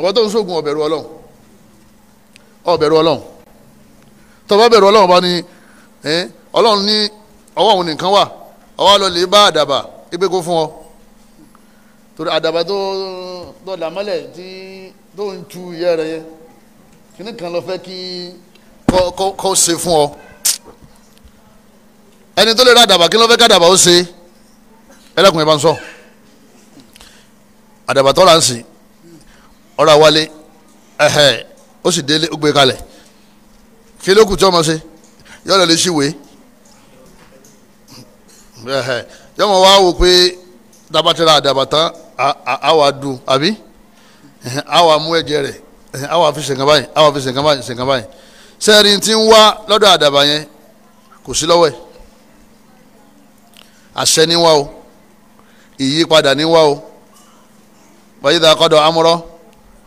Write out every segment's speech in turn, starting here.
ọ̀wọ́ tó ń sógun ọ̀bẹ̀rù ọlọ́run ọ̀bẹ̀rù ọlọ́run tọ́ba bẹ̀rù ọlọ́run bá ní ọlọ́run ní ọwọ́ òun nìkan wà ọwọ́ lọ bá àdàbà ipe kó fún ọ torí àdàbà tó tó làmọ́lẹ̀ tí tó ń tu ìyá rẹ yẹ kíní kan lọ fẹ́ kí kọ́ ṣe fún ọ ẹni tó lè ra àdàbà kí ló fẹ́ ká àdàbà ó ṣe ẹlẹ́kùnrin bá ń sọ àdàbà tó là ń sìn ọ̀rọ̀ àwálé ẹ̀hẹ̀ ó sì délé ó gbé e kalẹ̀ kí ló kù tí ọmọ yọ lọ lè ẹ̀hẹ̀ yọmọ wa wò pé dabatẹ́ra àdàbàtà àwà dùn àbí àwà mú ẹ̀jẹ̀ rẹ̀ àwà fi ṣèǹkan báyìí àwà fi ṣèǹkan báyìí ṣèǹkan báyìí sẹ́rin tí ń wá lọ́dọ̀ o ìyípadà ni o báyìí dà kọ́dọ̀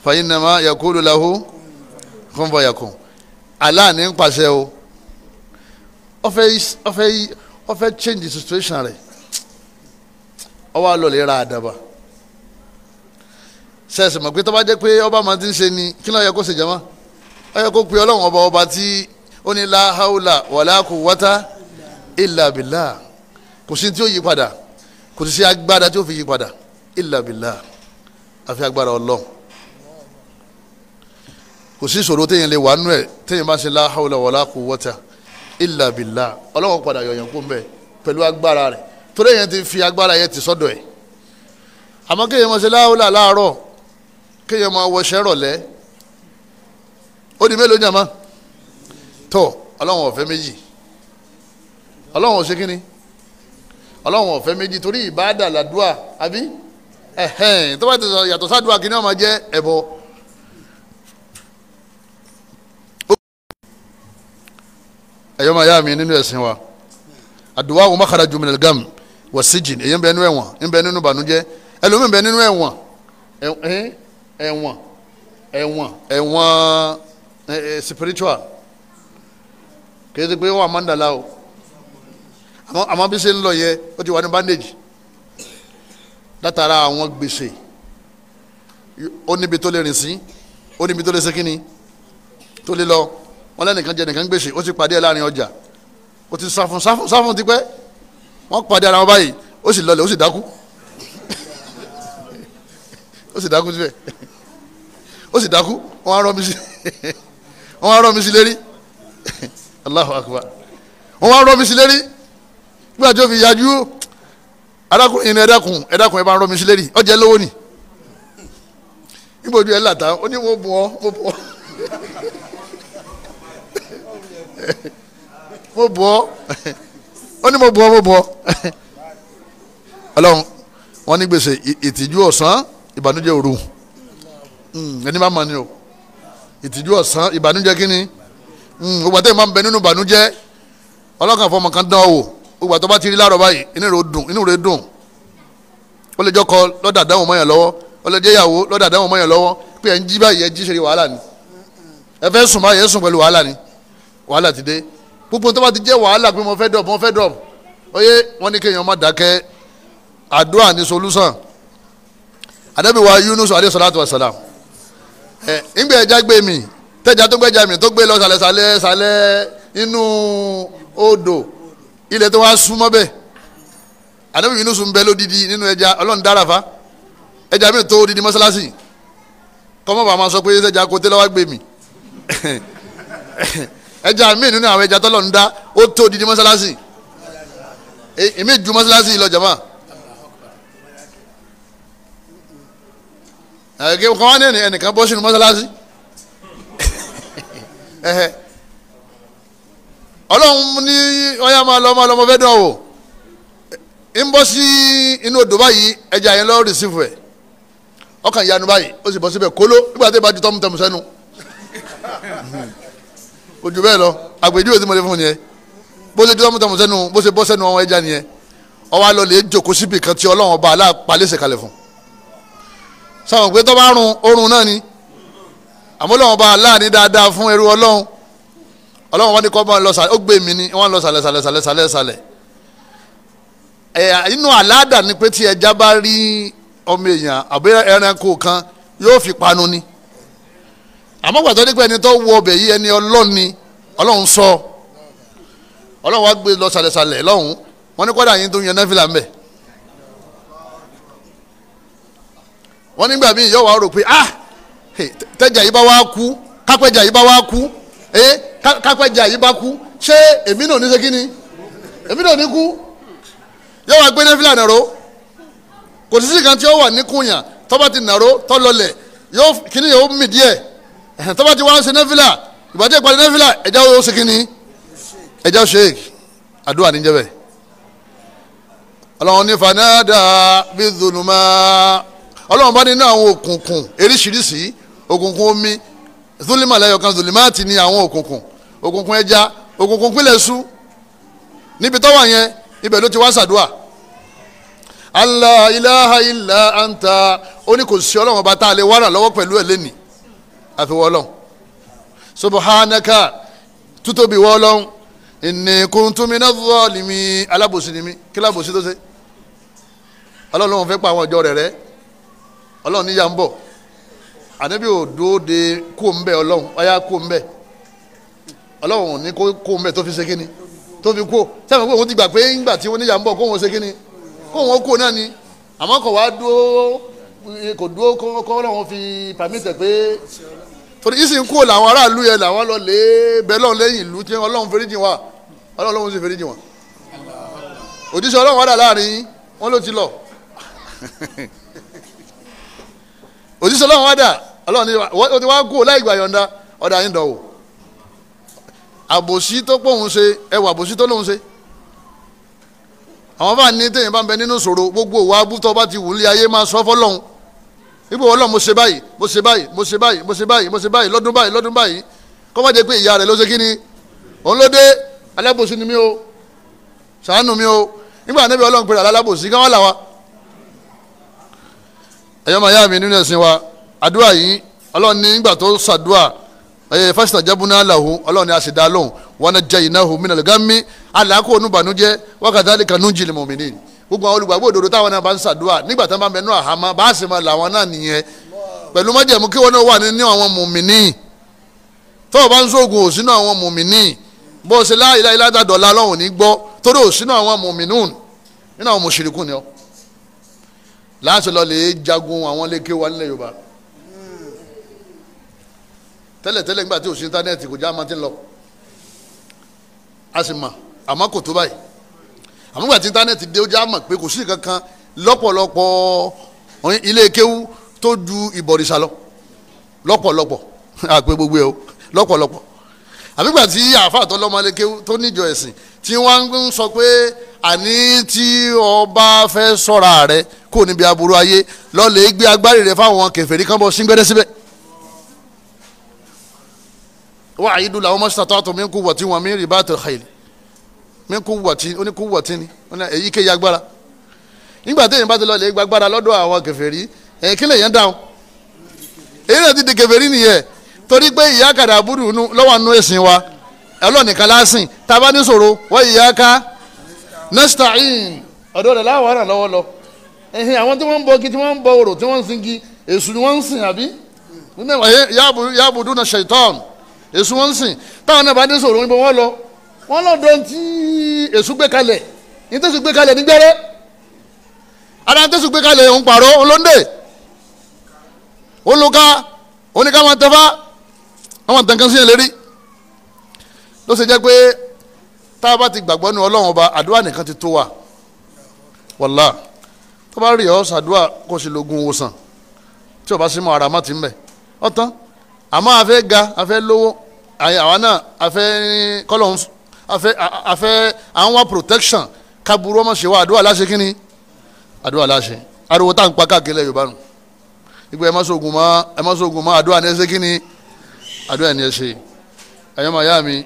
fàyínàmá yakulu lahu kún fàyàkùn Allah ní ń pàṣẹ o ọfẹ ọfẹ ọfẹ change situation rẹ ọwọ alọlẹ ra àdàbà sẹẹsì mọ̀ pé tọ́ba jẹ́ pé ọba máa ti ń ṣe ni kí ló yẹ kó ṣe jama ó yẹ kó pe ọlọ́run ọba ọba tí ó ní la haula wala quwwata illa billah kò sí tí ó yí padà kò sí agbára tí ó fi yí padà illa billah àfi agbára ọlọ́run kò sí ìṣòro téèyàn lè wà nú ẹ̀ téèyàn bá ṣe la hawla wala quwwata illa billah ọlọ́wọ́n padà yọ̀yàn kó mbẹ́ pẹ̀lú agbára rẹ̀ torí èèyàn ti fi agbára yẹn ti sọ́dọ̀ ẹ̀ àmọ́ kéèyàn máa ṣe la hawla láàárọ̀ kéèyàn máa wọṣẹ́ rọ̀lẹ́ ó di mélòó jàmá tó ọlọ́wọ́n ọ̀fẹ́ méjì ọlọ́wọ́n ò ṣe kínni ọlọ́wọ́n ọ̀fẹ́ méjì torí ìbáàdà làdúà àbí ẹ̀hẹ́n tó bá yàtọ̀ sádùà kínní ó ẹ̀yọ́ máa yá mi nínú ẹ̀sìn wa àdùwà wọn mọ́kàdá ju minal gam wọ síjìn èyí ń bẹ nínú ẹ̀wọ̀n ń bẹ nínú bànújẹ́ ẹlòmíì ń bẹ nínú ẹ̀wọ̀n ẹ̀wọ̀n ẹ̀wọ̀n ẹ̀wọ̀n spiritual kìí ṣe pé wọn àmàndàlá o àmọ́ bí ṣe ń lọ yẹ ti wà ní bandage látara àwọn gbèsè ó níbi tó lè rìn sí ó níbi tó lè ṣe kínni tó lè lọ wọ́n lẹ́nìkan jẹ nìkan gbèsè ó ti pàdé ẹ̀ láàrin ọjà ó ti sáfún sáfún sáfún tipẹ́ wọ́n pàdé ara wọn báyìí ó sì lọlẹ̀ ó sì dákú ó sì dákú síbẹ̀ ó sì dákú wọ́n á mi sí wọ́n á mi sí lérí Allahu akbar wọ́n á rọ́ mi sí lérí nígbà tí ó fi yájú arákùnrin ẹ̀dákùn ẹ̀dákùn ẹ̀ bá ń rọ́ mi sí lérí ọjà lówó ni níbo ojú ẹ̀ làtà ó ní mo bọ̀ mo bọ̀ mo bọ̀ ọ́ ó mo bọ̀ mo bọ̀ ọ́ ọlọ́run wọ́n ní gbèsè ìtìjú ọ̀sán ìbànújẹ́ òru hmm, ẹni bá mọ̀ ni o ìtìjú ọ̀sán ìbànújẹ́ kínni ògbà hmm, tẹ́lẹ̀ máa ń bẹ nínú ìbànújẹ́ ọlọ́kàn fọmọ kan dán o ògbà tó bá ti rí láàrọ̀ báyìí inú rẹ̀ dùn inú rẹ̀ dùn ó lè jọkọ lọ́dà dáhùn mọ́yàn lọ́wọ́ ó lè jẹ́ ìyàwó lọ́dà dáhùn mọ́yàn lọ́wọ́ pé ẹ̀ ń jí báyìí ẹ̀ jí ṣe wàhálà ni ẹ fẹ́ sùn báyìí ẹ̀ sùn pẹ̀lú wàhálà ni wàhálà ti dé púpọ̀ tó bá ti jẹ́ wàhálà pé mo fẹ́ dọ̀bù mo fẹ́ dọ̀bù oyè wọ́n ní kéèyàn má dákẹ́ àdúrà ní solúsàn àdẹ́bíwá Yunus alayhi salatu wa salam ẹ̀ ńgbẹ́ ẹja gbé mi tẹ́jà tó gbẹ́jà mi tó gbé lọ sàlẹ̀ sàlẹ̀ sàlẹ̀ inú odò ilẹ̀ tó wá súnmọ́ bẹ́ẹ̀ àdẹ́bí Yunus ń bẹ lódìdí nínú ẹja ọlọ́run dára fa ẹja mi tó odidi mọ́sálásì kọ́mọ́ bàá máa sọ pé ẹja kò tẹ́lẹ̀ wá gbé mi ẹja míì nínú àwọn ẹja tọ́lọ̀ ń dá ó tó odidi mọ́sálásì e, èmi ju mọ́sálásì lọ jama. ẹ̀ẹ́dẹ́gbẹ́ kọ́ wá ní ẹnìkan bọ́ sínú mọ́sálásì ọlọ́run ní ọyá máa lọ máa lọ ọmọ fẹ́ dán o e, ń bọ́ sí inú odò báyìí ẹja yẹn lọ́ọ́ rìsífù ẹ̀ ọkàn ìyanu báyìí ó sì bọ́ síbẹ̀ kóló nígbà tí ìbá tọ́mùtọ́mù sẹ́nu. ojú bẹ́ẹ̀ lọ àgbèjúwe tí mo lè fún yẹn bó ṣe dúró tọmọ sẹ́nu bó ṣe bọ́ sẹ́nu ọmọ ẹja nìyẹn ọwọ́ alọ lè jókòó síbi kan tí ọlọ́run ọba aláàpálẹ̀sẹ̀ kalẹ̀ fún sáwọn pé tọ́ bá rún oorun náà ni àmọ́ ọlọ́run ọba aláàní dáadáa fún ẹrú ọlọ́run ọlọ́run wọn ni kọ́ bá lọ sàlẹ̀ ó gbé mi ni wọ́n lọ sàlẹ̀ sàlẹ̀ sàlẹ̀ sàlẹ̀ sàlẹ̀ inú àládà ni pé tí ẹja bá rí ọmọ èèyàn àbí ẹranko kan yóò fi panu ni àmọ́ gbàtọ́ nípa ẹni tó wọ ọbẹ̀ yìí ẹni ọlọ́ni ọlọ́run sọ ọlọ́run wá gbé lọ sàlẹ̀sàlẹ̀ lọ́hùn wọ́n ní kọ́dà yín tó yan náfìlà mbẹ̀ wọ́n nígbà míì yọ̀ wá rò pé ah tẹ́jà yìí bá wá kú kápẹ́jà yìí bá wá kú ee eh, kápẹ́jà yìí bá kú ṣé èmi náà ní ṣe kí ni èmi náà ní kú yọ̀ wá gbé náfìlà nàró kò sí sí kan tí ó wà níkùnyà tọ́ba ti nàró tọ́lọlẹ̀ yóò kíní yóò mì díẹ̀ tó bá ti wá ń ṣe nẹ́fìlà ìbàdí ìpàdé nẹ́fìlà ẹ̀já ó ṣe kínní ẹ̀já sheik àdúrà níjẹ́ bẹ́ẹ̀ ọlọ́run ní fanáda bí dùnúmá ọlọ́run bá ní ní àwọn òkùnkùn eríṣiríṣi òkùnkùn omi zulima lẹ́yọ̀kan zulimaati ní àwọn òkùnkùn òkùnkùn ẹja òkùnkùn pínlẹ̀ sùn níbi tó wà yẹn ibẹ̀ ló ti wá ṣàdúrà Allah ilaha illa anta ó ní kò sí ọlọ́run ọba tá a lè wá lọ́wọ́ pẹ̀lú ẹ̀ lénìí àfi wọ́lọ́n subhanaka tútóbi wọ́lọ́n inni kuntu minaz zalimin alábòsí ni mí kí lábòsí tó ṣe ọlọ́run lòun fẹ́ pa àwọn ọjọ́ rẹ̀ rẹ́ ọlọ́run níyà ń bọ̀ ànábì ò de kó ń bẹ ọlọ́run ọyá kó ń bẹ ọlọ́run ò ní kó kó ń bẹ tó fi ṣe kíni tó fi kó sẹ́wọ̀n pé òun ti gbà pé ńgbà tí wọ́n níyà ń bọ̀ wọn ṣe kíni wọn kó náà ni àmọ́ kò wá dúró kò dúró kọ́ ọlọ́run fi pàmìtẹ̀ pé torí ìsìn kúrò làwọn aráàlú yẹn làwọn lọ lé bẹ́ẹ̀ lọ́n lẹ́yìn ìlú tí ọlọ́run foríjì wa ọlọ́run sì foríjì wọn òjíṣẹ́ ọlọ́run wà dà láàrin wọn ló ti lọ òjíṣẹ́ ọlọ́run wà dà ọlọ́run ni ó ti wá kú láì gbà yọ̀ǹda ọ̀dà yín dọ̀wọ́ àbòsí tó pòun ṣe ẹwà àbòsí tó lóun ṣe àwọn bá ní téèyàn bá ń bẹ nínú ìṣòro gbogbo òwò abútọ́ bá ti wù ú lé ayé máa sọ fọ́lọ́hún Ibo Ọlọ́run mo ṣe báyìí mo ṣe báyìí mo ṣe báyìí mo ṣe báyìí mo ṣe báyìí lọ́dún báyìí lọ́dún báyìí kó má jẹ́ pé ìyá rẹ̀ ló ṣe kíni òun ló dé alábòsí ni mí o ṣàánú mi o nígbà níbi Ọlọ́run pèrè alábòsí kí wọ́n là wa. ẹ̀yọ́ màá yá mi nínú ẹ̀sìn wa àdúrà yìí Ọlọ́run ní nígbà tó ṣàdúrà ẹ̀yẹ fásitì àjábúná làwù Ọlọ́run ní a lóhùn wọn náà ìnáhùn mí gbogbo àwọn olùgbàgbọ́ òdodo táwọn náà bá ń ṣàdúrà nígbà tí wọ́n bá ń bẹ nú àhámọ́ bá a sì máa làwọn náà nìyẹn pẹ̀lú májẹ̀mú kí wọ́n náà wà nínú àwọn mùmíní tó o bá ń sóògùn òsínú àwọn mùmíní bó o ṣe la ilaha illa dọ̀la lọ́hùn ní gbọ́ torí òsínú àwọn mùmínú nínú àwọn mùṣírikùn ni ọ́ láti lọ lè jagun àwọn lékè wa nílẹ̀ Yorùbá tẹ́lẹ̀tẹ́lẹ̀ nígbà tí òsín íńtánẹ́ẹ̀tì kò já máa ti ń lọ a sì mọ̀ àmọ́ kò tó báyìí àmúgbà tí íńtánẹ́ẹ̀tì dé ó já mọ̀ pé kò sí nǹkan kan lọ́pọ̀lọpọ̀ ilé kéwú tó ju ìbọ̀rìṣà lọ lọ́pọ̀lọpọ̀ àpè gbogbo ẹ̀ o lọ́pọ̀lọpọ̀ àbígbà tí àáfàá tó lọ́mọ lékéwú tó níjọ ẹ̀sìn tí wọ́n ń sọ pé àní tí ọba fẹ́ sọ̀ra rẹ kò níbi aburú ayé lọ́lẹ̀ gbé agbárí rẹ fáwọn kèfèrí kan bọ́ síngbẹ́rẹ́ síbẹ̀ wọ́n àyídùn làwọn mọ́ṣítà tó àtọ̀mí ń kú wọ̀ tí wọ́n mí rí bá tẹ̀ xẹ́lẹ̀ mi kú wọ̀tí ó ní kú wọ̀tí ni ó ní èyí kéye agbára nígbà téèyàn bá ti lọ lè gba lọ́dọ̀ àwọn yẹn dáhùn èyí náà ti di kèfèrí nìyẹn torí pé ìyá kàdà búrú lọ́wọ́ nínú ẹ̀sìn wa ọlọ́nìkan lásìn tá ní ṣòro wọ́n ìyá ká nestaim ọ̀dọ́ rẹ̀ láwọn aràn lọ́wọ́ lọ ẹ̀hìn àwọn tí wọ́n ń bọ igi tí sin igi wọ́n lọ́dọ̀ tí èṣù gbé kalẹ̀ ní tẹ̀sù gbé kalẹ̀ nígbẹ́rẹ́ ara tẹ̀sù gbé kalẹ̀ òun pààrọ̀ olóńdè olùka oníkà máa tẹ́fà àwọn àtàǹkan sí ìlérí ló ṣe jẹ́ pé tá a bá ti gbàgbọ́ nu ọlọ́run ọba àdúrà nìkan ti tó wa wàlá tó bá rí ọ ṣàdúrà kó sì lògùn òwòsàn tí o bá sí mọ ara má ti ń bẹ ọtán àmọ́ a fẹ́ ga a fẹ́ lówó àwa náà a fẹ́ kọ́lọ́hún afẹ́ afẹ́ àwọn wa protection kaburu ọmọ ṣe wa àdúrà láṣẹ kínní àdúrà láṣẹ ariwo tá à ń pa káàkiri lẹ yorùbá nù ìgbà ẹ má sọ̀gùn mọ́ ẹ má sọ̀gùn mọ́ àdúrà ní ẹsẹ kínní àdúrà ní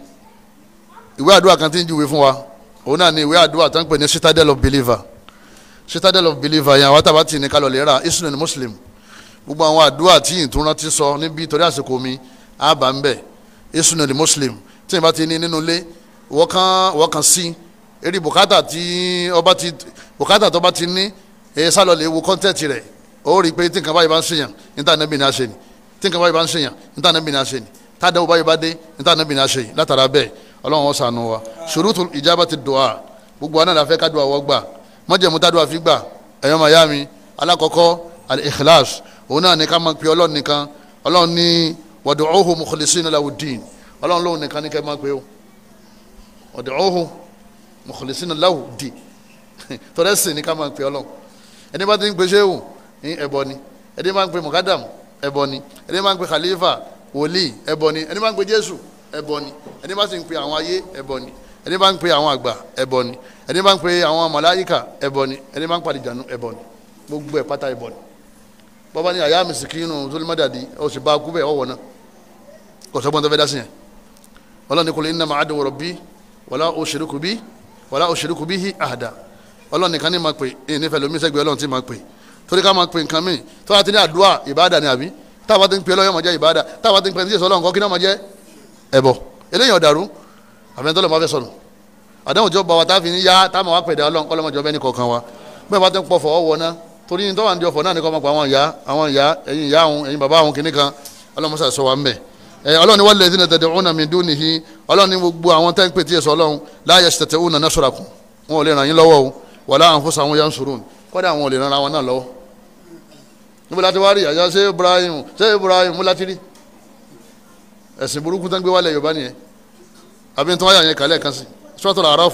kan ti ń júwe fún wa òun náà ni ìwé àdúrà tó ń pè ní citadel of believer citadel of believer yẹn àwọn àtàbà tì ní kálọ̀ lè islam and muslim gbogbo àwọn àdúrà tí ìtura ti sọ níbi torí àsìkò mi àbá ń bẹ̀ islam and muslim tí ìbá ti ní nínú ilé wọ́n kan wọ́n kan sí eré bùkátà tí ọba ti bùkátà tó bá ti ní ẹ sálọ lè wo kọ́ńtẹ́ẹ̀tì rẹ̀ ó rí i pé tí nǹkan báyìí bá ń ṣèyàn níta níbi ní a ṣe ni tí nǹkan báyìí bá ń ṣèyàn níta ní a ṣe ni tádàwó báyìí bá dé níta ní a ṣe ni látara bẹ́ẹ̀ ọlọ́run wọn sànù wa ṣòrútù ìjábá ti dùn a gbogbo anáà láfẹ́ kádùn àwọ̀ gbà mọ́jẹ̀mú tádùn àfi gbà ẹ̀yọ́ màyá mi alákọ̀ọ́kọ́ al-ikhlas òun náà ní ká máa pe ọlọ́run nìkan ọlọ́run ọ̀dẹ̀ ọ̀hún mukhlisina lahu di tọ́lẹ̀ sìn ní ká máa pè ọlọ́run ẹni bá ti ń pe ṣéwù ní ẹ̀bọ ni ẹni máa ń pe mukadam ẹ̀bọ ni ẹni máa ń pe khalifa wòlíì ẹ̀bọ ni ẹni máa ń pe jésù ẹ̀bọ ni ẹni bá sì ń pe àwọn ayé ẹ̀bọ ni ẹni bá ń pe àwọn àgbà ẹ̀bọ ni ẹni bá ń pe àwọn màláyíkà ẹ̀bọ ni ẹni bá ń pàdé ìjànú ẹ̀bọ ni gbogbo ẹ̀ pátá ẹ̀bọ ni bọ́bá ní àyà mìsìkínú tó wala ushriku bi wala ushriku bihi ahada ọlọ́run nìkan ní ma pè é nífẹ̀ẹ́ lómi sẹ́gbẹ̀ẹ́ ọlọ́run tí ma pè torí ká ma pè nǹkan míì tó bá ti ní àdúrà ìbáàdà ni àbí táwa ti ń pè ọlọ́run yóò máa jẹ́ ìbáàdà táwa ti ń pè ní jésù ọlọ́run kọ́ kí náà máa jẹ́ ẹbọ eléyìí ọ̀dàrú àfẹnudọ́lọ́ máa fẹ́ sọnù àdáhùn jọba wa táfi ní yá táwọn wa pèdè ọlọ́run kọ́lọ́mọ jọba ẹni kọ̀ọ̀kan wa bẹ́ẹ̀ bá ti ń pọ̀ fọ́ ná torí ní tọ́wọ́ àǹdí ọ̀fọ̀ náà ni kọ́ Eh, ọlọ́run ni wọ́n lè dín náà tẹ̀dẹ̀ ọ̀nà mi dún nìyí ọlọ́run ni gbogbo àwọn tẹ́ ń pè tí yẹ sọ ọlọ́run láàyè tẹ̀tẹ̀ ọ̀nà náà sọ̀rọ̀ kù wọn ò lè ràn yín lọ́wọ́ o wọ́n láwọn fún sàwọn yẹn ń sùúrù kọ́dà wọn ò lè ràn àwọn náà lọ́wọ́. níbo láti wá rí àyà ṣé Ibrahim ṣé Ibrahim mú láti rí ẹ̀sìn burúkú tán gbé wálẹ̀ Yorùbá nìyẹn àbí tí wọ́n yẹn kálẹ̀ kan sí Suratul Araf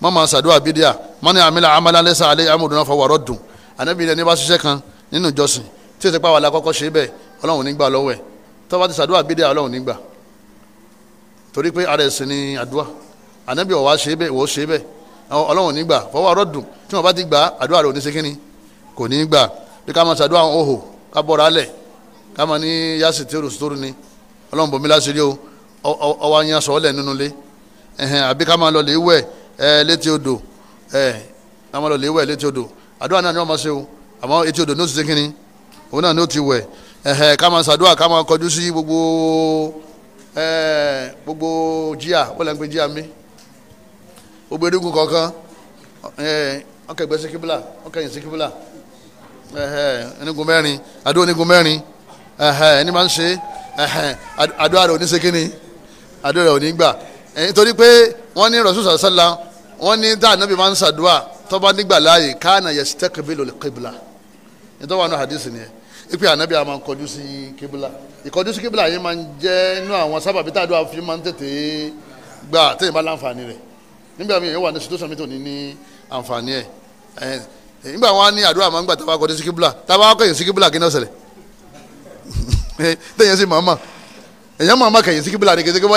mama sàdúrà bídíà mani àmì amala lesa alẹ́ amúdùnà fọwọ́rọ́ dùn ànábì rẹ̀ ní bá ṣiṣẹ́ kan nínú ìjọsìn tí o ti pa wàhálà kọ́kọ́ ṣe bẹ́ẹ̀ ọlọ́run nígbà ti sàdúrà bídíà ọlọ́run nígbà torí pé ara ẹ̀sìn ni àdúrà ànábì ọ̀wá ṣe bẹ́ẹ̀ ìwọ ṣe bẹ́ẹ̀ ọlọ́run nígbà fọwọ́rọ́ dùn tí wọ́n bá ti gbà àdúrà rẹ̀ ò ní ṣe kíni kò ní gbà bí ká máa sàdúrà òhò ká bọ̀ra alẹ̀ ká máa ní yásì tí òrùsítòrù ni ọlọ́run bòmí láṣìírí o ọwọ́ ayan sọ̀ọ́lẹ̀ nínú ilé àbí ká máa ẹ létí odò ẹ àwọn ọlọlẹ wẹ létí odò àdúrà náà ni wọn máa ṣe o àmọ́ etí odò ní oṣù sẹkìnrin òun náà ni ó ti wẹ ẹhẹ ká máa ṣàdúrà ká máa kọjú sí gbogbo ẹ gbogbo jíà ó lẹ́nu pé jíà mi gbogbo erigun kọ̀ọ̀kan ẹ ọkẹ ìgbẹ́ síkíbílà ọkẹ yìí síkíbílà ẹhẹ enigun mẹ́rin àdúrà enigun mẹ́rin ẹhẹ ẹni máa ń ṣe ẹhẹ àdúrà rẹ ò ní sẹkìnrin àdúrà rẹ ò ní gbà nítorí pé wọ́n ní Rasul sallallahu wọ́n ní tá ànábì máa ń ṣàdúrà tọ́ba nígbà láàyè káànà yẹsì tẹ́kẹ̀bílò kébìlà ní tọ́ba náà hadith ni ẹ ipe ànábì a máa ń kọjú sí kébìlà ìkọjú sí kébìlà yẹn máa ń jẹ́ inú àwọn sábàbí tá àdúrà fi máa ń tètè gbà téèyàn bá láǹfààní rẹ̀ nígbà míì yẹn wà ní situation mi tó ní ní àǹfààní ẹ̀ nígbà wọn ní àdúrà máa ń gbà tábà kọjú sí kébìlà tábà kọyìn sí kébìlà kí ni téèyàn sì máa máa èèyàn máa máa kẹyìn sí kíbílà ni kẹsíkẹ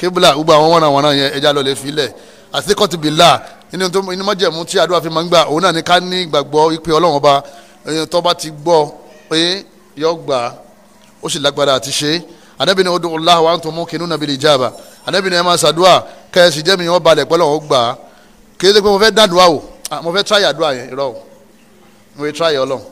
kébùlà gbogbo àwọn wọnà wọnà yẹn ẹja lọ lè filẹ̀ àti kọ́tù bìlà inú tó inú mọ́jẹ̀mú tí àdúrà fi máa ń gbà òun náà ní ká ní gbàgbọ́ ìpè ọlọ́run ọba ẹ̀yìn tó bá ti gbọ́ pé yọ gbà ó sì lágbára àti ṣe Ànábì ní odò ọláhà wa ń tó mú kinú nàbí lè jáàbà Ànábì ní ẹ máa ṣàdúrà kẹ́sì jẹ́mi wọn balẹ̀ pẹ́ lọ́wọ́ gbà kí ló pé mo fẹ́ dàdúrà o mo fẹ́ tíráyà àdúrà yẹn irọ́ mo fẹ́ tíráyà ọlọ́run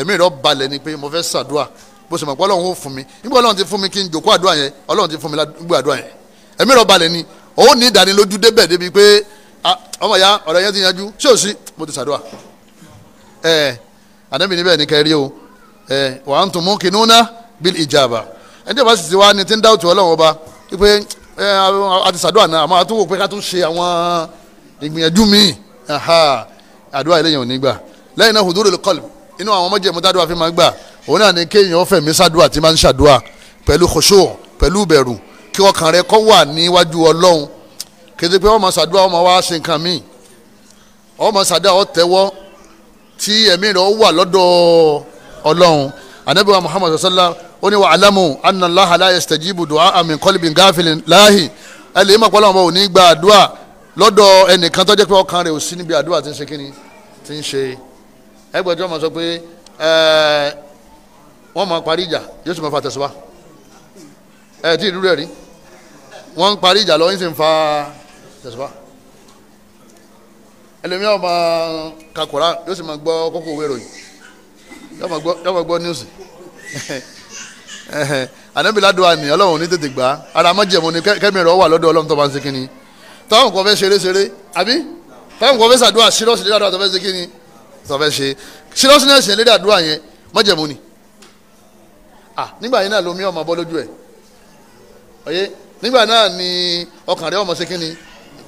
ẹ̀mí rẹ̀ balẹ̀ ni pé mo fẹ́ ṣàdúrà bó ṣe mọ̀ pé ọlọ́run ó fún mi nígbà ọlọ́run ti fún mi kí n jòkó àdúrà yẹn ọlọ́run ti fún mi nígbà àdúrà yẹn ẹ̀mí rẹ̀ balẹ̀ ni òun ní ìdánilójú débẹ̀ débi pé ọmọ ya ọ̀rọ̀ yẹn ti yanjú ṣé o sí mo ti ṣàdúrà ẹ àdẹ́bí níbẹ̀ ní kẹrí o ẹ wa antum muqinuna bil ijaba ẹni tí o bá sì ti wá ni ti ń dá òtún ọlọ́run ọba pé ẹ a ti ṣàdúrà náà àmọ́ àtúwò pé ká tún ṣe àwọn ìgbìyànjú míì àdúrà eléyàn ò ní gbà lẹ́yìn náà hudurul qalb inú àwọn ọmọjẹ̀mú tádùá fi máa ń gbà òun náà ni kéèyàn fẹ̀mí sádùá tí máa ń ṣàdùá pẹ̀lú khushu' pẹ̀lú bẹ̀rù kí ọkàn rẹ kó wà níwájú ọlọ́run kété pé ọmọ sàdúrà ọmọ wa ṣe nǹkan míì ọmọ sàdúrà ọ tẹ́wọ́ tí ẹ̀mí rẹ wà lọ́dọ̀ ọlọ́run anabi muhammad sallallahu ó ní wa alamu anna allaha la yastajibu du'a min qalbin ghafilin lahi ẹ lè má pọ́lọ́mọ ò ní gba àdúrà lọ́dọ̀ ẹnìkan tó jẹ́ pé ọkàn rẹ̀ ò sí níbi àdúrà tí ń ṣe kíni tí ń ṣe ẹgbẹ́ tí wọ́n máa sọ pé wọ́n máa parí ìjà yóò sì máa fa tẹ̀síwá ẹ tí ìlú rẹ̀ rí wọ́n ń parí ìjà lọ yín sì ń fa tẹ̀síwá ẹlòmíràn máa ka kura yóò sì máa gbọ́ kókó òwe ròyìn yóò máa gbọ́ níwùsì ànábì ládùúgbò àní ọlọ́run ní tètè gbà ara mọ́jẹ̀mú ni kẹ́mi rẹ̀ wà lọ́dọ̀ ọlọ́run tó bá ń ṣe kínni táwọn kan fẹ́ ṣeré ṣeré àbí táwọn kan fẹ́ ṣàdúrà ṣírọ́ọ̀ṣì ládùúgbò àtọ́fẹ́ ṣe kínni tọ́fẹ́ ṣe seriousness yẹn lédè àdúrà yẹn májẹ̀mú ni ah nígbà yẹn náà lomi ọmọ bọ́ lójú ẹ̀ ọ̀yẹ́ nígbà náà ni ọkàn rẹ̀ ọmọ ṣe kíni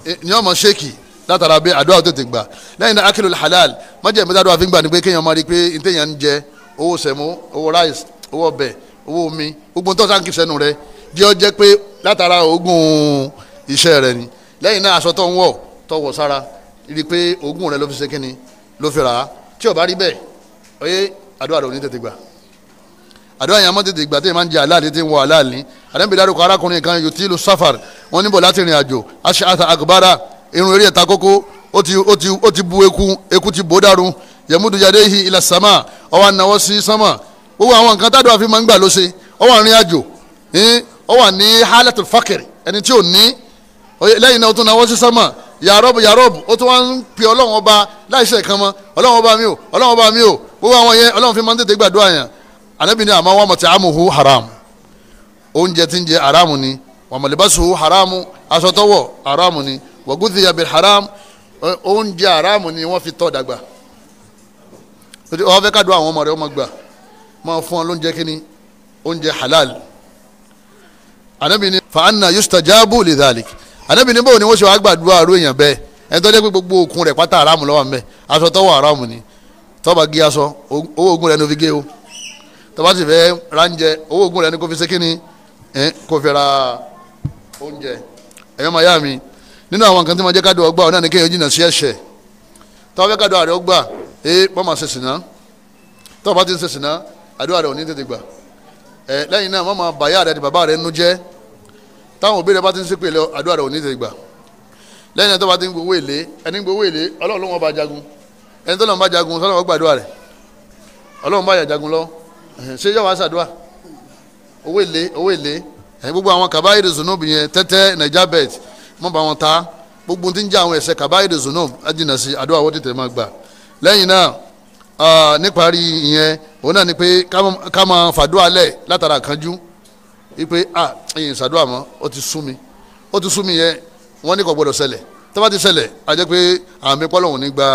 e, ni ọmọ ṣéèkì látara bí àdúrà tètè gbà lẹ́yìn náà akílò halal májẹ̀mú tá a dúrà fi ń gbà ni pé kéèyàn máa rí i pé ní téèyàn ń jẹ owó sẹ̀mú owó rice owó ọbẹ̀ owó omi gbogbo tó sáà ń kí sẹ́nu rẹ̀ jẹ́ ọ jẹ́ pé látara oògùn iṣẹ́ rẹ̀ ni lẹ́yìn náà aṣọ tó ń wọ̀ tó wọ̀ sára rí i pé oògùn rẹ̀ ló fi ṣe kíni ló fi rà á tí ò bá rí bẹ́ẹ̀ oyè àdúrà rẹ̀ ò ní tètè gbà àdúrà yẹn a máa tètè gbà tẹ́yìn máa ń jẹ aláàlẹ́ tí ń wọ aláàlẹ́ àdẹ́nbẹ̀dẹ́ àdókò arákùnrin kan yòó tí lu safar wọn níbọ̀ láti rìn àjò agbára irun eré ẹ̀ta kókó ó ti ó ti ó ti bu eku eku ti bò dàrú yẹmudu yadehi ilà sàmà ọwọ́ anáwọ́ sí sàmà gbogbo àwọn nǹkan tá a dọ̀wà fi máa ń gbà ló ṣe ọwọ́ àrin àjò ọwọ́ àní halatul fakiri ẹni tí ò ní lẹ́yìn náà ó tún náwọ́ sí sàmà yàrọ́bù yàrọ́bù ó tún wá ń pe ọlọ́run ọba láìsẹ̀ kan mọ́ ọlọ́run ọba mi ò ọlọ́run ọba mi ò gbogbo àwọn yẹn ọlọ́run fi máa ń tètè gbàdúrà yẹn ànábì ni àmọ́ wọn mọ̀tí àmùhù haram oúnjẹ tí ń jẹ haram ni wọn mọ̀lẹ́bàṣù haram aṣọ tọwọ́ haram ni wọ́gùdì yàbí haram oúnjẹ haram ni wọ́n fi tọ́ dàgbà wọ́n fẹ́ kádùn àwọn ọmọ rẹ̀ ọmọ gbà máa fún ọ lóúnjẹ ni fa anna yustajabu lidhalik ànábì ní bóun ni wọ́n ṣe wàá gbàdúrà àrò èèyàn bẹ́ẹ̀ ẹni tó dé pé gbogbo òkun rẹ̀ pátá aráàmù lọ́wọ́ ń aṣọ tọ́wọ́ aráàmù ni tọ́ba gé aṣọ owó ogun rẹ̀ ni ó fi gé o tọ́ba sì fẹ́ ránjẹ owó ogun rẹ̀ ni kò fi ṣe kíni kò fi ra oúnjẹ ẹ̀yọ́ máa yá mi nínú àwọn nǹkan tí mo jẹ́ ká dùn ọgbà ọ̀nà ni kéèyàn jìnnà sí ẹ̀ṣẹ̀ tọ́ba fẹ́ ká dùn ọgbà ee wọ́n máa ṣe táwọn òbí rẹ bá ti ń ṣépè lọ àdúrà rẹ ò ní tẹ̀gbà lẹ́yìn náà tó bá ti ń gbowó èlé ẹni gbowó èlé ọlọ́run ló wọn bá jagun ẹni tó lọ́n bá jagun sọ́nà wọ́n gbàdúrà rẹ̀ ọlọ́run bá yà jagun lọ ṣé yọ̀ wá ṣàdúrà owó èlé owó èlé ẹ̀yin gbogbo àwọn kàbáyèrè zunub yẹn tẹ́tẹ́ naija bet mọ́ bá wọn ta gbogbo tí ń jẹ́ àwọn ẹ̀ṣẹ̀ kàbáyèrè zunub ajínà sí àdúrà wọ́n tètè máa ipe ah ẹ̀yin ìsàdúrà mọ́ ó ti sú mi ó ti sú mi yẹn wọ́n ní kò gbọ́dọ̀ ṣẹlẹ̀ tó bá ti ṣẹlẹ̀ a jẹ́ pé àmì pọ́lọ́hún ní gba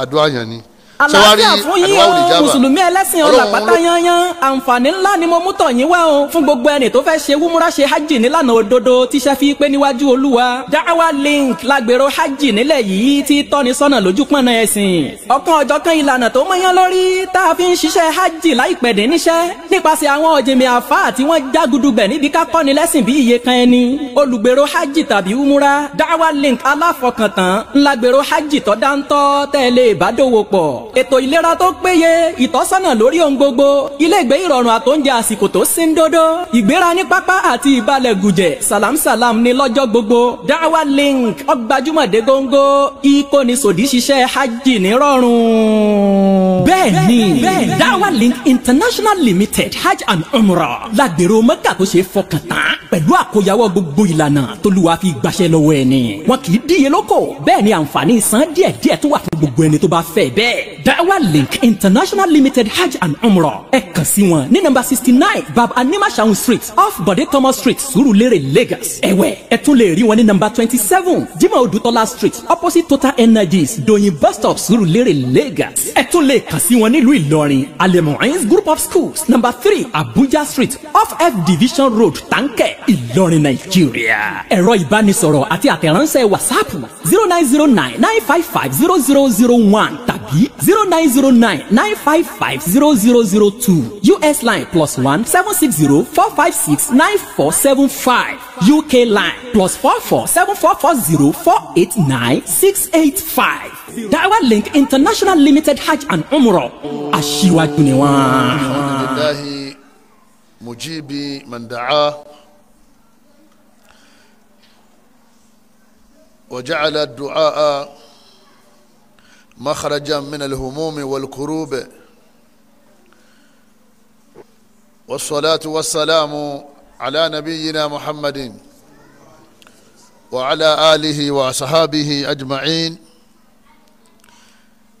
àdúrà yẹn ni àlàáfíà fún yín o mùsùlùmí ẹlẹ́sìn ọlọ́pàá yányán àǹfààní ńlá ni mo mú tọ̀ yín wá o fún gbogbo ẹni tó fẹ́ ṣe wúmúra ṣe hajj nílànà òdodo tíṣẹ́ fi pé níwájú olúwa dáhàwá link lágbèrò hajj nílẹ̀ yìí tí tọ́ni sọ́nà lójú pọ̀nà ẹ̀sìn ọ̀kan ọ̀jọ̀kan ìlànà tó mọ́yán lórí tá a fi ń ṣiṣẹ́ hajj láìpẹ́ dín níṣẹ́ nípasẹ̀ àwọn ọ̀jìnmí àfa àti wọ́n jágudugbẹ̀ níbi ká kọ́ni lẹ́sìn bí iye kan ẹni olùgbèrò hajj tàbí ètò ìlera tó péye ìtọ́sọ́nà lórí ohun gbogbo ilé ìgbé ìrọ̀rùn àtóúnjẹ àsìkò tó sín dódó ìgbéra ní pápá àti ìbalẹ̀ gùjẹ̀ salam salam ní lọ́jọ́ gbogbo dawa link ọgbàjúmọ̀dé góńgó ìkóni sòdí ṣiṣẹ́ hajj ní rọrùn. bẹ́ẹ̀ni dawa link international limited hajj and umrah lágbèrò mẹ́kà tó ṣe fọkàn tán pẹ̀lú àkóyawọ́ gbogbo ìlànà tólúwa fi gbàṣẹ lọ́wọ́ ẹni wọn kì í díye lóko bẹ́ẹ̀ ni àǹfààní san díẹ̀díẹ̀ tó wà fún gbogbo ẹni tó bá fẹ́ bẹ́ẹ̀ dawa link international limited hajj and umrah ẹ kàn sí wọn ní nọ́mbà sixty nine bab anima shahun street off bode thomas street surulere lagos ẹ̀wẹ̀ ẹ tún lè rí wọn ní nọ́mbà twenty seven jimoh odutola street opposite total energies doyin bus stop surulere lagos ẹ tún lè kàn sí wọn nílùú ìlọrin alemoins group of schools nọ́mbà three abuja street off f division road tanke ìlọrin nàìjíríà ẹ̀rọ ìbánisọ̀rọ̀ àti àtẹ̀ránṣẹ́ whatsapp zero nine zero nine nine five five zero zero zero one tàbí zero nine zero nine nine five five zero zero zero two US line plus one seven six zero four five six nine four seven five UK line plus four four seven four four zero four eight nine six eight five Dawah Link International Limited Hajj and Umrah aṣíwájú ni wọ́n. alhamdulilayi mujibi mandaca. وجعل الدعاء مخرجا من الهموم والكروب والصلاة والسلام على نبينا محمد وعلى آله وصحابه أجمعين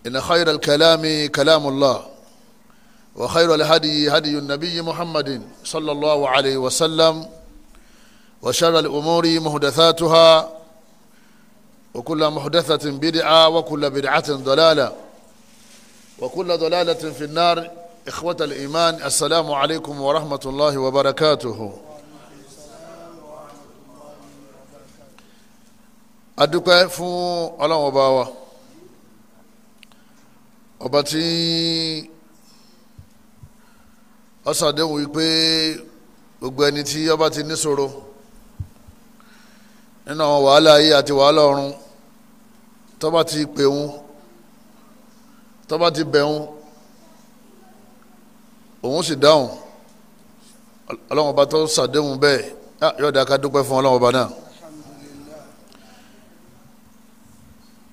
إن خير الكلام كلام الله وخير الهدي هدي النبي محمد صلى الله عليه وسلم وشر الأمور مهدثاتها وكل محدثة بدعة وكل بدعة ضلالة وكل ضلالة في النار إخوة الإيمان السلام عليكم ورحمة الله وبركاته adúpẹ́ فو على ọba wa ọba tí ó ṣàdéhùn wípé gbogbo nínú àwọn wàhálà ayé àti wàhálà ọ̀run tọ́ba ti pè wọn tọ́ba ti bẹ̀ wọn òun sì dáhùn ọlọ́run ọba tó ṣàdéhùn bẹ́ẹ̀ yóò dá ká dúpẹ́ fún ọlọ́run ọba náà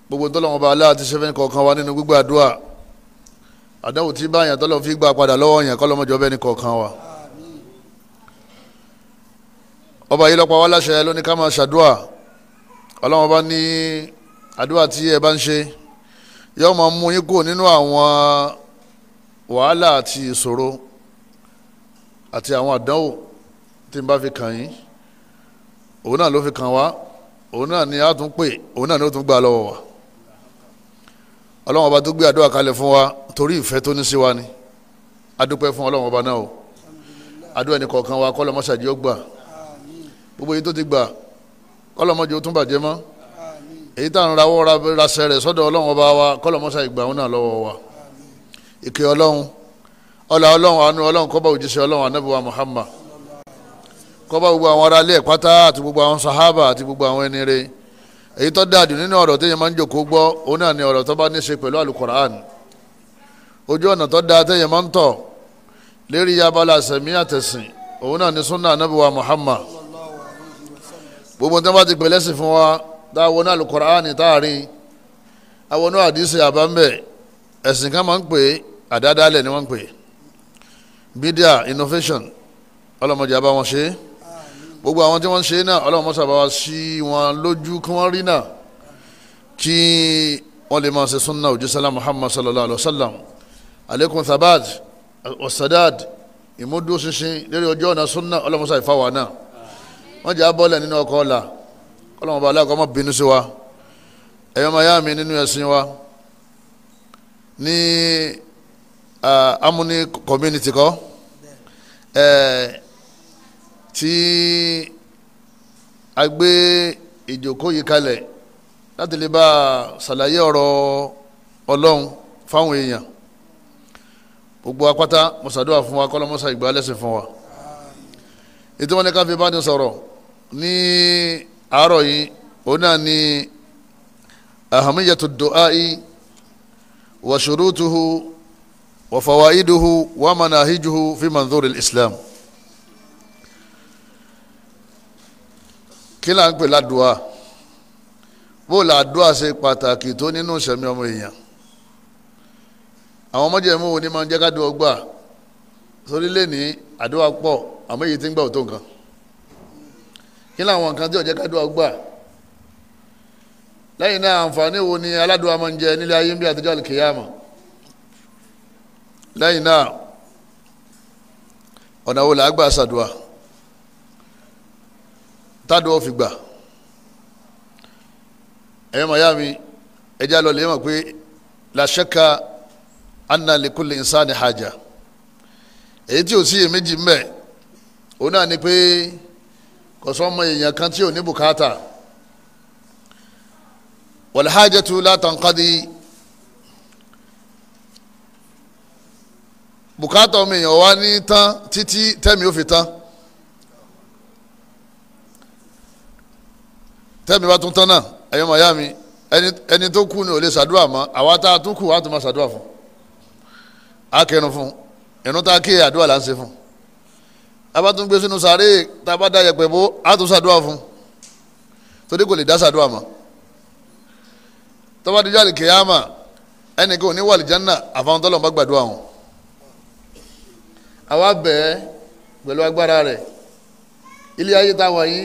gbogbo tọ́lọ́run ọba aláàtí sẹ́fẹ́ni kọ̀ọ̀kan wa nínú gbígbà àdúrà àdáwò tí báyàn tọ́lọ́ fi gbà padà lọ́wọ́ yẹn kọ́lọ́mọjọ́ bẹ́ẹ̀ ni kọ̀ọ̀kan wa. Amen ọba yìí lọ́pàá wá láṣẹ lóní ká máa ṣàdúà ọlọ́wọ́n bá ní àdúà tí ẹ bá ń ṣe yóò máa mú yín kúrò nínú àwọn wàhálà àti ìṣòro àti àwọn àdánwò tí n bá fi kàn yín òun náà ló fi kàn wá òun náà ni a tún pè òun náà ni ó tún gbà lọ́wọ́ wa ọlọ́wọ́n ọba tó gbé àdúrà kalẹ̀ fún wa torí ìfẹ́ tó ní sí wa ni a dúpẹ́ fún ọlọ́wọ́n ọba náà o àdúrà ẹnì kọ̀ọ̀kan wa kọ́ lọ́mọ́sàdí ó gbà gbogbo èyí tó ti gbà kọ́lọ́mọ́jọ tún bàjẹ́ mọ́ èyí tá à ń rawọ́ rasẹ̀ rẹ̀ sọ́dọ̀ ọlọ́run ọba wa kọ́lọ́mọ́sá ìgbà òun náà lọ́wọ́ wa ìkẹ́ ọlọ́run ọlá ọlọ́run àánú ọlọ́run kọ́ba òjíṣẹ́ ọlọ́run anábìwá Muhammad kọ́ba gbogbo àwọn ará ilé ẹ̀ pátá àti gbogbo àwọn sahaba àti gbogbo àwọn ẹni rẹ̀ èyí tó dáa jù nínú ọ̀rọ̀ téèyàn máa ń jòkó gbọ́ òun náà ni ọ̀rọ̀ tó bá ní ṣe pẹ̀lú alukoran ojú ọ̀nà tó dáa téèyàn máa ń tọ̀ lérí abala àṣẹ̀mí àtẹ̀sìn òun náà ni sunna anábìwá Muhammad gbogbo tí wọ́n bá ti pè lẹ́sìn fún wa tá a wọnú àlùkùránì tá a rí a wọnú àdìsí àbámbẹ̀ ẹ̀sìn kan máa ń pè àdádálẹ̀ ni wọ́n ń pè bídíà innovation ọlọ́mọdé àbá wọn ṣe gbogbo àwọn tí wọ́n ń ṣe náà ọlọ́mọ sábà wá sí wọn lójú kí wọ́n rí náà kí wọ́n lè máa ṣe sunna òjísàlá muhammad sallallahu alayhi wa sallam aleykum thabad wasadad ìmúdúróṣinṣin lórí ọjọ́ ọ̀nà sunna ọlọ́mọ sábà ìfáwà náà wọ́n jẹ́ abọ́lẹ̀ nínú ọkọ̀ ọ̀la kọ́lọ́mọ bàálẹ̀ ọkọ̀ ọmọ bínú sí wa ẹ̀yọ́ máa yá mi nínú ẹ̀sìn wa ní amúní community kọ́ tí a gbé ìjókòó yìí kalẹ̀ láti lè bá ṣàlàyé ọ̀rọ̀ ọlọ́run fáwọn èèyàn gbogbo apáta mọ̀sádùá fún wa kọ́lọ́mọ́sá ìgbà fún wa ètò wọn ni ká fi bá ní sọ̀rọ̀ ní àárọ̀ yìí òun náà ni ahamiyatu du'ai wa shurutuhu wa fawaiduhu wa manahijuhu fi manzuri islam kí là ń pè ládùá bó làdùá ṣe pàtàkì tó nínú ìṣẹ̀mí ọmọ èèyàn àwọn ọmọdéyẹmú wo ni máa ń jẹ́ ká dùn ọgbà sórí lẹ́ni àdúrà pọ̀ àmọ́ èyí tí ń gbà ò nǹkan kí làwọn nǹkan tí ó jẹ́ kádùá gbà lẹ́yìn náà àǹfààní wo ni aládùá máa ń jẹ nílé ayé ń bí àtijọ́ àlùkìyàmà lẹ́yìn náà ọ̀nà wo làá gbà ṣàdùá tádùá ò fi gbà ẹ̀yọ́ mayami ẹja lọ lè mọ̀ pé la shakka anna èyí tí ò sí iyèméjì ń bẹ òun náà ni pé. Pe kò sọ ọmọ èèyàn kan tí ò ní bùkátà wal hajatu la tanqadi bùkátà ọmọ èèyàn wá ní tán títí tẹ́mi ó fi tán tẹ́mi bá tún tán náà ẹ̀yọ́ màyá mi ẹni tó kú ni ò lè ṣàdúrà mọ́ àwa tá a tún kù á tún máa ṣàdúrà fún akẹnu fún ẹnu tá a kéye àdúrà là ń ṣe fún tába tún gbé sínú sàárè tába da yẹ̀pẹ̀ bó a tún ṣàdúrà fún torí kò lè dá ṣàdúrà mọ́ tọ́ba díjà lè kéyàmà ẹnìkan ò ní wà lè jẹ́nà àfahàn tọ́lọ̀ bá gbàdúrà wọn. àwa bẹ̀ẹ́ pẹ̀lú agbára rẹ̀ ilé ayé táwọn yìí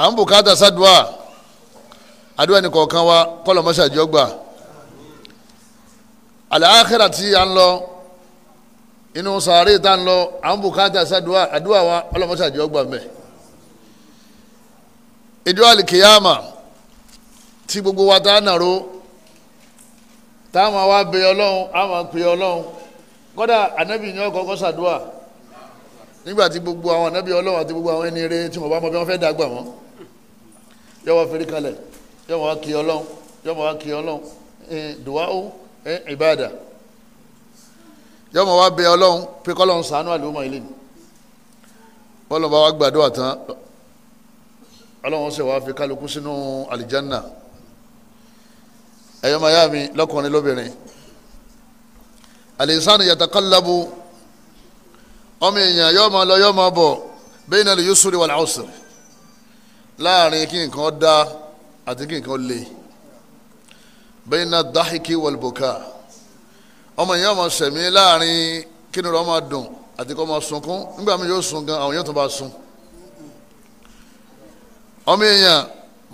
à ń bùkátà ṣàdúrà àdúrà ẹnì kọ̀ọ̀kan wa kọ́lọ̀ mọ́ṣáájú ọgbà àlàáhẹ́rà tí a ń lọ inú sàárè tá ń lọ à ń bùkátà sàdúà àdúà wa ọlọ́mọṣàjì ọgbà mẹ́ ìdúrà lìkìyàmà tí gbogbo wa tá nàró táwọn wa bẹ ọlọ́run àwọn pè ọlọ́run kódà ànábì ní ọkọ̀ sàdúà nígbà tí gbogbo àwọn ànábì ọlọ́run àti gbogbo àwọn ẹni eré tí mo bá mọ bí wọ́n fẹ́ dàgbà wọ́n yọ wọ́n kalẹ̀ yọ wọ́n ọlọ́run yọ wọ́n ọlọ́run ẹ̀ yọmọ wa bẹ ọlọ́run pé kọ́lọ́run ṣàánú àlùmọ̀ ilé ni bọ́lọ̀ bá wa gbàdúrà tán ọlọ́run ṣe wàá fi kálukú sínú àlìjánà ẹ̀yọ́ màyá mi lọ́kùnrin lóbìnrin àlìsàn yàtàkàlábù ọmọ èèyàn yọ́ máa lọ yọ́ máa bọ̀ bẹ́ẹ̀ náà lè yusri wal usri láàrin kí nǹkan dá àti kí nǹkan le bẹ́ẹ̀ náà dáhìkì wal ọmọ yẹn ọmọ sẹ̀mí láàrin kínú rẹ̀ ọmọ dùn àti kọ́ ọmọ sunkún nígbà mi yóò sun gan àwọn yóò tún bá sun. ọmọ èèyàn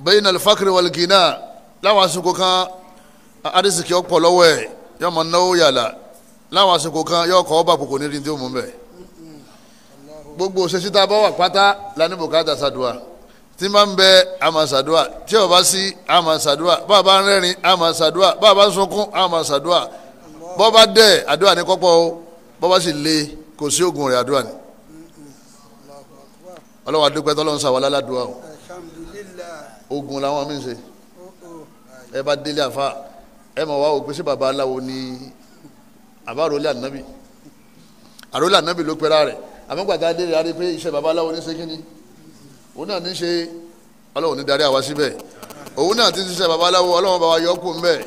bayna al-fakri láwọn àsìkò kan adísìkì ọ̀pọ̀ lọ́wọ́ ẹ̀ yóò máa náwó yàlà láwọn àsìkò kan yóò kọ́ ọba kòkò nídìí tí ó mú bẹ̀. gbogbo òṣèṣì tá a bá wà pátá la ní bùkátà sàdùà tí máa ń bẹ àmà sàdùà tí ó bá sí àmà sàdùà bá a bá ń rẹ́rìn àmà sàdùà bá a bá ń sunkún àmà sàdùà bọ́ba dẹ̀ àdúrà ní kọ́pọ̀ o bọ́ba sì le kò sí oògùn rẹ̀ àdúrà ni ọlọ́wà dúpẹ́ tọ́lọ́ ń sàwọ́ aládùúrà o oògùn làwọn mí ń ṣe oh, oh. ẹ bá délé àfa ẹ mọ̀ wá òpin sí baba aláwo ní àbárólé ànábì àrólé ànábì ló pẹ́ra rẹ̀ àmọ́gbàdá délé arí pé iṣẹ́ baba aláwo ní sékíní òun náà ní ṣe ọlọ́run ní darí àwa síbẹ̀ òun náà ti ṣiṣẹ́ baba aláwo ọlọ́run bá wa yọ kó ń bẹ́ẹ̀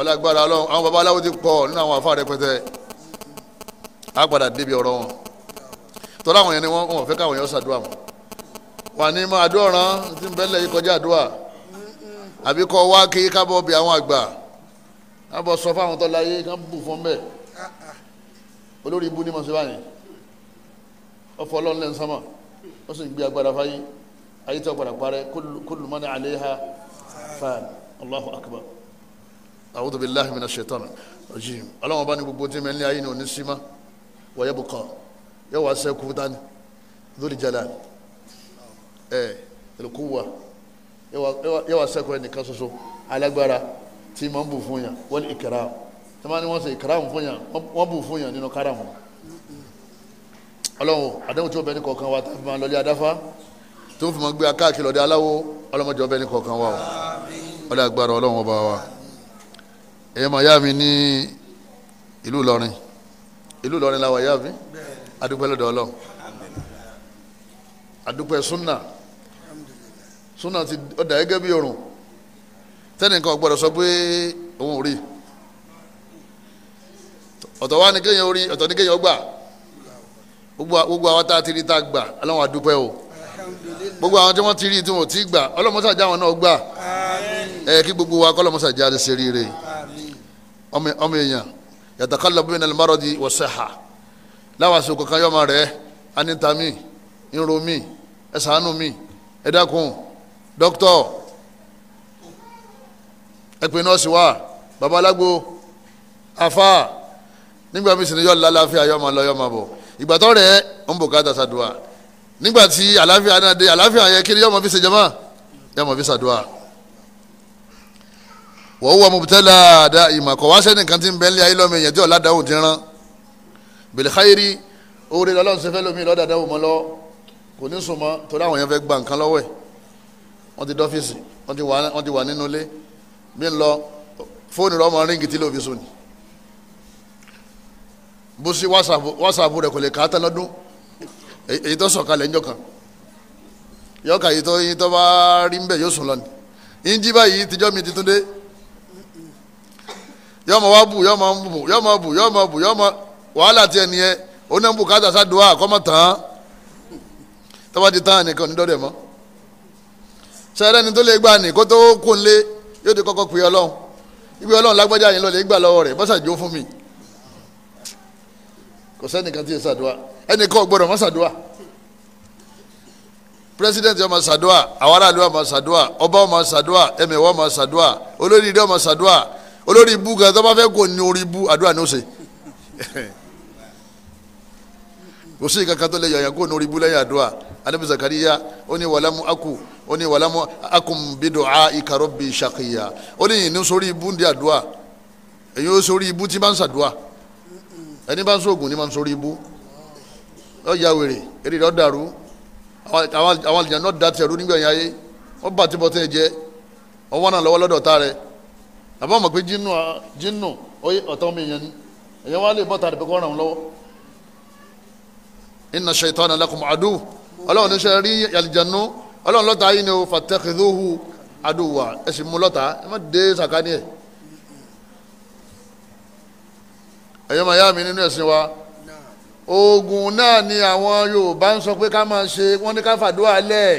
ọlágbára ọlọ́run àwọn baba aláwo ti pọ̀ nínú àwọn àfa rẹpẹtẹ á padà débi ọ̀rọ̀ wọn tọ́lá àwọn yẹn ni wọ́n wọ́n fẹ́ káwọn yẹn ṣàdúrà wọn wà ní ma àdúrà rán tí ń bẹ́lẹ̀ yìí kọjá àdúrà àbí kọ́ wá kí kábọ̀ bí àwọn àgbà kábọ̀ sọ fáwọn tọ́lá yé ká bù fún bẹ́ẹ̀ olórí ibú ní mọ̀ sí báyìí ọ̀fọ̀ ọlọ́run lẹ́nu sánmà ó sì ń gbé agbára fáyé ayé tó padà parẹ́ kullu man alayha fan Allahu akbar a'udhu billahi minash shaitani rajim ọlọ́wọ́n bá ní gbogbo tí mẹ́lẹ́ ayé ni òní símá wọ́yẹ́ bù kàn yóò wá sẹ́kù dání lórí jalal ẹ̀ ẹ̀lùkú wa yóò wá sẹ́kù ẹnìkan ṣoṣo alágbára tí máa ń bù fún yàn wal ikram tí wọ́n ní wọ́n ṣe ikram fún yàn wọ́n bù fún yàn nínú káràmù ọlọ́wọ́n àdéhùn tí ó kọ̀ọ̀kan wa tá máa lọlé adáfá tó fi máa gbé akáàkiri ọ̀dẹ aláwo ọlọ́mọdé ọbẹ̀ ní kọ̀ọ̀kan wa o ọlọ́gbàrá ọlọ́wọ́n ọba wa ẹ̀yẹ́ máa yá mi ní ìlú Ìlọrin ìlú Ìlọrin làwọn yá mi adúpẹ́ lọ́dọ̀ Ọlọ́run adúpẹ́ súnà súnà ti ọ̀dà gẹ́gẹ́ bí òrùn tẹ́nìkan ò gbọ́dọ̀ sọ pé òun ò rí ọ̀tọ̀ wa ni kéèyàn orí ọ̀tọ̀ ni kéèyàn gbà gbogbo àwọn tá a ti rí tá a gbà Ọlọ́run adúpẹ́ o gbogbo àwọn tí wọ́n ti rí tí wọ́n ti gbà ọlọ́mọ́sàjà wọn náà gbà ẹ̀ kí gbogbo wa kọ́ ọlọ́mọ́sàjà ṣe rí rèé ọmọ èèyàn yatakallabu min al-maradi wa siha láwọn àsìkò kan yọmọ rẹ anita mi irun mi ẹsànù mi ẹdẹkùn dókítọ ẹpẹ nọọsì wa babalágbó afa nígbà mi sì ni yọ lálàáfíà yọmọ lọ yọmọ bọ ìgbà tó rẹ ń bò káta sàdùà nígbà tí àlàáfíà náà dé àlàáfíà yẹ kiri yọmọ fi ṣe jama yọmọ fi sàdùà wọ́n wọ́n mọ̀tẹ́lá dá ìmọ̀ kọ́ wá sẹ́nìkan tí ń bẹ́ńlẹ̀ ayé lọ́mọ èèyàn tí ọ̀la dáhùn ti rán bìlìkáyìrì oore lọ́lọ́run ṣe fẹ́ lómi lọ́dà dáhùn mọ́ lọ́wọ́ kò ní sùn mọ́ torí àwọn èèyàn fẹ́ gba nǹkan lọ́wọ́ ẹ̀ wọ́n ti dọ́fíìsì wọ́n ti wà nínú ilé mi ń lọ fóònù rọ́mọ ríngì tí lóbi sùn ni bó sí wásaàpù rẹ̀ kò lè káàtà lọ́dún èyí tó sọ̀kalẹ̀ ńjọ kan yọ̀ọ́ka tó bá rí ń bẹ̀ yóò sùn lọ ni ìjì báyìí tíjọ́ mi ti tún dé yọ ma wá bù yọ ma bù yọ ma bù yọ ma bù yọ ma wàhálà tiẹ̀ nìyẹn onímù káta sádùá kọ́mọ tán tọ́ba ti tán nìkan ní dọ́dẹ̀ mọ́ sẹ́rẹ́ ni tó lè gbà ní kó tó kún lé yóò ti kọ́kọ́ pè ọlọ́run ibi ọlọ́run lágbájá yẹn lọ lè gbà lọ́wọ́ rẹ̀ bọ́sà jó fún mi kò sẹ́nìkan tí yẹ sàdùá ẹnìkan ò gbọ́dọ̀ mọ́ sàdùá president ọmọ sàdùá Awara aráàlú ọmọ sàdùá ọba ọmọ sàdùá ẹmẹ̀wọ̀ ọmọ sàdùá olórí ilé ọmọ sàdùá olórí ibú gan tó bá fẹ́ kó ní orí ibú àdúrà ní ó ṣe kò sí kankan tó lè yàyàn kó ní orí ibú lẹ́yìn àdúrà anabi zakariya ó ní wàlámù akú ó ní wàlámù akùn bídò á ìkàrọ̀ bíi ṣàkìyà ó ní ìní sórí ibú ní àdúrà èyí ó sórí ibú tí bá ń ṣàdúrà ẹni bá ń sóògùn ni máa ń sórí ibú ó ya wèrè èrè rẹ̀ ó dàrú àwọn àlìyàn náà dá tẹ̀rú nígbà yẹn ayé wọ́n bá tibọ́tẹ́ jẹ́ wọ́n wọ́n náà lọ́wọ́ lọ́dọ̀ tá rẹ̀ àbá mọ̀ pé jinnu jinnu oyè ọ̀tọ́ mi yẹn ni ẹ̀yẹ wá lè bọ́ta àdìpẹ́ kọ́ ràn wọ́n lọ́wọ́ inna shaytana lakum adu ọlọ́run ní sẹ́ rí àlìjánu ọlọ́run lọ́ta yìí ni o fattakhidhuhu aduwa ẹ sì mú lọ́ta ẹ má dé sàkání ẹ̀ ẹ̀yọ́ màá yá mi nínú ẹ̀sìn wa oògùn náà ni àwọn Yorùbá ń sọ pé ká máa ṣe wọ́n ní ká fàdúrà lẹ̀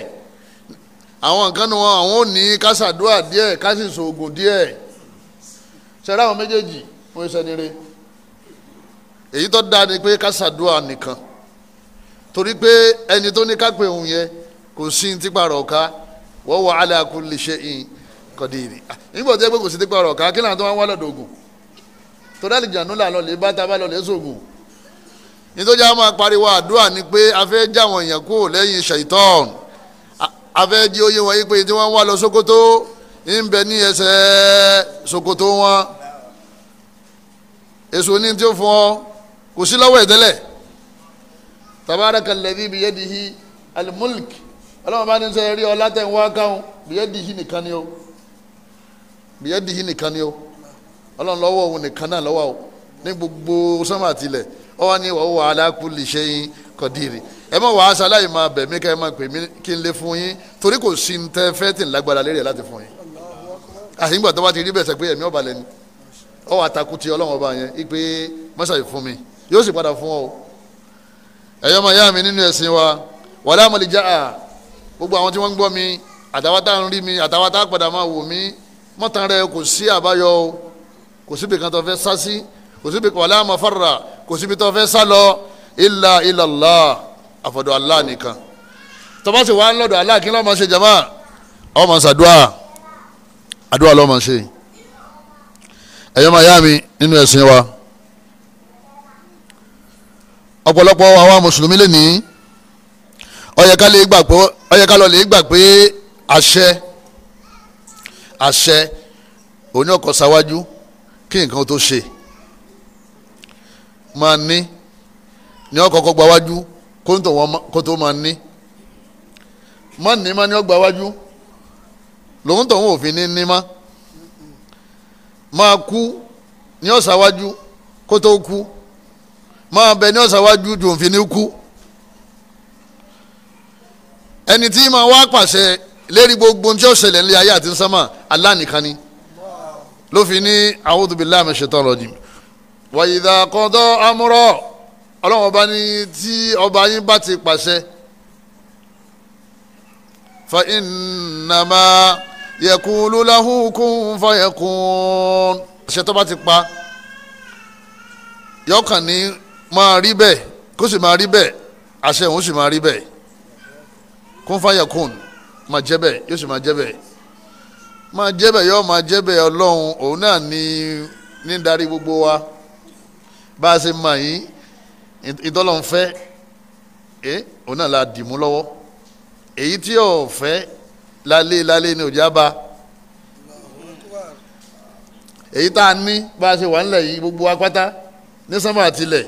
àwọn nǹkan ni wọn àwọn ò ní ká ṣàdúrà díẹ̀ ká sì sòògùn díẹ̀ ṣẹlẹ àwọn méjèèjì wọn ṣe nílé èyí tó dáa ni pé ká ṣàdúrà nìkan torí pé ẹni tó ní kápẹ́ òun yẹn kò sí ní ká wọ́n wọ ala kulli shay'in qadir nígbà tó yẹ pé kò sí tiparọ̀ ká kí làwọn tó torí lọ lè bá a bá lọ lè nítorí àwọn máa pariwo àdúrà ni pé a fẹ́ já kúrò lẹ́yìn ṣàìtọ́n a fẹ́ wọn yí pé Sokoto ń bẹ ní Sokoto wọn èso ní tí ó fún ọ kò sí lọ́wọ́ ẹ̀ tẹ́lẹ̀ tabaraka alladhi biyadihi almulk ọlọ́run bá ní sọ eré ọlá tẹ̀ ń wá káwọn biyadihi nìkan ni o biyadihi nìkan ni o ọlọ́run lọ́wọ́ òun nìkan náà lọ́wọ́ o ní gbogbo sọ́mà tilẹ̀ ọ wá ní wàá wà ala kulli shay'in qadir ẹ mọ̀ wàá sáláì máa bẹ̀ mí ká ẹ máa pè mí kí n lè fún yín torí kò sí ní tẹ́ fẹ́ tì ń lágbára lérè láti fún yín àyìnbó àtọ́wá ti rí bẹ̀ sẹ́ pé ẹ̀mí ọ̀bàlẹ̀ ni ọ wà takú ti ọlọ́wọ́n ọba yẹn ipe mọ́ṣáì fún mi yóò sì padà fún ọ o ẹ̀yọ́ ọmọ ìyá mi nínú ẹ̀sìn wa wàdà àmọ̀lì já a gbogbo àwọn tí wọ́n ń gbọ́ mi àtàwátá ń rí mi àtàwátá padà máa wò mí mọ́tàn rẹ kò sí àbáyọ o kò síbi kan tó fẹ́ sá sí kò síbi wàlẹ́ àmọ́ kò síbi tó fẹ́ sá lọ ilà ilàlá àfọ̀dọ̀ Allah nìkan tọ́ba sì wá lọ́dọ̀ Allah kí lọ́ọ́ máa ṣe jama ọ máa ṣàdúrà àdúrà lọ́ọ́ máa ṣe ẹ̀yọ́ máa yá mi nínú ẹ̀sìn wa ọ̀pọ̀lọpọ̀ àwa mùsùlùmí lè ní ó yẹ ká lè gbà pé ó yẹ ká lọ lè gbà pé àṣẹ àṣẹ òní ọkọ̀ ṣáwájú kí nǹkan tó ṣe máa ní ní ọkọ̀ kọ́ gba wájú kó tó máa ní má ní má ní ọgbà wájú lòun tó ń wò fi ní ní má máa kú ní ọ̀sáwájú kó tó kú máa bẹ ní ọ̀sáwájú tó ń fi ní kú ẹni tí máa wá pàṣẹ lérí gbogbo ní tí ó ṣẹlẹ̀ ní ayé àti sámà Allah nìkan ni ló fi ní a'udhu billahi minash shaitanir rajim wa ọlọ́wọ́n bá ní tí ọba yín bá ti pàṣẹ fa innama yẹkulu lahu kun fayakun ṣe tó bá ti pa yọkàn ní máa rí bẹ́ẹ̀ kó sì máa rí bẹ́ẹ̀ àṣẹ òun sì máa rí bẹ́ẹ̀ kun fayakun máa jẹ́ bẹ́ẹ̀ yóò sì máa jẹ́ bẹ́ẹ̀ máa jẹ́ bẹ́ẹ̀ yóò máa jẹ́ bẹ́ẹ̀ ọlọ́run òun náà ní ní darí gbogbo wa bá a ṣe máa yín ìtọ́lọ́nfẹ́ ẹ eh, òun náà la dìmú lọ́wọ́ èyí tí yóò fẹ́ lálé lálé ni òjá bá èyí tá a ní bá a ṣe wà nílẹ̀ yìí gbogbo apáta ní sánmà àtìlẹ̀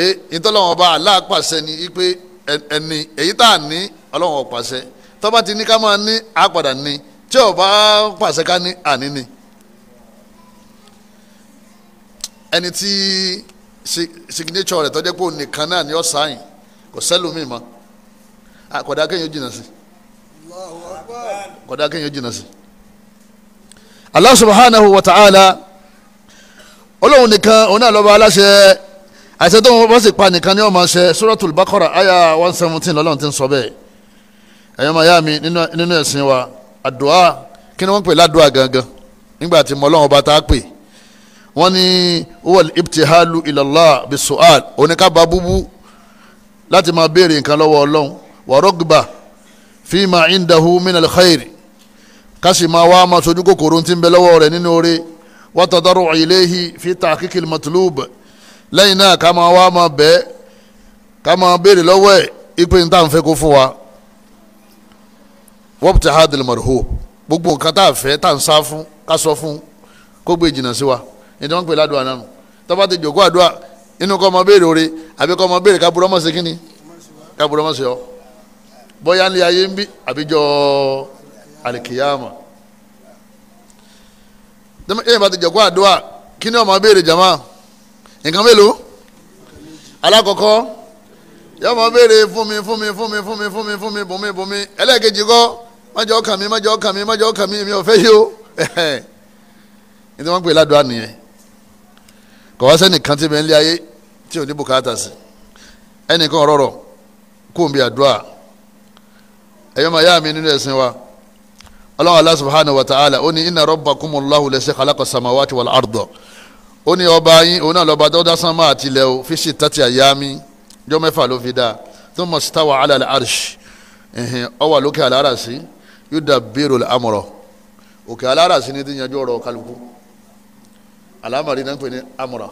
èyí ìtọ́lọ́wọ́n bá Allah pàṣẹ ni wípé ẹni èyí tá a ní ọlọ́wọ́n pàṣẹ tọ́ba ti ní ká máa ní àpàdà ní tí ò bá pàṣẹ ká ní àní ni ẹni tí signature rẹ̀ tọ́jẹ́ pé òun nìkan náà ni ó sáyìn kò sẹ́lùmí mọ́ àkọ́dá kéèyàn jìnnà sí i kódà kéèyàn jìnnà sí. Allah subhanahu wa ta'ala Ọlọ́hun nìkan òun náà lọ́ba aláṣẹ àṣẹ tó ń bá sì pa nìkan ni wọ́n máa Suratul Baqara aya one seventeen lọ́lọ́run ti ń sọ bẹ́ẹ̀ ẹ̀yọ́ máa yá mi nínú ẹ̀sìn wa àdúà kí ni wọ́n pè ládùá gangan nígbà tí mọ́ Ọlọ́hun bá tá a pè wọ́n ní wọ́n ibtihalu ilallah bisual oníkàbà búbú láti máa béèrè nǹkan lọ́wọ́ Ọlọ́hun wàrọ́gbà fima indahu min alkhairi kasi ma wa ma sojú kòkòrò tí ń bẹ lọ́wọ́ rẹ̀ nínú oore wa tadaru ilayhi fi tahqiqi almatlub lẹ́yìn náà ká ma wa ma bẹ́ ká ma béèrè lọ́wọ́ ẹ̀ ipe n ta n fẹ́ kó fún wa wọ́pútì hadil marhub gbogbo nǹkan tá a fẹ́ tá a ń sá fún ká sọ fún kó wa ní tí wọ́n ń pè ládùúgbò àná nù tọ́ba ti jòkó àdúrà ma béèrè oore àbí kọ́ ma béèrè ká burọ́ mọ̀ sí kínni ká burọ́ mọ̀ sí ọ́ bóyá ní ayé ń bí àbíjọ alikiyama ẹ̀yìn bá ti jọ̀kọ́ àdúrà kí ni ó máa jama nǹkan mélòó alákọ̀ọ́kọ́ yóò máa béèrè fún mi fún mi fún mi fún mi fún mi fún mi bùn mi bùn mi ẹlẹ́ẹ̀kejì kọ́ májọ́ kàn mí májọ́ kàn mí májọ́ kàn mí mi ò fẹ́ yìí o ní tí wọ́n ń pè nìyẹn kọ̀ wá sẹ́nìkan tí bẹ́ẹ̀ ń lé ayé tí ò ní bùkátà sí ẹnìkan rọrọ̀ kó o bí àdúrà ẹ̀yọ́ máa yá mi nínú ẹ̀sìn wa ọlọ́run Allah subhanahu wa ta'ala ó ní inna rabbakumullahu lẹ́sẹ̀ khalaqa samawati wal arda ó ní ọba yín òun náà lọ́ba tó dásán máa tilẹ̀ o fi sittati ayyami jọ́ mẹ́fà ló fi dáa thumma stawa ala al-arsh ó wà lókè alárasí yudabbirul amra òkè alárasí ni ti yanjú ọ̀rọ̀ kálukú alámàrí náà ń pè ní amra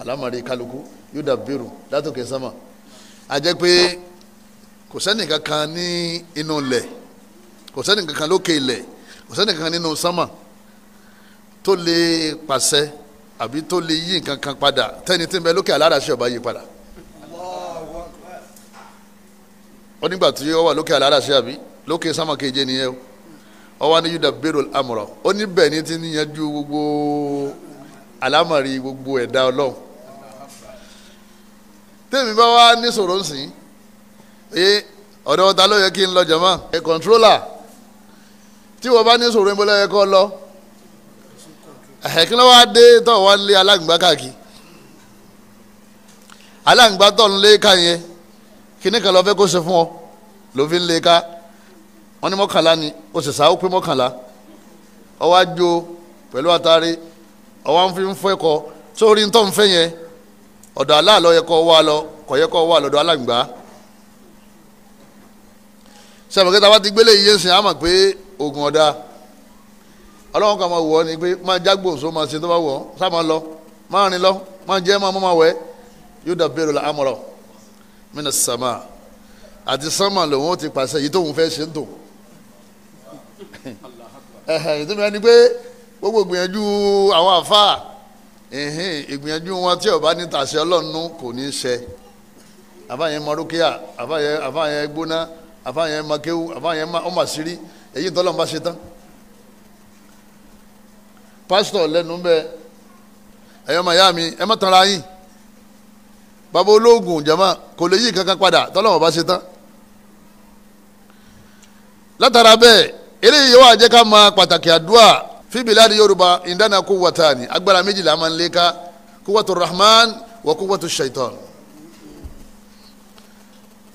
alámàrí kálukú yudabiru látòkè sánmà àjẹ́ kò sẹ́ni kankan ní inú ilẹ̀ kò sẹ́ni kankan lókè ilẹ̀ kò sẹ́ni kankan nínú sánmà tó lè pàṣẹ àbí tó lè yí nǹkan kan padà tẹ́ni tí ń bẹ lókè aláràṣẹ ọba yí padà ó nígbà tí ó wà lókè aláràṣẹ àbí lókè sánmà keje nìyẹn o ó wà ní yuda bero amúrọ ó ní bẹ́ẹ̀ ni ti ń yanjú gbogbo alámọ̀rí gbogbo ẹ̀dá ọlọ́run tèmi bá wá ní sọ̀rọ̀ nsìn ee ọdọ ọta ló yẹ kí n lọ jọ̀mọ́ ẹ kọ̀ǹtrólà tí wọ́n bá ní sòrò ìbọn lọ́yẹ kọ́ lọ ẹ̀hẹ́kínlá wa dé tọ́ wa ń lé alágbèbá káàkiri alágbèbá tọ́ ń lé ká kíní kan lọ kó fún ọ ló fi ń lé ká ní ni o sì sáwó pé ọ àtàrí ń fi ń sórí ń tọ́ ń fẹ́ yẹn ọ̀dọ̀ aláàlọ́ yẹ kọ́ wá lọ kọ̀ yẹ kọ́ sàmùkẹ́ tá a bá ti gbélé iye sìn á mọ̀ pé oògùn ọ̀dà ọlọ́run kan máa wọ̀ ọ́ ni pé máa jágbó òṣó máa ṣe tó bá wọ̀ ọ́ sá máa lọ máa rìn lọ máa jẹ́ máa mọ́ máa wẹ̀ yóò dà bẹ́ẹ̀rù la amọ̀rọ̀ mina sàmà àti sàmà lòun ó ti pàṣẹ yìí tóun fẹ́ ṣe ń tò ìtumọ̀ ẹni pé gbogbo ìgbìyànjú àwọn àfáà ìgbìyànjú wọn tí ọba ní tàṣẹ ọlọ́run kò ní í ṣe àbáyẹn mọ́rúkíà àbáyẹn gbóná àfààyàn ma kéwú àfààyàn ma ọmọ àṣírí èyí tọ́lọ́ bá ṣe tán pásítọ̀ lẹ́nu bẹ́ẹ̀ ẹ̀yọ́ màá yá mi ẹ má tanra yín bàbá ológun jama kò lè yí kankan padà tọ́lọ́ wọn bá ṣe tán látara bẹ́ẹ̀ eléyìí yóò wá jẹ́ ká máa pàtàkì àdúrà fíbíládì yorùbá ìdáná kó wọ́tá ni agbára méjìlá máa ń lé ká kó wọ́tò rahman wọ́n kó wọ́tò shaitan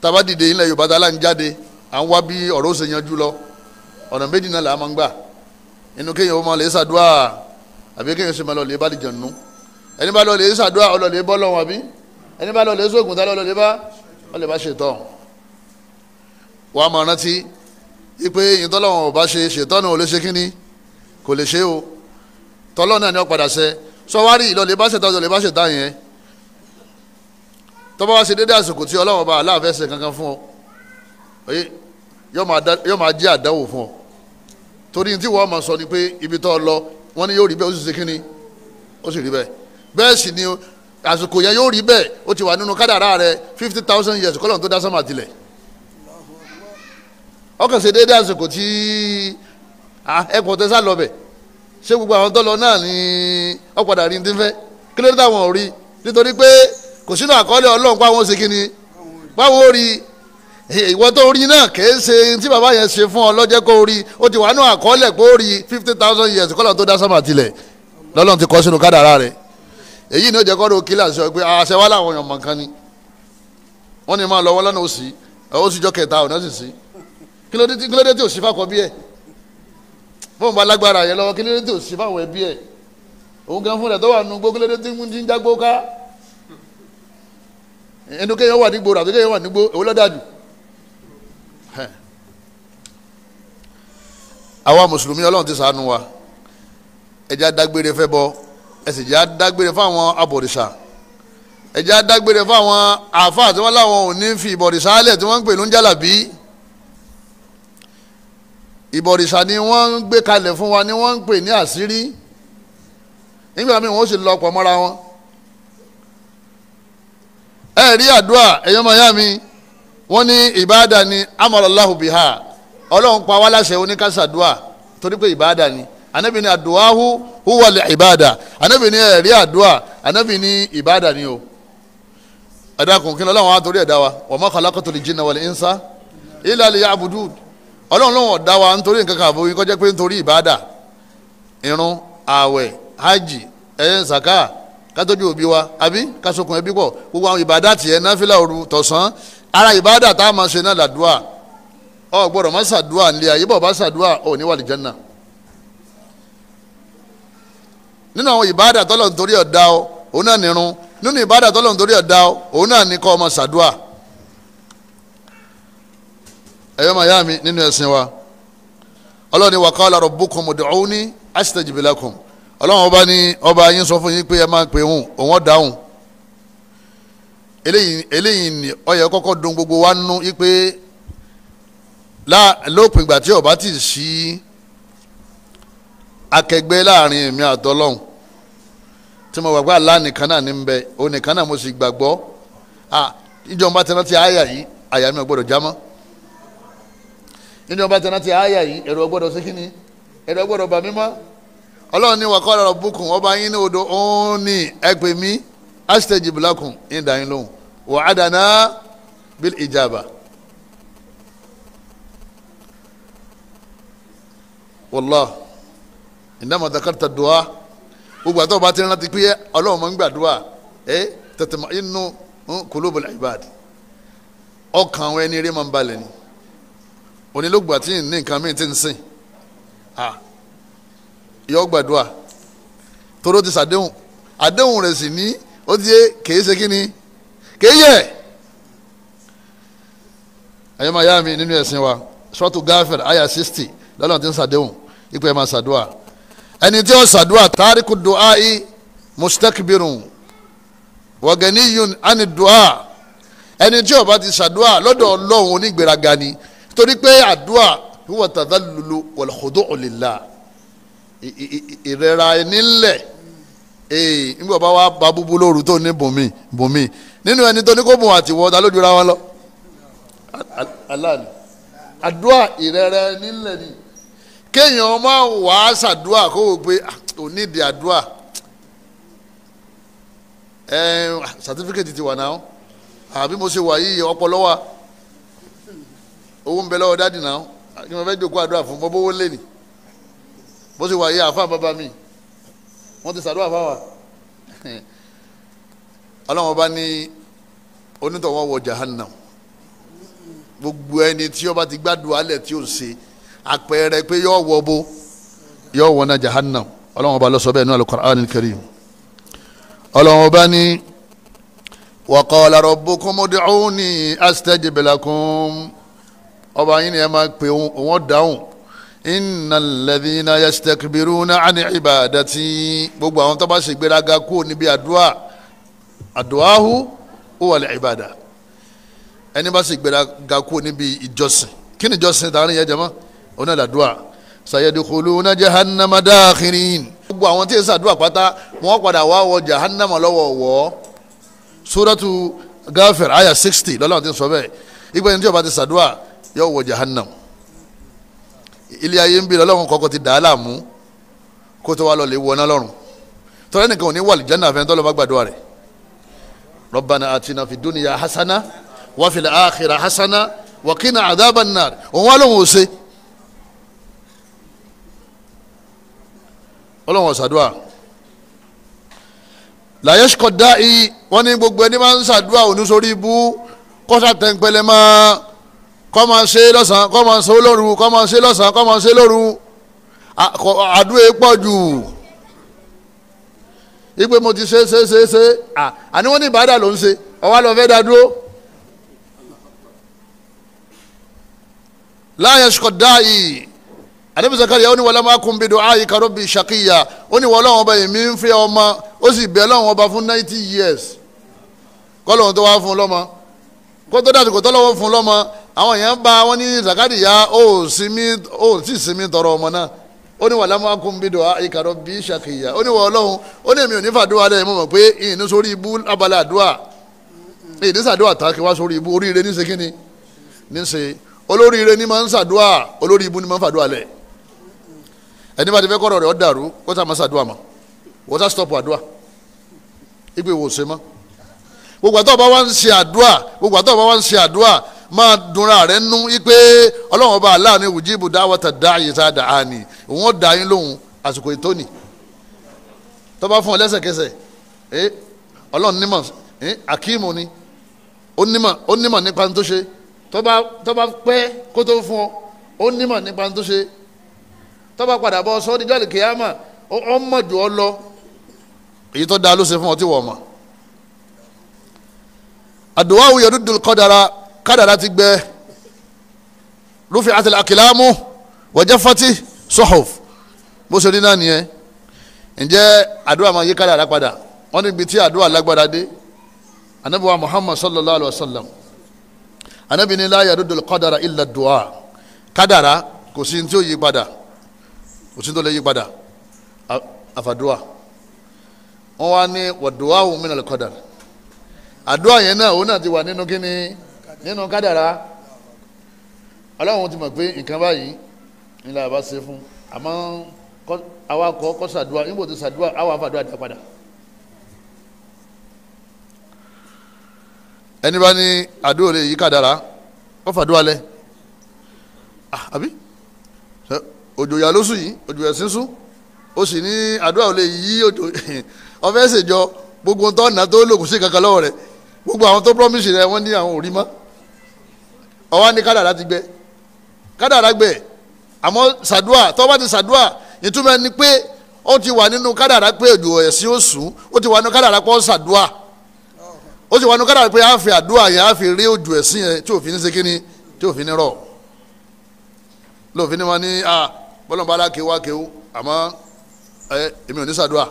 taba dìde ilẹ̀ yorùbá tá a là ń jáde à ń wá bí ọ̀rọ̀ ó ṣe yanjú lọ ọ̀nà méjì náà là á máa ń gbà inú kéèyàn ó máa lè ṣàdúrà àbí kéèyàn sì máa lọ lè bá dìjọ nù ẹni bá lọ lè ṣàdúrà ọ lè bọ́ lọ́wọ́ àbí ẹni bá lọ lè sóògùn tá lọ lè bá ọ lè bá ṣètọ́ wàá máa rántí ipe yìí tọ́lọ́wọ́n ò bá ṣe ṣètọ́ náà ò lè ṣe kínní kò náà ni ó padà ṣe sọ wá rí ìlọlẹ́ bá ṣètọ́ ìlọlẹ́ bá ṣètọ́ yẹn tọ́ba wá sí dédé àsìkò tí ọlọ́run bá aláàfẹ́sẹ̀ kankan fún ọ oye yóò máa jẹ́ àdánwò fún ọ torí tí wọ́n máa sọ ni pé ibi tó lọ wọ́n ní yóò rí bẹ́ẹ̀ ó sì ṣe kínni ó sì rí bẹ́ẹ̀ bẹ́ẹ̀ sì ni àsìkò yẹn yóò rí bẹ́ẹ̀ ó ti wà nínú kádàrá rẹ fifty thousand years kọ́lọ́n tó dá sánmà tilẹ̀ ọkàn ṣe dédé àsìkò tí ẹ̀pọ̀ tẹ́sà lọ bẹ̀ ṣé gbogbo àwọn tó lọ náà ni ọ̀padà rí ní ti fẹ́ kí kò sínú àkọọ́lẹ̀ ọlọ́run pa àwọn ṣe kí ni báwo rí ìwọ tó rí náà kèé ṣe tí bàbá yẹn ṣe fún ọ lọ́jẹ́ kó rí ó ti wà nù àkọọ́lẹ̀ pé rí fifty thousand years kọ́lọ̀ tó dá sábà tilẹ̀ lọ́lọ́run ti kọ́ sínú kádàrá rẹ̀ èyí ni ó jẹ́ kọ́dọ̀ kílà sọ pé àṣẹ wà láwọn èèyàn mọ̀kan ni wọ́n ní máa lọ wọ́n lọ́nà òsì òsì jọ kẹta ọ̀nà sì sí kí ló dé tí òsì fàkọ bí ẹ̀ fóun bá lágbára yẹn lọ́wọ́ kí tí òsì fàwọn ẹbí ẹ̀ òun gan fúnra tó wà nù gbó kí ló dé ń jágbó ká ẹnu kéèyàn wà nígboro àbí kéèyàn wà nígbó èwo ló dáa jù àwa mùsùlùmí ọlọ́run ti ṣàánú wa ẹja dágbére fẹ́ bọ ẹ sì já dágbére fáwọn abọ̀rìṣà ẹja dágbére fáwọn àáfàá tí wọ́n láwọn ò ní fi ìbọ̀rìṣà alẹ̀ tí wọ́n ń pè ní jálàbí ìbọ̀rìṣà ni wọ́n ń gbé kalẹ̀ fún wa ni wọ́n ń pè ní àṣírí nígbà míì wọ́n sì lọ pọ̀ mọ́ra wọn ẹ rí àdúrà ẹ̀yọ́ mọ̀yá mi wọ́n ní ìbáàdà ni amọ̀lọ́láhùn bìhá ọlọ́run pa wá láṣẹ oníkàṣàdúà torí pé ìbáàdà ni anabi ni àdùáhù huwa lè ìbáàdà anabi ni ẹ̀rí àdúà anabi ni ìbáàdà ni o ẹ̀dá kùn kí lọ́wọ́ àtòrí ẹ̀dá wa wa ma khalaqtu lil jinna wal insa illa liya'budun ọlọ́run lọ́wọ́ dá wa nítorí nǹkan kan àbòyí kọjá pé nítorí ìbáàdà irun ààwẹ̀ hajj ẹ̀yẹ zaka kátọ́jú òbí wa àbí kásokùn ẹbí pọ̀ gbogbo àwọn ìbádà tiẹ̀ náfìlà òru tọ̀sán ara ìbádà tá a máa ṣe náà làdúà ọ gbọ́dọ̀ má ṣàdúà nílé ayé bọ̀ bá ṣàdúà ò ní wà lìjánná nínú àwọn ìbádà tọ́lọ̀ nítorí ọ̀dà o òun náà nírun nínú ìbádà tọ́lọ̀ nítorí ọ̀dà o òun náà ní kọ́ ọmọ ṣàdúà ẹ̀yọ́ màá yá mi nínú ẹ̀sìn wa ọlọ́ni wa qala rabbukum ud'uni astajib lakum ọlọ́run ọba ní ọba yín sọ fún yín pé ẹ máa pè òun òun ọ̀dáhùn eléyìí eléyìí ni ó yẹ kọ́kọ́ dùn gbogbo wa nú yí pé lópin ìgbà tí ọba ti sí akẹgbẹ́ láàrin èmi àtọlọ́hún tí mo gbàgbọ́ àlá nìkan náà ní bẹ òun nìkan náà mo sì gbàgbọ́ ìjọba tí wọn ti àyà yìí àyà mi ò gbọdọ̀ já mọ́ ìjọba tí wọn ti àyà yìí ẹ̀rọ gbọdọ̀ sí kí ni ẹ̀rọ gbọdọ̀ bà mí mọ́ ọlọ́run ní wàkọ́ ọ̀rọ̀ bukun ọba yín ní odò òun ní ẹgbẹ́ mi asitẹ́jì bùlákùn ní ìdáyín lóhùn wà á dáná bíl ìjàbá. wàllá ìdáhùn àtàkàtà dùá gbogbo àtọ́ bá ti rántí pé ọlọ́run máa ń gbàdúrà ẹ tètè máa inú kulubul hm, ibad ọkàn àwọn ẹni eré máa ń balẹ̀ ni onílógbà tí ní nǹkan míì ti ń sìn yọ gbàdúrà toró ti sàdéhùn àdéhùn rẹ̀ sì ní ó ti yé kèé ṣe kí ni kèé yẹ ayọ́mọ ayá mi nínú ẹ̀sìn wa sọ́tù gáfẹ̀r àyà sixty lọ́nà tí ń sàdéhùn ipò ẹ̀ máa sàdúà ẹni tí ó sàdúà tàríkù dùá i mustakbirun wọ̀gẹ̀niyun ani dùá ẹni tí ó ti sàdúà lọ́dọ̀ ọlọ́run onígbèraga ni torí pé àdúà huwa tadallulu wal khudu'u lillah ìrẹ́ra nílẹ̀ ee nígbà bá wa ba búbú lóru tó ní bùnmi bùnmi nínú ẹni tó ní kó bùn àti wọ́ta lójú ra wọn lọ aláàlú àdúrà ìrẹ́ra nílẹ̀ ni kéèyàn máa wà á ṣàdúrà kó o pé onídìí ah, àdúrà ẹ ah, sàtífíkẹ́tì ti wà náà àbí mo ṣe wà yìí ọpọlọ wa owó ń bẹ lọ́wọ́ dáàdì náà kí n fẹ́ jókòó àdúrà fún bọ́bọ́wọ́ lé ni bó ṣe wà yí àfa bàbá mi wọ́n ti ṣàdúrà fáwa ọlọ́wọ́n bá ní onítọ̀wọ́ wọ jahannam gbogbo ẹni tí ó bá ti gbádùn alẹ̀ tí ó ń ṣe àpẹẹrẹ pé yọ wọ bó yọ wọ náà jahannam ọlọ́wọ́n bá lọ sọ bẹ́ẹ̀ ní al-Qur'an al ọlọ́wọ́n bá ní wa qala rabbukum ud'uni astajib lakum ọba yín ni ẹ máa pè wọ́n dáhùn inna alladhina yastakbiruna ani ibadati gbogbo àwọn tó bá ṣe gbéraga kú níbi àdúrà àdúràhu ó wà lẹ́ ìbàdà ẹni bá ṣe gbéraga kú níbi ìjọsìn kí ni ìjọsìn tààrin yẹn jẹmọ́ òun náà làdúrà sayadkhuluna jahannama dakhirin gbogbo àwọn tí yẹn ṣàdúrà pátá wọn padà wá wọ jahannama lọ́wọ́ wọ́ suratu gáfẹ̀rẹ̀ àyà sixty lọ́la wọn ti sọ bẹ́ẹ̀ ìgbà yẹn tí yóò bá ti ṣàdúrà yóò wọ jahannama ilé ayé ń bí lọ́lọ́run kọ́kọ́ ti dà á láàmú kó tó wá lọ lè wọná lọ́rùn tọ́lá nìkan ò ní wà lìjánà àfẹn tọ́lọ́ bá gbàdúrà rẹ̀ Rabbana atina fid dunya hasana wa fil akhirati hasana wa qina adhaban nar òun wá lóhùn òsè ọlọ́run ọ̀sàdúrà dá i wọ́n ní gbogbo ẹni máa ń sàdúrà òní sórí ibú kọ́sà tẹ́ńpẹ́lẹ́ máa kọ́ máa ṣe lọ́sàn-án kọ́ máa ṣe lóru kọ́ máa ṣe lọ́sàn-án kọ́ máa ṣe lóru àdúrà pọ̀ jù ipe mo ti ṣe ṣe ṣe ṣe àní wọ́n ní ìbádà ló ń ṣe ọwọ́ lọ fẹ́ dá dúró. láyé ṣùkọ̀dáì àdébí Zakariya ó ní wọlé máa kún bídò áyì karobi ṣàkíyà ó ní wọlé ọba èmi ń fẹ́ ọmọ ó sì bẹ Ọlọ́run ọba fún ninety years kọ́ lóun tó wá fún un lọ́mọ kó tó dàsìkò tọ́lọ́wọ́ fún lọ́mọ àwọn èèyàn bá wọn ní Zakariya ó sinmi ó sì sinmi tọrọ ọmọ náà ó ní wàlámù akúnbídò àìkàrọ̀ bíi ṣàkìyà ó ní wọ ọlọ́run ó ní èmi ò ní fàdúrà lẹ́yìn mọ̀ pé ìní sórí ibú abala àdúrà ìní sàdúrà tá a kí wá sórí ibú oríire ní ṣe kíni ní ṣe olóríire ní máa ń sàdúrà olórí ibú ní máa ń fàdúrà lẹ̀ ẹni bá ti fẹ́ kọ́rọ̀ rẹ̀ ọ́ dàrú kó tá a mọ́ wọ́n tá stop àdúrà ìpè wò ṣe mọ́ gbogbo àtọ́ bá wá ń ṣe àdúrà gbogbo àtọ́ bá wá ń ṣe àdúrà máa dunra rẹ̀ nú wípé ọlọ́run ọba aláàánú ìwùjíbù dáwọ́tà dáàyè tá a dà á nì òun ó dà yín lóhùn àsìkò ìtóni tó bá fún ọ lẹ́sẹ̀kẹsẹ̀ ẹ ọlọ́run nímọ̀ ẹ akíìmù ni ó nímọ̀ ó nímọ̀ nípa tó ṣe tó bá tó bá pẹ́ kó tó fún ọ ó nímọ̀ nípa tó ṣe tó padà bọ́ sọ́ọ́ dídọ́lì kìyàmà ó mọ̀ jù ọ lọ èyí tó dáa ló ṣe fún ọ tí wọ́n mọ̀ àdùwà òye dúdú kọ́dara kádàrá ti gbẹ rufi àtàlẹ́ àkìlámù wàjáfàtì sọ́hùf bó ṣe rí náà nìyẹn ǹjẹ́ àdúrà máa yí kádàrá padà wọ́n níbi tí àdúrà lágbára dé anabiwa muhammad sallallahu alaihi wa sallam anabi ni láyà dúdú kọ́dara illa dùwà kádàrá kò sí ní tí ó yí padà kò sí ní tó lè yí padà àfàdùwà wọ́n wá àdúrà yẹn náà òun náà ti wà nínú kíni nínú kádàrá ọlọ́run ti mọ̀ pé nǹkan báyìí nílà bá ṣe fún àmọ́ àwa kọ́ kọ́ sàdúrà níbo ti sàdúrà àwa fàdúrà dá padà. ẹni bá ní àdúrà rẹ yìí kádàrá ó fàdúrà lẹ ah, àbí òjò yà lóṣù yìí òjò yà sínsú ó sì ní àdúrà ò lè òjò ọfẹ́ ṣèjọ gbogbo ntọ́nà tó lòkùn kankan lọ́wọ́ rẹ̀ gbogbo àwọn tó promise rẹ wọ́n ní àwọn ò rí mọ́ ọwọ́ ní kádàrá ti gbẹ kádàrá gbẹ àmọ́ sàdúà tó bá ti sàdúà ìtumọ̀ ni pé ó ti wà nínú kádàrá pé òjò ẹ̀sìn ó sùn ó ti wà nínú kádàrá pé ó sàdúà ó sì wà nínú kádàrá pé á fi àdúà yẹn á fi rí òjò ẹ̀sìn yẹn tí òfin ṣe kíni tí òfin ní lófin ní wọn ní bọ́lọ̀mọ́ alákèéwá kéwú àmọ́ èmi ò ní sàdúà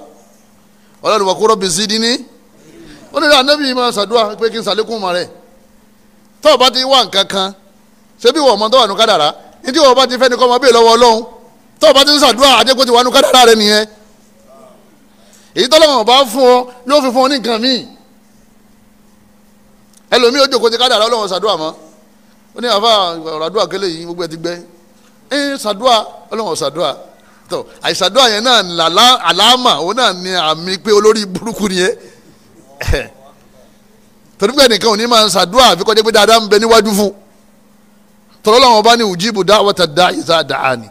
ọlọ́run wọ̀ kúrọ́ bí sídìí ó nílò anábì máa ṣàdúrà pé kí n ṣàlékún mọ rẹ tó o bá ti wá nǹkan kan ṣé bí wọ́n mọ tó wà nù kádàrá ní tí wọ́n bá ti fẹ́ ni kọ́ ọmọ bíi lọ́wọ́ ọlọ́run tó o bá ti ń ṣàdúrà àjẹkó ti wà nù kádàrá rẹ nìyẹn èyí tọ́lọ́wọ́n bá fún ọ yóò fi fún ọ ní nǹkan míì ẹlòmíì ó jókòó ti kádàrá ṣàdúrà mọ́ ó ní àfa ọ̀rọ̀ kélé yìí gbogbo ẹ ti gbẹ ẹ yẹn náà àlámà òun náà ní àmì pé olórí burúkú nìyẹn torí pé nìkan ò ní máa ń ṣàdúrà àfi kọjá pé dáadáa ń bẹ níwájú fún tọ́lọ́ làwọn bá ní ùjíbù dáwọ́ta dá ìta dàá ni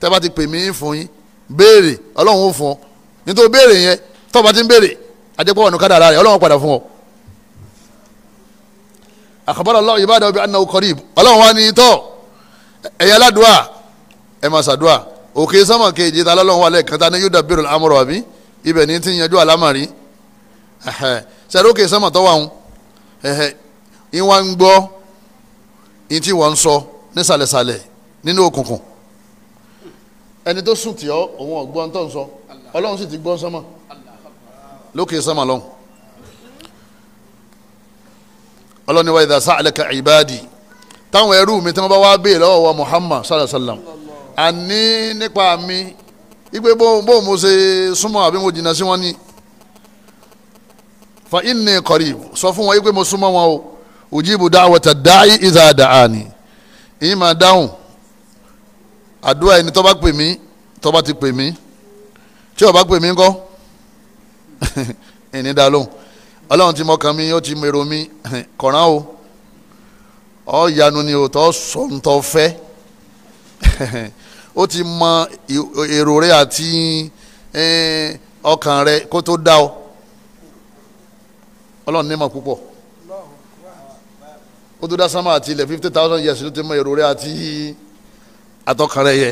tẹ́ bá ti pè mí fún yín béèrè ọlọ́run ó fún ọ nítorí béèrè yẹn tọ́ bá ti ń béèrè àjẹpọ̀ ọ̀nà kádàrá rẹ̀ ọlọ́run padà fún ọ. àkàbọ̀dọ̀ ọlọ́run yìí bá dàbí anáwó kọ́rìb ọlọ́run wá ní tọ́ ẹ̀yà aládùá ẹ̀ máa ṣàdúà òkè sọ́mọ̀ kejì ta lọ́lọ́run wà lẹ́ẹ̀kan ta ní yóò dàbí rẹ̀ amúrọ̀ àbí ibẹ̀ ní ti yanjú àlámàrí sẹ́dọ̀ òkè sẹ́mọ̀ tọ́wọ́ àwọn ẹ̀hẹ́ ìwà ń gbọ́ ìyẹn tí wọ́n ń sọ nísàlẹ̀sàlẹ̀ nínú òkùnkùn ẹni tó sùn tì ọ́ òun ọ̀gbọ́n tó ń sọ ọlọ́run sì ti gbọ́ sọ́mọ̀ lókè sọ́mọ̀ lọ́hùn ọlọ́ni wa idha sa'alaka ibadi táwọn ẹrú mi tí wọ́n bá wá béè lọ́wọ́ wa Muhammad sallallahu alayhi wa sallam àní nípa mi ìgbé bó bó mo ṣe súnmọ́ àbí mo jìnnà sí wọn ni fa inni qarib sọ fún wọn yìí pé mo súnmọ́ wọn o ujibu da'wata da'i idha da'ani ìyìn máa dáhùn àdúrà ẹni tó bá pè mí tọ́ba ti pè mí tí ó bá pè mí ńkọ́ ìní dá lóhùn ọlọ́run ti mọ̀kàn mi ó ti mèrò mi kọ̀ọ̀rán o ọ yanu ni o tọ́ sọ̀ǹtọ̀ fẹ́ ó ti mọ èrò rẹ àti eh, ọkàn rẹ kó tó dá o. ọlọ́run nímọ̀ púpọ̀ ó tó dá sámà àti ilẹ̀ fifty thousand years ló ti mọ èrò rẹ àti atọ́kan rẹ yẹ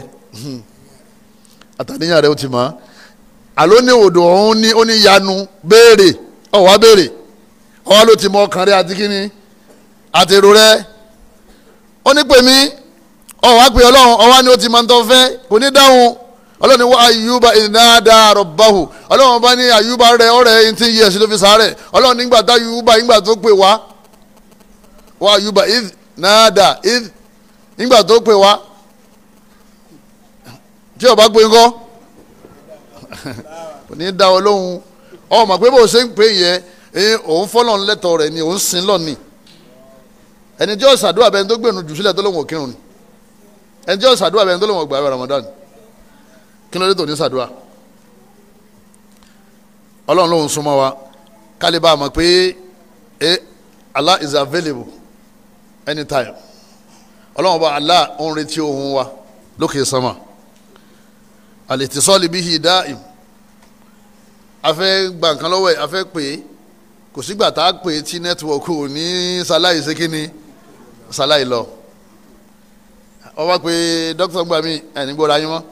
àtàníyàn rẹ ó ti mọ̀ àló ní odò ọ̀hún ní oníyanu béèrè ọ̀wá béèrè ọ̀wá ló ti mọ ọkàn rẹ àti kíni àti èrò rẹ ó ní pèmí ọ̀wá pè ọlọ́run ọ̀wá ni ó ti máa ń tọ́ fẹ́ kò ní dáhùn ọlọ́run ni wọ́n ayuba ìnáda rọ̀báhù ọlọ́run bá ní ayuba rẹ ọ̀rẹ́ eighteen years ló fi sàárẹ̀ ọlọ́run nígbà tá ayuba nígbà tó pè wá wọ́n ayuba ìnáda nígbà tó pè wá tí ọba pé ńkọ́ kò ní í dá ọ lóhùn ọmọ pé bó ṣe ń pè yẹn òun fọlọ́n lẹ́tọ̀ọ́ rẹ̀ ni òun sin lọ́ọ̀ni ẹni tí ó ṣàdúrà bẹ́ẹ̀ tó gbẹ̀nu jù sílẹ̀ tó lóun òkírun ni ẹni tí ó ṣàdúrà tó lóun ọgbà Ramadan kí ló dé tó ní sàdúrà ọlọ́run ló súnmọ́ wa kálíbà mọ̀ pé eh, Allah is available anytime ọlọ́run ọba Allah ń retí ohun wa lókè sánmà àlètìsọ́ọ̀lì bíi hìdá ìm afẹ́ gba nǹkan lọ́wọ́ ẹ̀ afẹ́ pè é kò sígbà tá a pè é tí nẹ́tíwọ̀kì ò ní sáláì ṣe kí ni sáláì lọ ọba pé dókítà ń gbà mí ẹ̀ nígbó yín mọ́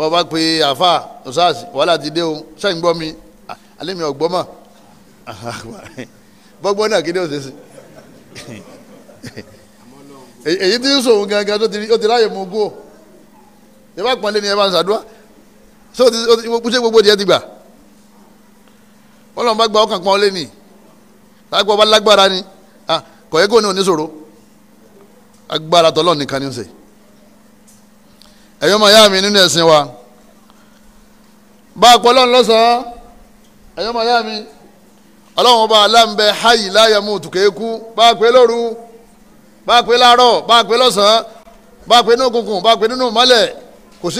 bọ́ bá pe àfa ọ̀sáàsì wàhálà ti dé o sẹ́yìn gbọ́ mi ah, alẹ́ mi ọ̀gbọ́ mọ̀ bọ́gbọ́ náà kí ni ó ṣe sí èyí tí ń sòwò gangan tó ti ráyè mú gó ẹ bá pọ́nlé ni ẹ bá ń ṣàdúrà ṣé gbogbo tiẹ̀ ti gbà ọlọ́run bá gba ọkàn pọ́nlé ni lágbọ́ bá lágbára ni ah, kọ̀ọ́yẹ́kọ́ ni ò ní ṣòro agbára tọ́lọ́ nìkan ni ó ẹ̀yọ́ máa yá mi nínú ẹ̀sìn wa bá a pọ̀ lọ́nà lọ́sàn-án ẹ̀yọ́ máa yá mi ọlọ́run ọba aláǹbẹ háyì láyàmú tùkẹ́kù bá a pè lóru bá a pè láàárọ̀ bá a pè lọ́sàn-án bá a nínú òkùnkùn bá a nínú ìmọ́lẹ̀ kò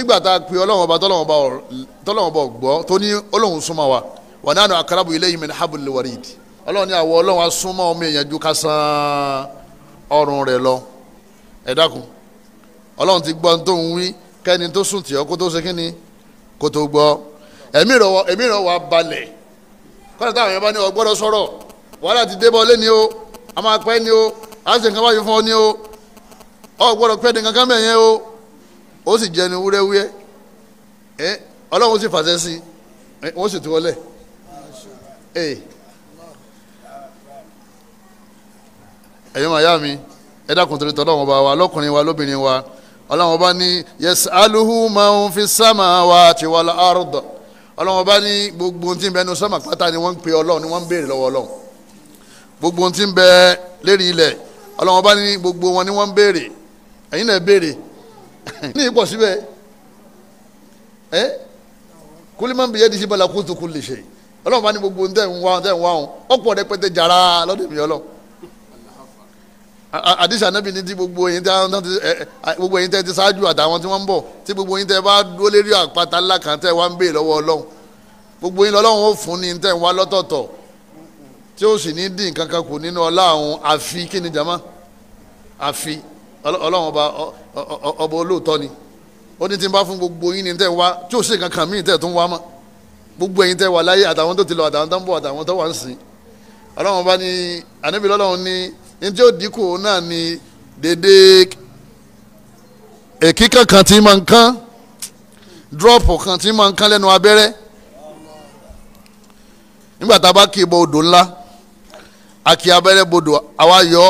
tá a wa wà akarabu ilé yìí mi ní ọlọ́run ju ti gbọ́ kẹni tó sùn tì kó tó ṣe kí ni kó tó gbọ́ ẹ̀mí rẹ̀ wà balẹ̀ kọ́ni táwọn yẹn ní ọ gbọ́dọ̀ sọ̀rọ̀ wàhálà ti lé ni o a máa pẹ́ ni o a ṣe nǹkan báyìí fún ọ ni o ọ gbọ́dọ̀ pẹ́ ni kankan mẹ́yẹn o ó sì wúrẹ́wúrẹ́ ẹ ọlọ́run sì fàṣẹ sí ẹ wọ́n sì ẹ ọlọ́run ọba ní yas'aluhu man fi samawati wal ard ọlọ́run ọba ní gbogbo ohun tí ń bẹ nínú sánmà pátá ni wọ́n ń pe ọlọ́run ni wọ́n ń béèrè lọ́wọ́ ọlọ́run gbogbo ohun tí ń bẹ lérí ilẹ̀ ọlọ́run ọba ní gbogbo wọn ni wọ́n ń béèrè ẹ̀yin náà béèrè ní ipò síbẹ̀ ẹ́ kúlí máa ń bìyẹ́ di sí bọ́lá kúlì ṣe ọlọ́run ọba ní gbogbo ohun tẹ̀ ń wá tẹ̀ àdìsí ànábì ní ti gbogbo yín tẹ gbogbo yín tẹ ti ṣáájú àtàwọn tí wọ́n ń bọ̀ tí gbogbo yín tẹ bá dúró lérí àpáta ńlá kan tẹ wá ń bè lọ́wọ́ ọlọ́run gbogbo yín lọ́lọ́run ó fún ni tẹ ń wá lọ́tọ̀ọ̀tọ̀ tí ó sì ní dín nǹkan kan kù nínú ọlá àwọn àfi kí ni jama àfi ọlọ́run ọba ọba olóòótọ́ ni ó ní tí ń bá fún gbogbo yín ni tẹ ń wá tí ó sì kankan míì tẹ tún wá mọ́ gbogbo yín tẹ wà láyé àtàwọn tó ti lọ àtàwọn tó ń bọ̀ àtàwọn tó wà ń sìn ọlọ́run ọba ni ànábì lọ́lọ́run ni njẹ́ ó dínkù náà ni dede èkíkàn kan ti máa ń kán dúrọ́pù kan ti máa ń kán lẹ́nu abẹ́rẹ́ nígbà tá a bá bọ odò ńlá a abẹ́rẹ́ bodò àwa yọ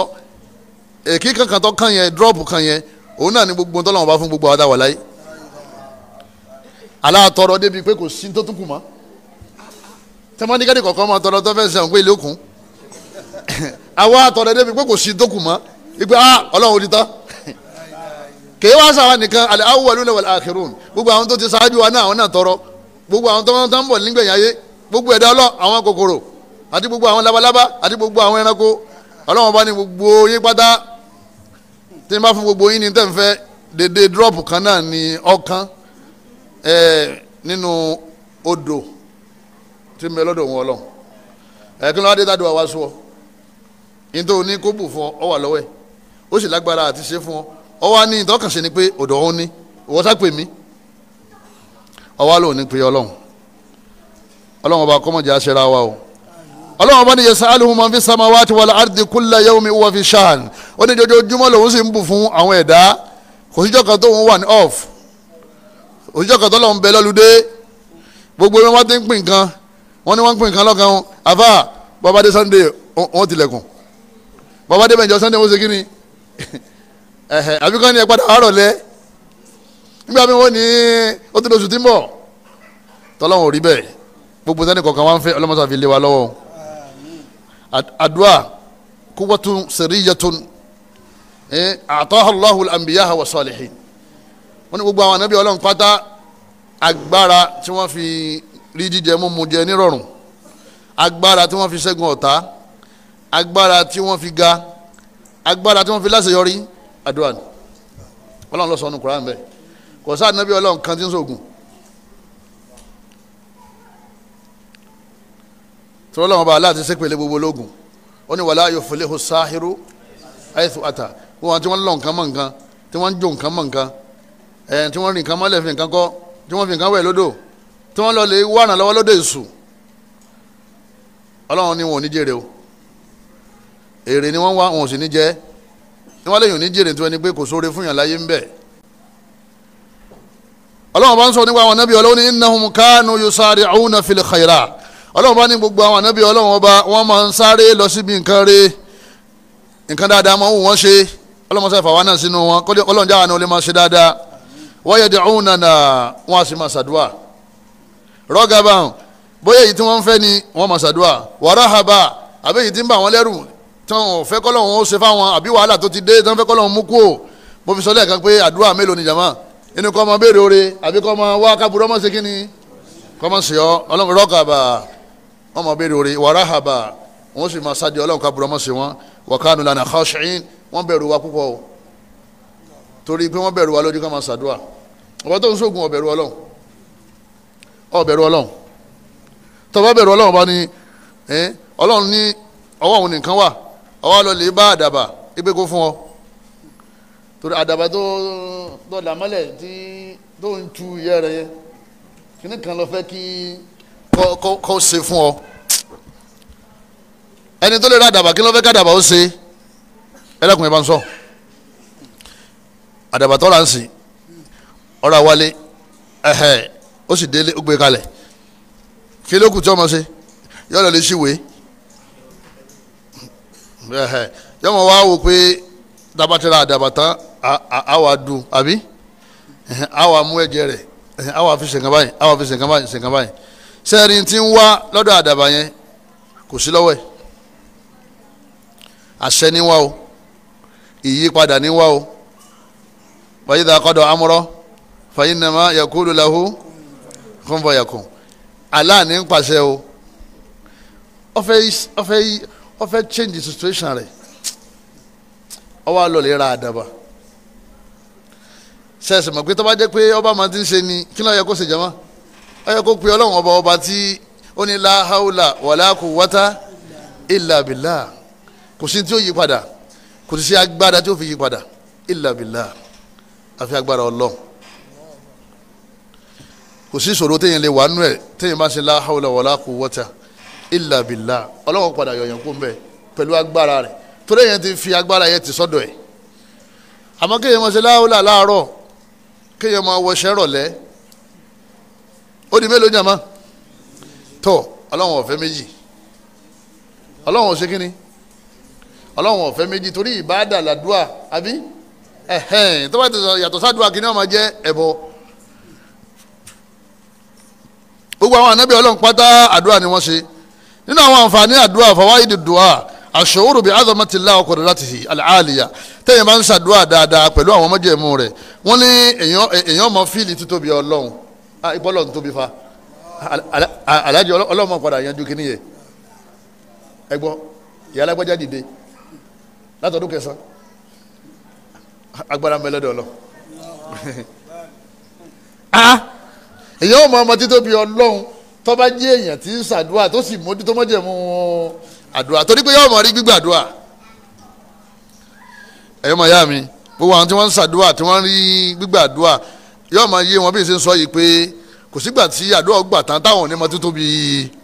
èkíkàn kan tó kàn yẹn dúrọ́pù kan yẹn òun náà ni gbogbo ntọ́lọ́wọ́n bá fún gbogbo àwọn àdáwà aláàtọ̀rọ̀ débi pé kò sí tó tún kù mọ́ kọ̀ọ̀kan àwa àtọ̀rẹ́ débi pé kò sí tó kù mọ́ ipe ah ọlọ́run ò di tán kèé wá sáwa nìkan àlẹ́ gbogbo àwọn tó ti ṣáájú wa náà àwọn tọrọ gbogbo àwọn tó ń bọ̀ nígbẹ̀yìn ayé gbogbo ẹ̀dá ọlọ́ àwọn kòkòrò àti gbogbo àwọn labalábá àti gbogbo àwọn ẹranko gbogbo yín pátá tí n bá gbogbo yín ní tẹ̀ ń fẹ́ dédé drop kan náà ní ọkàn ẹ̀ nínú odò tí lọ́dọ̀ wọn nítorí o ní kó bù fún ọ ọ wà lọ́wọ́ ẹ̀ ó sì lágbára àti ṣe fún ọ ọ wá ní ìtọ́kànṣe ni pé ọ̀dọ̀ òun ni ìwọ sá pè mí ọ wá lóun ní pé ọlọ́run ọlọ́run ọba kọ́mọ̀jà ṣẹra wa o ọlọ́run ọba ní yasaluhu man fi samawati wal ardi kulla yawmi huwa fi sha'n ó ní jojoojúmọ́ lòun sì ń bù fún àwọn ẹ̀dá kò síjọ́ kan tóun wà ní off òsíjọ́ kan tọ́lọ́run bẹ lọ́lùdé gbogbo wọn wá ti ń pín nǹkan wọn ni wọ́n ń pín nǹkan lọ́kàn wọn àfà bàbá Sunday wọ́n tilẹ̀kùn bàbá débẹ̀ ìjọ sunday wọ́n ṣe kí ni àbí kàn ní ẹ padà àárọ̀ lẹ́ nígbà mi wọ́n ní ó ti lóṣù tí ń bọ̀ tọ́lọ́wọ́n ò rí bẹ́ẹ̀ gbogbo sani kọ̀ọ̀kan wá ń fẹ́ ọlọ́mọsá fi lé wa lọ́wọ́ àdúrà quwwatun sirriyatun eh, ataha Allahul anbiya wa salihin wọ́n ní gbogbo àwọn ànábì ọlọ́run pátá agbára tí wọ́n fi rí jíjẹ mú mu jẹ nírọ̀rùn agbára tí wọ́n fi ṣẹ́gun ọ̀tá agbára tí wọ́n fi ga agbára tí wọ́n fi láṣeyọrí àdúrà ni ọlọ́run ló sọ ọ́nù kúrán bẹ́ẹ̀ kò sáà nàbí ọlọ́run kan tí ń sògùn tí ọlọ́run bá aláàtí sẹ́pẹ̀lẹ̀ gbogbo ológun ó ní wàlá yuflihu sáhírù àìsù àtà wọn tí wọ́n lọ nǹkan mọ̀ nǹkan tí wọ́n ń jó nǹkan mọ̀ nǹkan eh, tí wọ́n rìn nǹkan mọ́lẹ̀ fi nǹkan kọ́ tí wọ́n fi nǹkan wẹ̀ lódò tí wọ́n lọ lè wà ràn lọ́wọ́ lódò èṣù ọlọ́run ni wọn ò ní jèrè o èrè ni wọ́n wá wọn ò sì ní jẹ́ ní wọ́n léyìn ò ní jèrè tó ẹni pé kò sóore fún yàn láyé ń bẹ̀. ọlọ́run bá ń sọ nípa àwọn anábì ọlọ́run ní innahum kanu yusari'una fil khairat ọlọ́run bá ní gbogbo àwọn anábì ọlọ́run ọba wọ́n máa ń sáré lọ síbi nǹkan re nǹkan dáadáa máa ń wù wọ́n ṣe ọlọ́run sọ fàwọn náà sínú wọn kọ́lé ọlọ́run jáwa ni ó lè máa ṣe dáadáa wa yad'unana wọn a sì máa ṣàdúrà rọ́gàbà bóyá èyí tí wọ́n fẹ́ ni wọ́n máa ṣàdúrà wa rahaba àbẹ́yìí tí ń bà wọ́n lẹ́rù tán ò fẹ́ kọ́ ó ṣe fáwọn àbí wàhálà tó ti dé tán fẹ́ kọ́ lọ́hún mú kú o mo fi sọ lẹ́ẹ̀kan pé àdúrà mélòó ni jàmá inú kọ́ ọmọ béèrè oore àbí kọ́ ọmọ wá kábùrọ́ mọ̀ ṣe kí ni kọ́ ọmọ sì ọ́ ọlọ́run rọ́kàbà ọmọ béèrè oore wàràhàbà wọ́n sì máa sáde ọlọ́run kábùrọ́ mọ̀ ṣe wọ́n wàkánu lànà khashin wọ́n bẹ̀rù wa púpọ̀ o torí pé wọ́n bẹ̀rù wa lójú ká máa ṣàdúrà ọ̀pọ̀ tó ń sógun ọ̀bẹ̀rù ọlọ́run ọ̀bẹ̀rù ọlọ́run tọ́ba bẹ̀rù ọlọ́run bá ní ọwọ́ lọ lè bá àdàbà ibi kó fún ọ torí àdàbà tó tó làmọ́lẹ̀ tí tó ń tu ìyá rẹ yẹn kíní kan lọ fẹ́ kí kọ́ kọ́ ṣe fún ọ ẹni tó lè ra àdàbà kí ló fẹ́ ká àdàbà ó ṣe ẹlẹ́kùn yẹn bá ń sọ àdàbà tó là ń sìn ọ̀rọ̀ àwálé ẹ̀hẹ̀ ó sì délé ó gbé kalẹ̀ kí ló kù tí ọmọ ṣe yọ̀ọ́ lọ lè ṣíwèé. yọ mọ wá wò pé dabatira adabata àwa dùn abi awa mú ẹ̀jẹ̀ rẹ̀ àwa fi báyìí fi ṣèǹkan báyìí ṣèǹkan báyìí sẹ́ẹ̀rì tí ń yẹn kò sí lọ́wọ́ ẹ̀ àṣẹ wá o ìyípadà o wàyí dà kọ́dọ̀ amúrọ́ fàyín nàmá yakulu lahu kún fọ aláàní ń pàṣẹ o ọfẹ ó fẹ́ change the situation rẹ̀ ó wá lọ lè ra àdàbà sẹ́ẹ̀sì mọ̀ pé tó bá jẹ́ pé ọba máa ti ń ṣe ni kí ló yẹ kó ṣe jẹ́ mọ́ ó yẹ kó pe ọlọ́run ọba ọba tí ó ní la haula wala quwwata illa billah kò sí tí ó yí padà kò sí agbára tí ó fi yí padà illa billah àfi agbára ọlọ́run kò sí ìṣòro téèyàn lè wà nú ẹ̀ téèyàn bá ṣe la haula wala quwwata illa billah ọlọ́wọ́n padà yọ̀yàn kó mbẹ pẹ̀lú agbára rẹ̀ torí yẹn ti fi agbára yẹn ti sọ́dọ̀ ẹ̀ àmọ́ kéèyàn máa ṣe láwùlà láàárọ̀ kéèyàn máa wọṣẹ́ rọ̀lẹ́ ó di mélòó jàmá tó ọlọ́wọ́n ọ̀fẹ́ méjì ọlọ́wọ́n ṣe kínní ọlọ́wọ́n ọ̀fẹ́ méjì torí ìbáàdà làdúà àbí ẹ̀hẹ́n tó bá ti sọ yàtọ̀ sádùá kínní ó máa jẹ́ ẹbọ gbogbo àwọn ànábì Ọlọ́run pátá àdúrà ni wọ́n ṣe nínú àwọn àǹfààní àdúrà fawaidu du'a àṣòwòrò bíi azamatillahi wa qudratihi al-aliya tẹ́yìn bá ń ṣàdúrà dáadáa pẹ̀lú àwọn ọmọdéẹ̀mú rẹ̀ wọ́n ní èèyàn mọ fíìlì títóbi ọlọ́run ìbọ́lọ̀ ń tóbi fa alájọ ọlọ́run padà yanjú kí nìyẹn ẹ gbọ́ ìyá alágbájá dìde látọdún kẹsàn agbára mẹlẹ́dọ̀ lọ ah! èèyàn mọ ọmọ títóbi ọlọ́run tó bá jẹ́ èèyàn tí ń ṣàdúrà tó sì mójútó mọ́jẹ̀mú àdúrà torí pé yóò mọ̀ rí gbígbàdúrà ẹ̀yọ́ mọ̀ yá mi gbogbo àwọn tí wọ́n ń ṣàdúrà tí wọ́n ń rí gbígbàdúrà yóò mọ̀ yé wọn bí ṣe ń sọ yìí pé kò sígbà tí àdúrà gbà tán táwọn ò ní mọ títóbi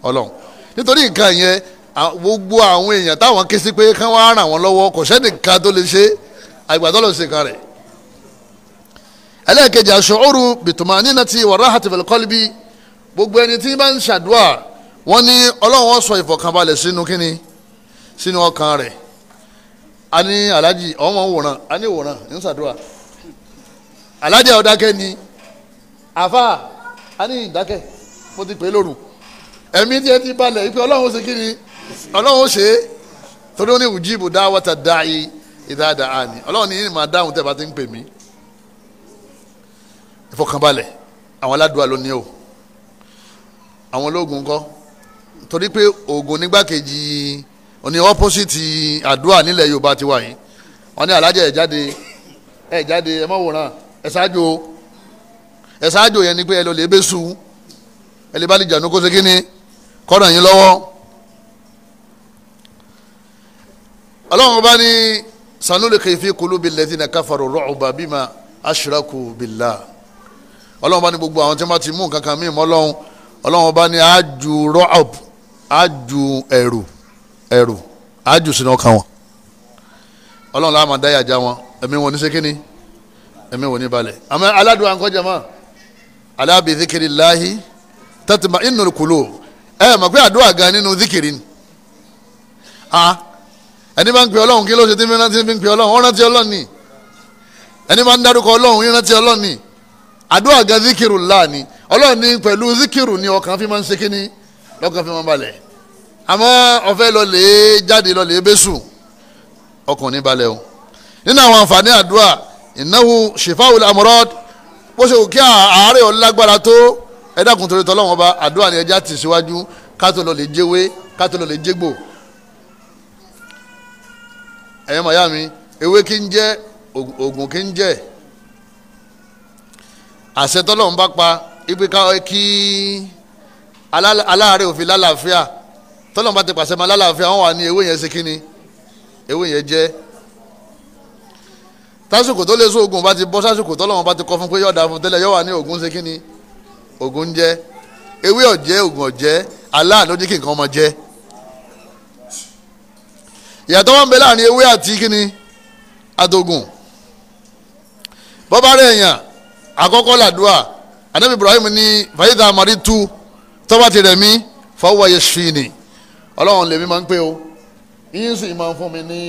ọlọ́run nítorí nǹkan yẹn gbogbo àwọn èèyàn táwọn ké sí pé kán wá ràn wọ́n lọ́wọ́ kò sẹ́nìkan gbogbo ẹni tí bá ń ṣàdúrà wọ́n ní ọlọ́run sọ ìfọ̀kànbalẹ̀ sínú kínní sínú ọkàn rẹ̀ a ní alájì ọmọ wòran a ní wòran ń ṣàdúrà alájà ọ̀dákẹ́ ni àfa a ní ìdákẹ́ mo ti pè é lóru ẹ̀mí díẹ̀ ti balẹ̀ ipe ọlọ́run ṣe kínní ọlọ́run ṣe é torí ó ní ìwùjíìbù dáwọ́ta dáì ìdáadáa àní ọlọ́run ní yìí máa dáhùn tẹ́ bá ti ń pè mí ìfọ̀kànbalẹ̀ àwọn aládùúgbò ló ní o àwọn ológun kọ́ torí pé oògùn nígbàkejì òní ọ́pọ́sìtì àdúrà nílẹ̀ yorùbá ti wà yìí wọ́n ní alájà ẹ̀ jáde ẹ̀ jáde ẹ̀ mọ̀ wòran ṣáájú ẹ̀ ṣáájú yẹn ni pé ẹ lọ lè bẹ́ sùn ẹ lè bá lè jànú kó ṣe kí ni kọ́ràn yín lọ́wọ́ ọlọ́run bá ní sanulike fi kulubi lẹ́tìnà káfàró rọ́ọ̀bà bímà aṣírakù bìlà ọlọ́run bá ní gbogbo àwọn tí wọ́n ti mú nǹkan kan mí mọ́ lọ́hùn ọlọ́run ọba ní àjù rọ́ọ̀b àjù ẹ̀rù ẹ̀rù àjù sínú ọkàn wọn ọlọ́run láàmà dáyà já wọn ẹ̀mí wọn ní sékìní ẹ̀mí wọn ní balẹ̀ àmọ́ aládùn àǹkọ́jà mọ́ alábi zikiri láhi tẹ́tìmá inú kúló ẹ̀ mọ̀ pé àdúrà gan nínú zikiri ni ẹni bá ń pè ọlọ́run kí ló ṣe tí ń pè ọlọ́run ó rántí ọlọ́run ni ẹni bá ń dárúkọ ọlọ́run ó rántí ọlọ́run ni àdúrà gan zikiri láà ni ọlọ́run ní pẹ̀lú zikiru ni ọkàn fi máa ń ṣe kínní lọ́kàn fi máa ń balẹ̀ àmọ́ ọ̀fẹ́ lọ lè jáde lọ lè bẹ́sù ọkàn ní balẹ̀ o nínú àwọn àǹfààní àdúrà ìnáwó ṣèfáwò amúrọ́d bó ṣe kò kí àárẹ̀ ọ̀lágbára tó ẹ̀dàkùn torí tọ́lọ́wọ́n ọba àdúrà ni ẹja tì síwájú kátó lọ lè jẹ́wé kátó lọ lè jẹ́gbò ẹ̀yẹ́ màyá mi ewé kí ń jẹ́ oògùn kí ń jẹ́ àṣẹ tọ́lọ́wọ́n bá pa ipe kí aláàárẹ̀ òfin lálàáfíà tọ́lọ́n bá ti pàṣẹ máa lálàáfíà wọ́n wà ní ewé yẹn ṣe kínni ewé yẹn jẹ́ tásìkò tó lé sóògùn bá ti bọ́ sásìkò tọ́lọ́n bá ti kọ fún pé yọ̀ọ̀dà fún tẹ́lẹ̀ yọ̀ wà ní ògùn ṣe kínni ògùn jẹ́ ewé ọ̀jẹ́ ògùn ọ̀jẹ́ aláàánú ní kí nǹkan ọmọ jẹ́ ìyàtọ̀ wọn bẹ láàrin ewé àti kínni àtògùn bọ́bá rẹ̀ èèyàn àkọ́kọ́ làdúrà anabi ibrahim ní fàyídà maritu tọ́ba ti rẹ̀ mí fáwọn yashfini ọlọ́run lèmi máa ń pé o yín sì máa ń fún mi ní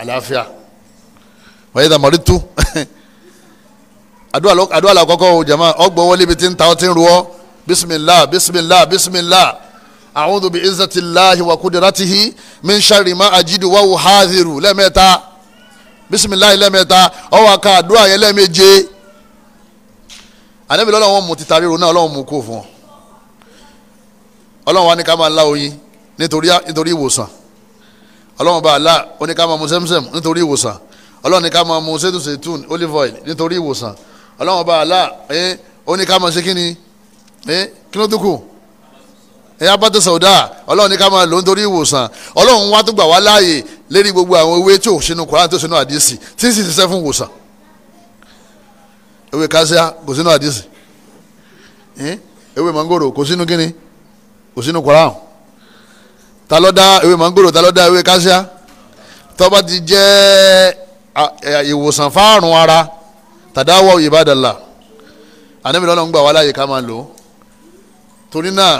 àlàáfíà fàyídà maritu àdúrà àkọ́kọ́ o jama ọgbọ̀n wọlé ibi tí ń ta ọtí ń ruọ́ bisimilah bisimilah bisimilah a'udhu bi izzatillahi wa kudiratihi min sharri ma ajidu wa uhadhiru lẹ́mẹ̀ta bisimilah lẹ́mẹ̀ta ọwọ́ àka àdúrà yẹn lẹ́mẹ̀je ànábì lọ́la wọn mú ti taríro náà ọlọ́run mú kó fún wọn ọlọ́run wa ní ká máa la oyin nítorí ìwòsàn ọlọ́run bá a la ó ní ká máa mu sẹ́mùsẹ́mù nítorí ìwòsàn ọlọ́run ní ká máa mu sẹ́tùsẹ̀tùn olive oil nítorí ìwòsàn ọlọ́run bá a la ẹ ó ní ká máa ṣe kíni ẹ kí ló dúkù ẹ abátẹ sọdá ọlọ́run ní ká máa lò nítorí ìwòsàn ọlọ́run wa tó gbà wá láàyè lérí gbogbo àwọn ewé tí ò sínú Kùránì tó sínú àdìsí tí sì ṣiṣẹ́ fún ìwòsàn Ewe kásíá kò sínú àdìsí ewé mangoro kò sínú kíni kò sínú koran ta ewe dá ewé mangoro ta ló dá ewé kásíá tó bá ti jẹ́ ìwòsàn fáàrùn ara tàdáwọ̀ ìbádàlà ànábì lọ́nà ń gbà wá láyè ká máa lò ó torí náà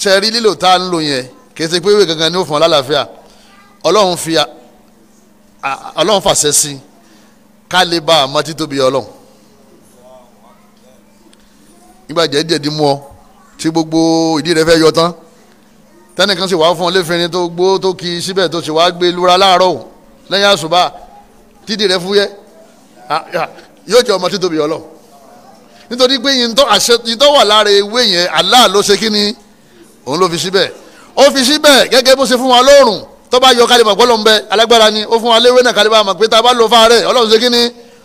ṣe rí lílo tá a ń lò yẹn kì í ṣe pé ewé gangan ni ó fún ọ lálàáfíà ọlọ́run fi ọlọ́run fàṣẹ sí ká lè bá a mọ títóbi ọlọ́run nígbà jẹ́jẹ́ di mú ọ tí gbogbo ìdí rẹ fẹ́ yọ tán tẹ́nìkan sì wá fún ọ léfinrin tó gbó tó kì í síbẹ̀ tó sì wá gbé lura láàárọ̀ lẹ́yìn àṣùbà tídì rẹ fúyẹ́ yóò jẹ́ ọmọ títóbi ọlọ nítorí pé yìntọ́ wà lára ewé yẹn Allah ló ṣe kí ni òun ló fi síbẹ̀ ó fi síbẹ̀ gẹ́gẹ́ bó ṣe fún wa lóòrùn tó bá yọ kálíbà gbọ́dọ̀ ń bẹ alágbára ni ó fún wa léwé náà kálíbà mọ̀ bá lò fáre ọlọ́run ṣe kí ni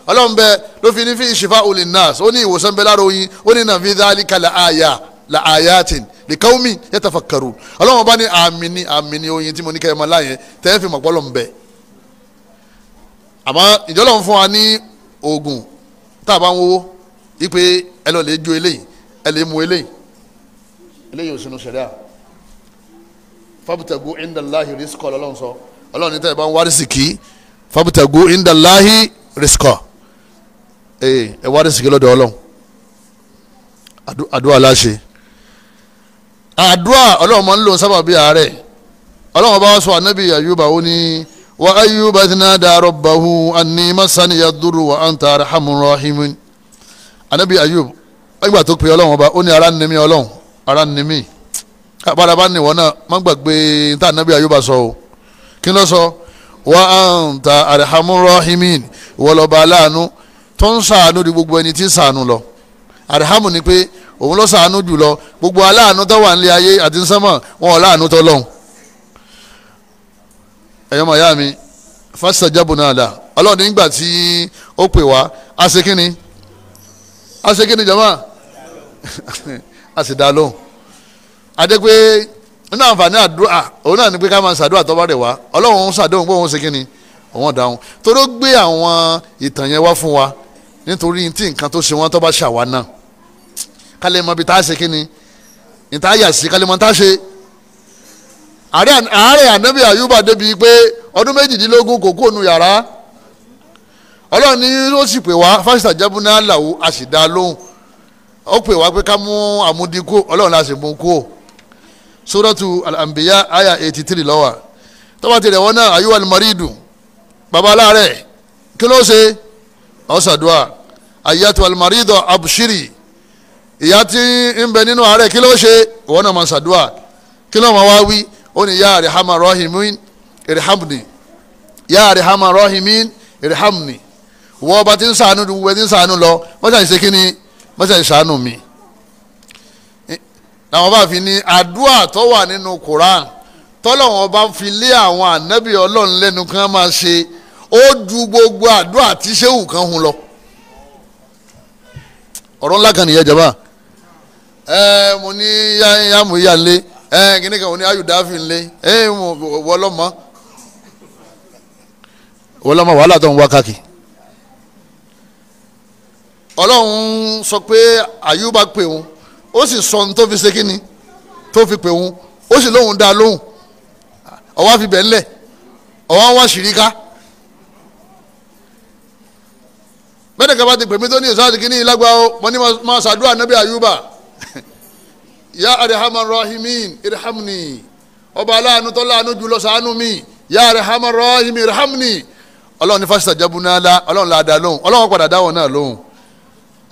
ọlọ́run bẹ ló fi ní fi shifa'u linnas ó ní ìwòsàn bẹ lára oyin ó ní nàfi dhalika la aya la ayatin li qaumin yatafakkarun ọlọ́run bá ní àmì ní àmì ní oyin tí mo ní kẹ́ ẹ máa láyẹn tẹ́ fi mọ̀ pọ́lọ́ ń bẹ. àmọ́ ìjọlọ́run fún wa ní oògùn tá a bá ń wowó ipe ẹ lọ lè ju eléyìí ẹ lè mu eléyìí eléyìí ò sínú sẹ̀ríà fabtagu indallahi rizqa ọlọ́run sọ ọlọ́run ní tẹ́ bá ń wá rísìkì fabtagu indallahi rizqa ee eh, ẹ wá rísìkì lọ́dọ̀ ọlọ́run àdúrà láṣẹ àdúrà ọlọ́run máa ń lò sábà bí àárẹ̀ ọlọ́run bá sọ ànábì àyùbá ó ní wa ayuba tinada rabbahu anni masani yaduru wa anta arhamur rahimin ànábì àyùbá ẹgbà tó pe ọlọ́run ọba ó ní ara ni mí ọlọ́run ara ni mí àbára bá nìwọ náà má gbàgbé níta ànábì àyùbá sọ o kí ló sọ wa anta arhamur rahimin wọlọ́ba aláàánú tó ń sàánú di gbogbo ẹni tí ń sàánú lọ àdìhámù ni pé òun ló sàánú jù lọ gbogbo aláàánú tó wà nílé ayé àti sánmọ̀ wọn ò láàánú tó lọ́hùn. ẹ̀yọ́ màyá mi fásitì jábùnà àlà ọlọ́ọ̀ni nígbà tí ó pè wá a ṣe kínni a ṣe kínni jama a sì dá lóhùn adé pé àǹfààní àdúrà òun náà ni pé ká máa ṣàdúrà tó bá rẹ̀ wá ọlọ́run ń ṣàdéhùn pé òun ṣe kínni òun dáhùn tó ló gbé àwọn ìtàn yẹn wá fún wa nítorí tí nǹkan tó ṣe wọ́n tó bá ṣàwa náà kálẹ̀ mọ́ bí tá a ṣe kí ni ìta yà sí kálẹ̀ mọ́ tá a ṣe. àárẹ̀ ànábì àyùbá débi pé ọdún méjìdínlógún kò kúrò nù yàrá ọlọ́run ní ó sì pè wá fásitì àjẹbúná làwọ̀ a sì dá a lóhùn ó pè wá pé ká mú àmúdínkù ọlọ́run la sì mú kú o sórọ́tù al-anbiya aya eighty three lọ́wọ́ tọ́ba tẹ̀lé wọn náà ayúwa ni mọ̀rí dùn baba aláàárẹ̀ kí ló ṣe ọ̀sàdùà ayatu almarido abushiri ìyá tí ń bẹ nínú àárẹ̀ kí ló ṣe ìwọ náà máa ṣàdúrà kí ló máa wá wí ó ní ya arihama rahimin irhamni ya arihama rahimin irhamni wọ́n ọba tí ń sànú gbogbo ẹ ń sànú lọ mọ́ṣáì ṣe kí ni mọ́ṣáì ṣàánú mi làwọn bá fi ní àdúrà tó wà nínú Quran tọ́lọ́wọ́n bá fi lé àwọn ànábì ọlọ́run lẹ́nu kan máa ṣe ó ju gbogbo àdúrà tí sẹ́wù kan hun lọ ọ̀rọ̀ ńlá kan nìyẹn jaba ẹ mo ní yàmú yà lé ẹ kíní kan mo ní ayù dáfin lé ẹ wọlọ́mọ wọlọ́mọ wàhálà tó ń wá káàkiri ọlọ́run sọ pé àyùbá pè wọn ó sì sọ ohun tó fi ṣe kíni tó fi pè wọn ó sì lóhùn dá lóhùn ọwọ́ fi ńlẹ̀ ọwọ́ wá ṣìríkà. mẹ́tẹ̀ẹ̀ka bá ti pèmí tó ní ìsáàtì kínní lágbá o mo ní máa ṣàdúrà nábì àyùbá ya arihamar rahimin irhamni ọba aláàánú tó láàánú jùlọ ṣàánú mi ya arihamar rahimin irhamni ọlọ́run ní fásitì àjẹbùnáàlá ọlọ́run là dá lóhùn ọlọ́run padà dáwọ̀ náà lóhùn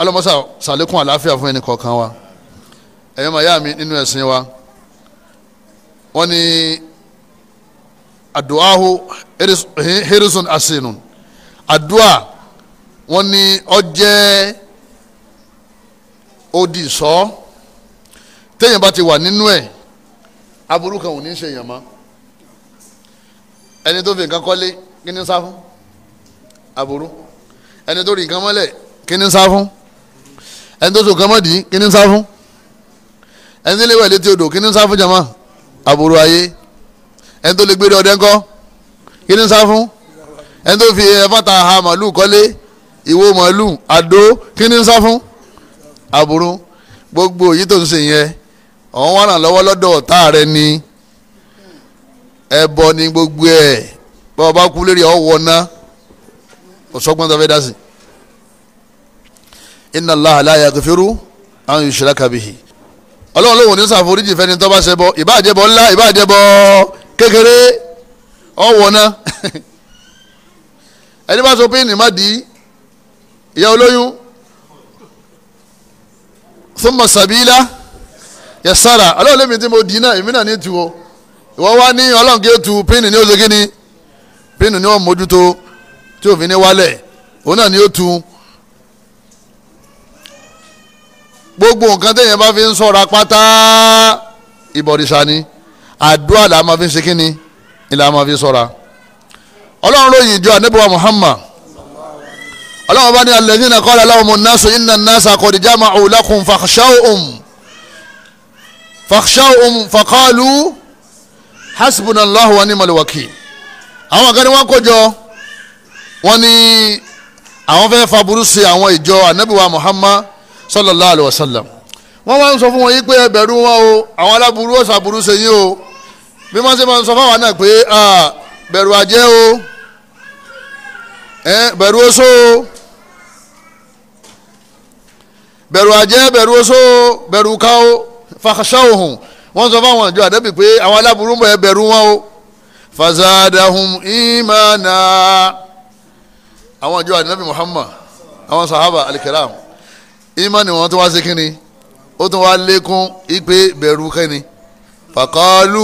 ọlọ́mọṣà ṣàlékún àlàáfíà fún ẹnì kọ̀ọ̀kan wa ẹ̀yọ́ màá yá mi nínú ẹ̀sìn wa wọ́n ní àdúà hirisun asinun àdúà wọ́n ní ọjẹ́ odi sọ téèyàn bá ti wà nínú ẹ̀ aburú kan ò ní ṣe èèyàn mọ́ ẹni tó fi nǹkan kọ́lé kí ni sá fún aburú ẹni tó rí nǹkan mọ́lẹ̀ kí ni sá fún ẹni tó so nǹkan mọ́dì kí ni sá fún ẹni tó lè létí odò kí ni sá fún jama aburú ayé ẹni tó lè gbé ọdẹ ńkọ́ kí ni sá fún ẹni tó fi ẹfọ́ta ha màlúù kọ́lé. ìwo màálù àdó kí ni ń sá gbogbo èyí tó ń ṣe yẹn ọ̀hún wà ràn lọ́wọ́ lọ́dọ̀ ọ̀tá rẹ ni ẹbọ ni gbogbo ẹ̀ bá ọba kú lérí ọwọ́ ná ọ̀sọ́gbọ́n tó fẹ́ dá sí. inna la yaghfiru an yushraka ọlọ́run ní ìyá olóyún thumma yasara ọlọ́run lèmi tí mo dì náà èmi náà ní tu o ìwọ wá ní ọlọ́run kí o tu píìnì ní oṣù kínní píìnì ní wọ́n mójútó tí òfin ní wálẹ̀ òun náà ní o tu gbogbo nǹkan téèyàn bá fi ń sọ̀ra pátá ìbọ̀rìṣà ni àdúrà fi ń ṣe kínní ni fi ọlọ́run ìjọ ọlọ́wọ́n bá ní alladhina qala lahumu nnasu inna nnasa qad jama'u lakum fakhshawhum fakhshawhum faqalu hasbunallahu wa ni'mal wakil àwọn kan ní wọ́n kó jọ wọ́n ní àwọn fẹ́ faburú sí àwọn ìjọ anabiwa muhammad sallallahu alayhi wa sallam wọ́n máa ń sọ fún wọn yìí pé ẹ wọn o àwọn aláburú ọ̀sà burú ṣe yín o bí wọ́n ṣe máa ń sọ fáwọn náà pé bẹ̀rù àjẹ́ o bẹ̀rù oṣó o bẹ̀rù àjẹ́ bẹ̀rù oṣó bẹ̀rù káwó fàṣà òhùn wọ́n sọ fáwọn àjọ àdẹ́bì pé àwọn aláburú bẹ̀ bẹ̀rù wọn o fàzàdàhùn ìmàna àwọn àjọ àdẹ́bì Muhammad àwọn sahaba alikiram ìmàni wọn tó wá sí kínni ó tún wá lékún ìpè bẹ̀rù kẹ́ni fàkọ́lù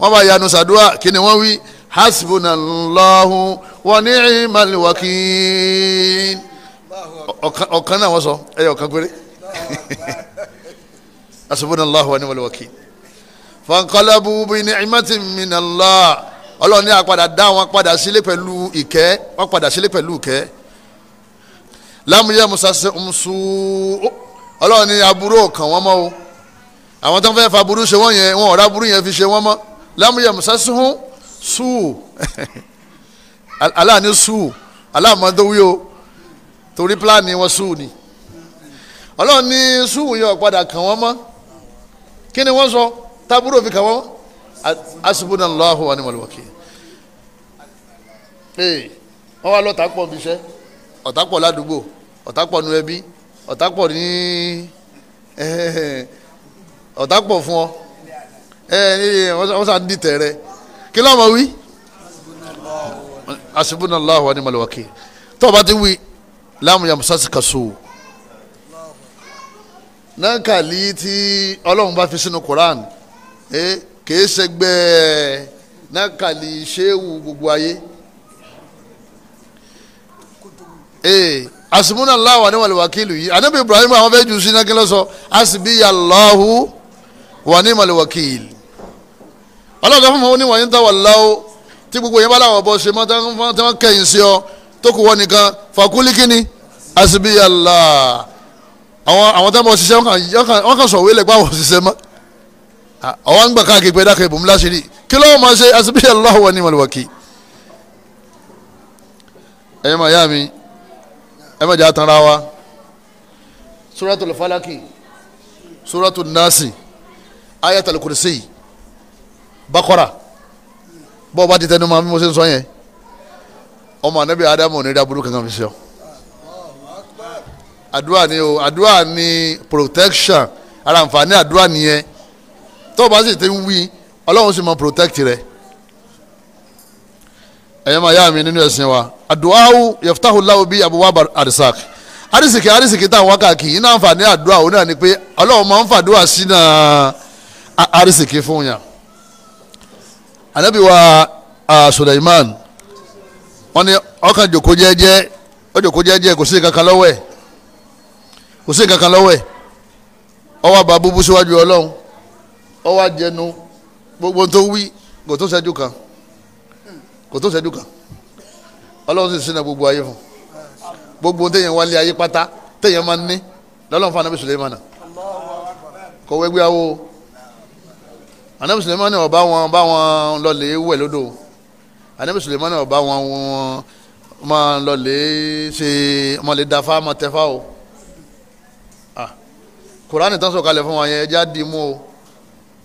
wọ́n bá yanu sàdúrà kíni wọ́n wí hasbunallahu wa ni'mal wakil ọ̀kan náà wọ́n sọ ẹ̀yọ̀ kan péré. asubunallahu wa niwal wakil fankalabu bi ni'imati minallah ọlọ́run ní àpadà dá wọn padà sílé pẹ̀lú ìkẹ́ wọn padà sílé pẹ̀lú ìkẹ́ lámúyẹ musase musu ọlọ́run ní aburú ọ̀kan wọn mọ́ o àwọn tó ń fẹ́ fa aburú ṣe wọ́n yẹn wọn ọ̀rá aburú yẹn fi ṣe wọ́n mọ́ lámúyẹ musase hun sùù aláàánú sùù aláàmọ́dówí o torí pílánì wọn sùù ni. Su, ọlọ́run ní sùúrù yẹn ọ̀padà kàn wọ́n mọ́ kí ni wọ́n sọ tábúrò fi kàn wọ́n mọ́ asubunallahu wa ni'mal wakil ee wọ́n wá lọ́tà pọ̀ bíṣẹ́ ọ̀tá pọ̀ ládùúgbò ọ̀tá pọ̀ nu ẹbí ọ̀tá pọ̀ ní ọ̀tá pọ̀ fún ọ wọ́n sá di tẹ̀rẹ̀ kí ló ma wí asubunallahu wa ni'mal wakil tó bá ti wí láàmú yàmú sásìkà sóò nákàlí tí ọlọ́run bá fi sínú Quran kìí ṣẹgbẹ́ nákàlí ṣéwù gbogbo ayé asimuna allah wa ni wàllu wakilu yìí anabi ibrahim àwọn fẹ́ jù sínú akínlọ́ sọ asibi allahu wa ni wàllu wakilu ọlọ́dọ̀ fún wọn ní wàyí ń tà wà láwọ́ tí gbogbo yẹn bá láwọn bọ́ ṣe máa tán kẹ́yìn sí ọ tó kù wọ́n nìkan fàkúlì asibi allah àwọn àwọn tá a mọ̀ ṣiṣẹ́ wọ́n kàn sọ̀wé lẹ́gbẹ́ àwọn ṣiṣẹ́ mọ́ àwọn àgbà káàkiri pé dákẹ́ ìbomú láṣìírí kí ló máa ṣe asibíyà Allah wa ni'mal wakil ẹ̀yin màá yá mi ẹ̀ mọ̀jà tanra wa suratul falaki suratul nasi ayatul kursi bakora bọ́ọ̀ bá ti tẹnu ma bí mo ṣe ń sọ yẹn ọmọ anabi adamu ní dábúrú kankan fi ṣe ọ́ àdúrà ni o àdúrà ni protection ara àǹfààní àdúrà nìyẹn tó o bá sì ti ń wí ọlọ́run sì mọ protect rẹ ẹ̀yẹ́ máa yá mi nínú ẹ̀sìn wa àdúràwù yẹ̀fútàhù láwù bíi àbúwá àdìsák àdìsìkì àdìsìkì tá à ń wá káàkiri iná àǹfààní àdúrà òun náà ni pé ọlọ́run máa ń fàdúrà sí náà àdìsìkì fún yàn anabi wa Suleiman wọ́n ní ọkàn jòkó jẹ́jẹ́ ó jòkó jẹ́jẹ́ kò sí kankan lọ́wọ́ ẹ̀ kò sí kankan lọ́wọ́ ẹ̀ ọwọ́ àbá búbú síwájú ọlọ́run ọwọ́ àjẹnu gbogbo tó wí kò tó ṣẹ́jú kan kò tó ṣẹ́jú kan ọlọ́run sì sínú gbogbo ayé fún gbogbo téèyàn wá lé ayé pátá téèyàn máa ń ní lọ́lọ́run fún anabi suleimana kò wẹ́gbẹ́ awo anabi suleimana ọba wọn bá wọn lọlé wẹ̀ lódò anabi suleimana ọba wọn wọn máa lọlé ṣe ọmọlẹ́dáfá máa tẹ́fá o. kùránì tán sọ̀kalẹ̀ fún wa yẹn ẹja dì mú o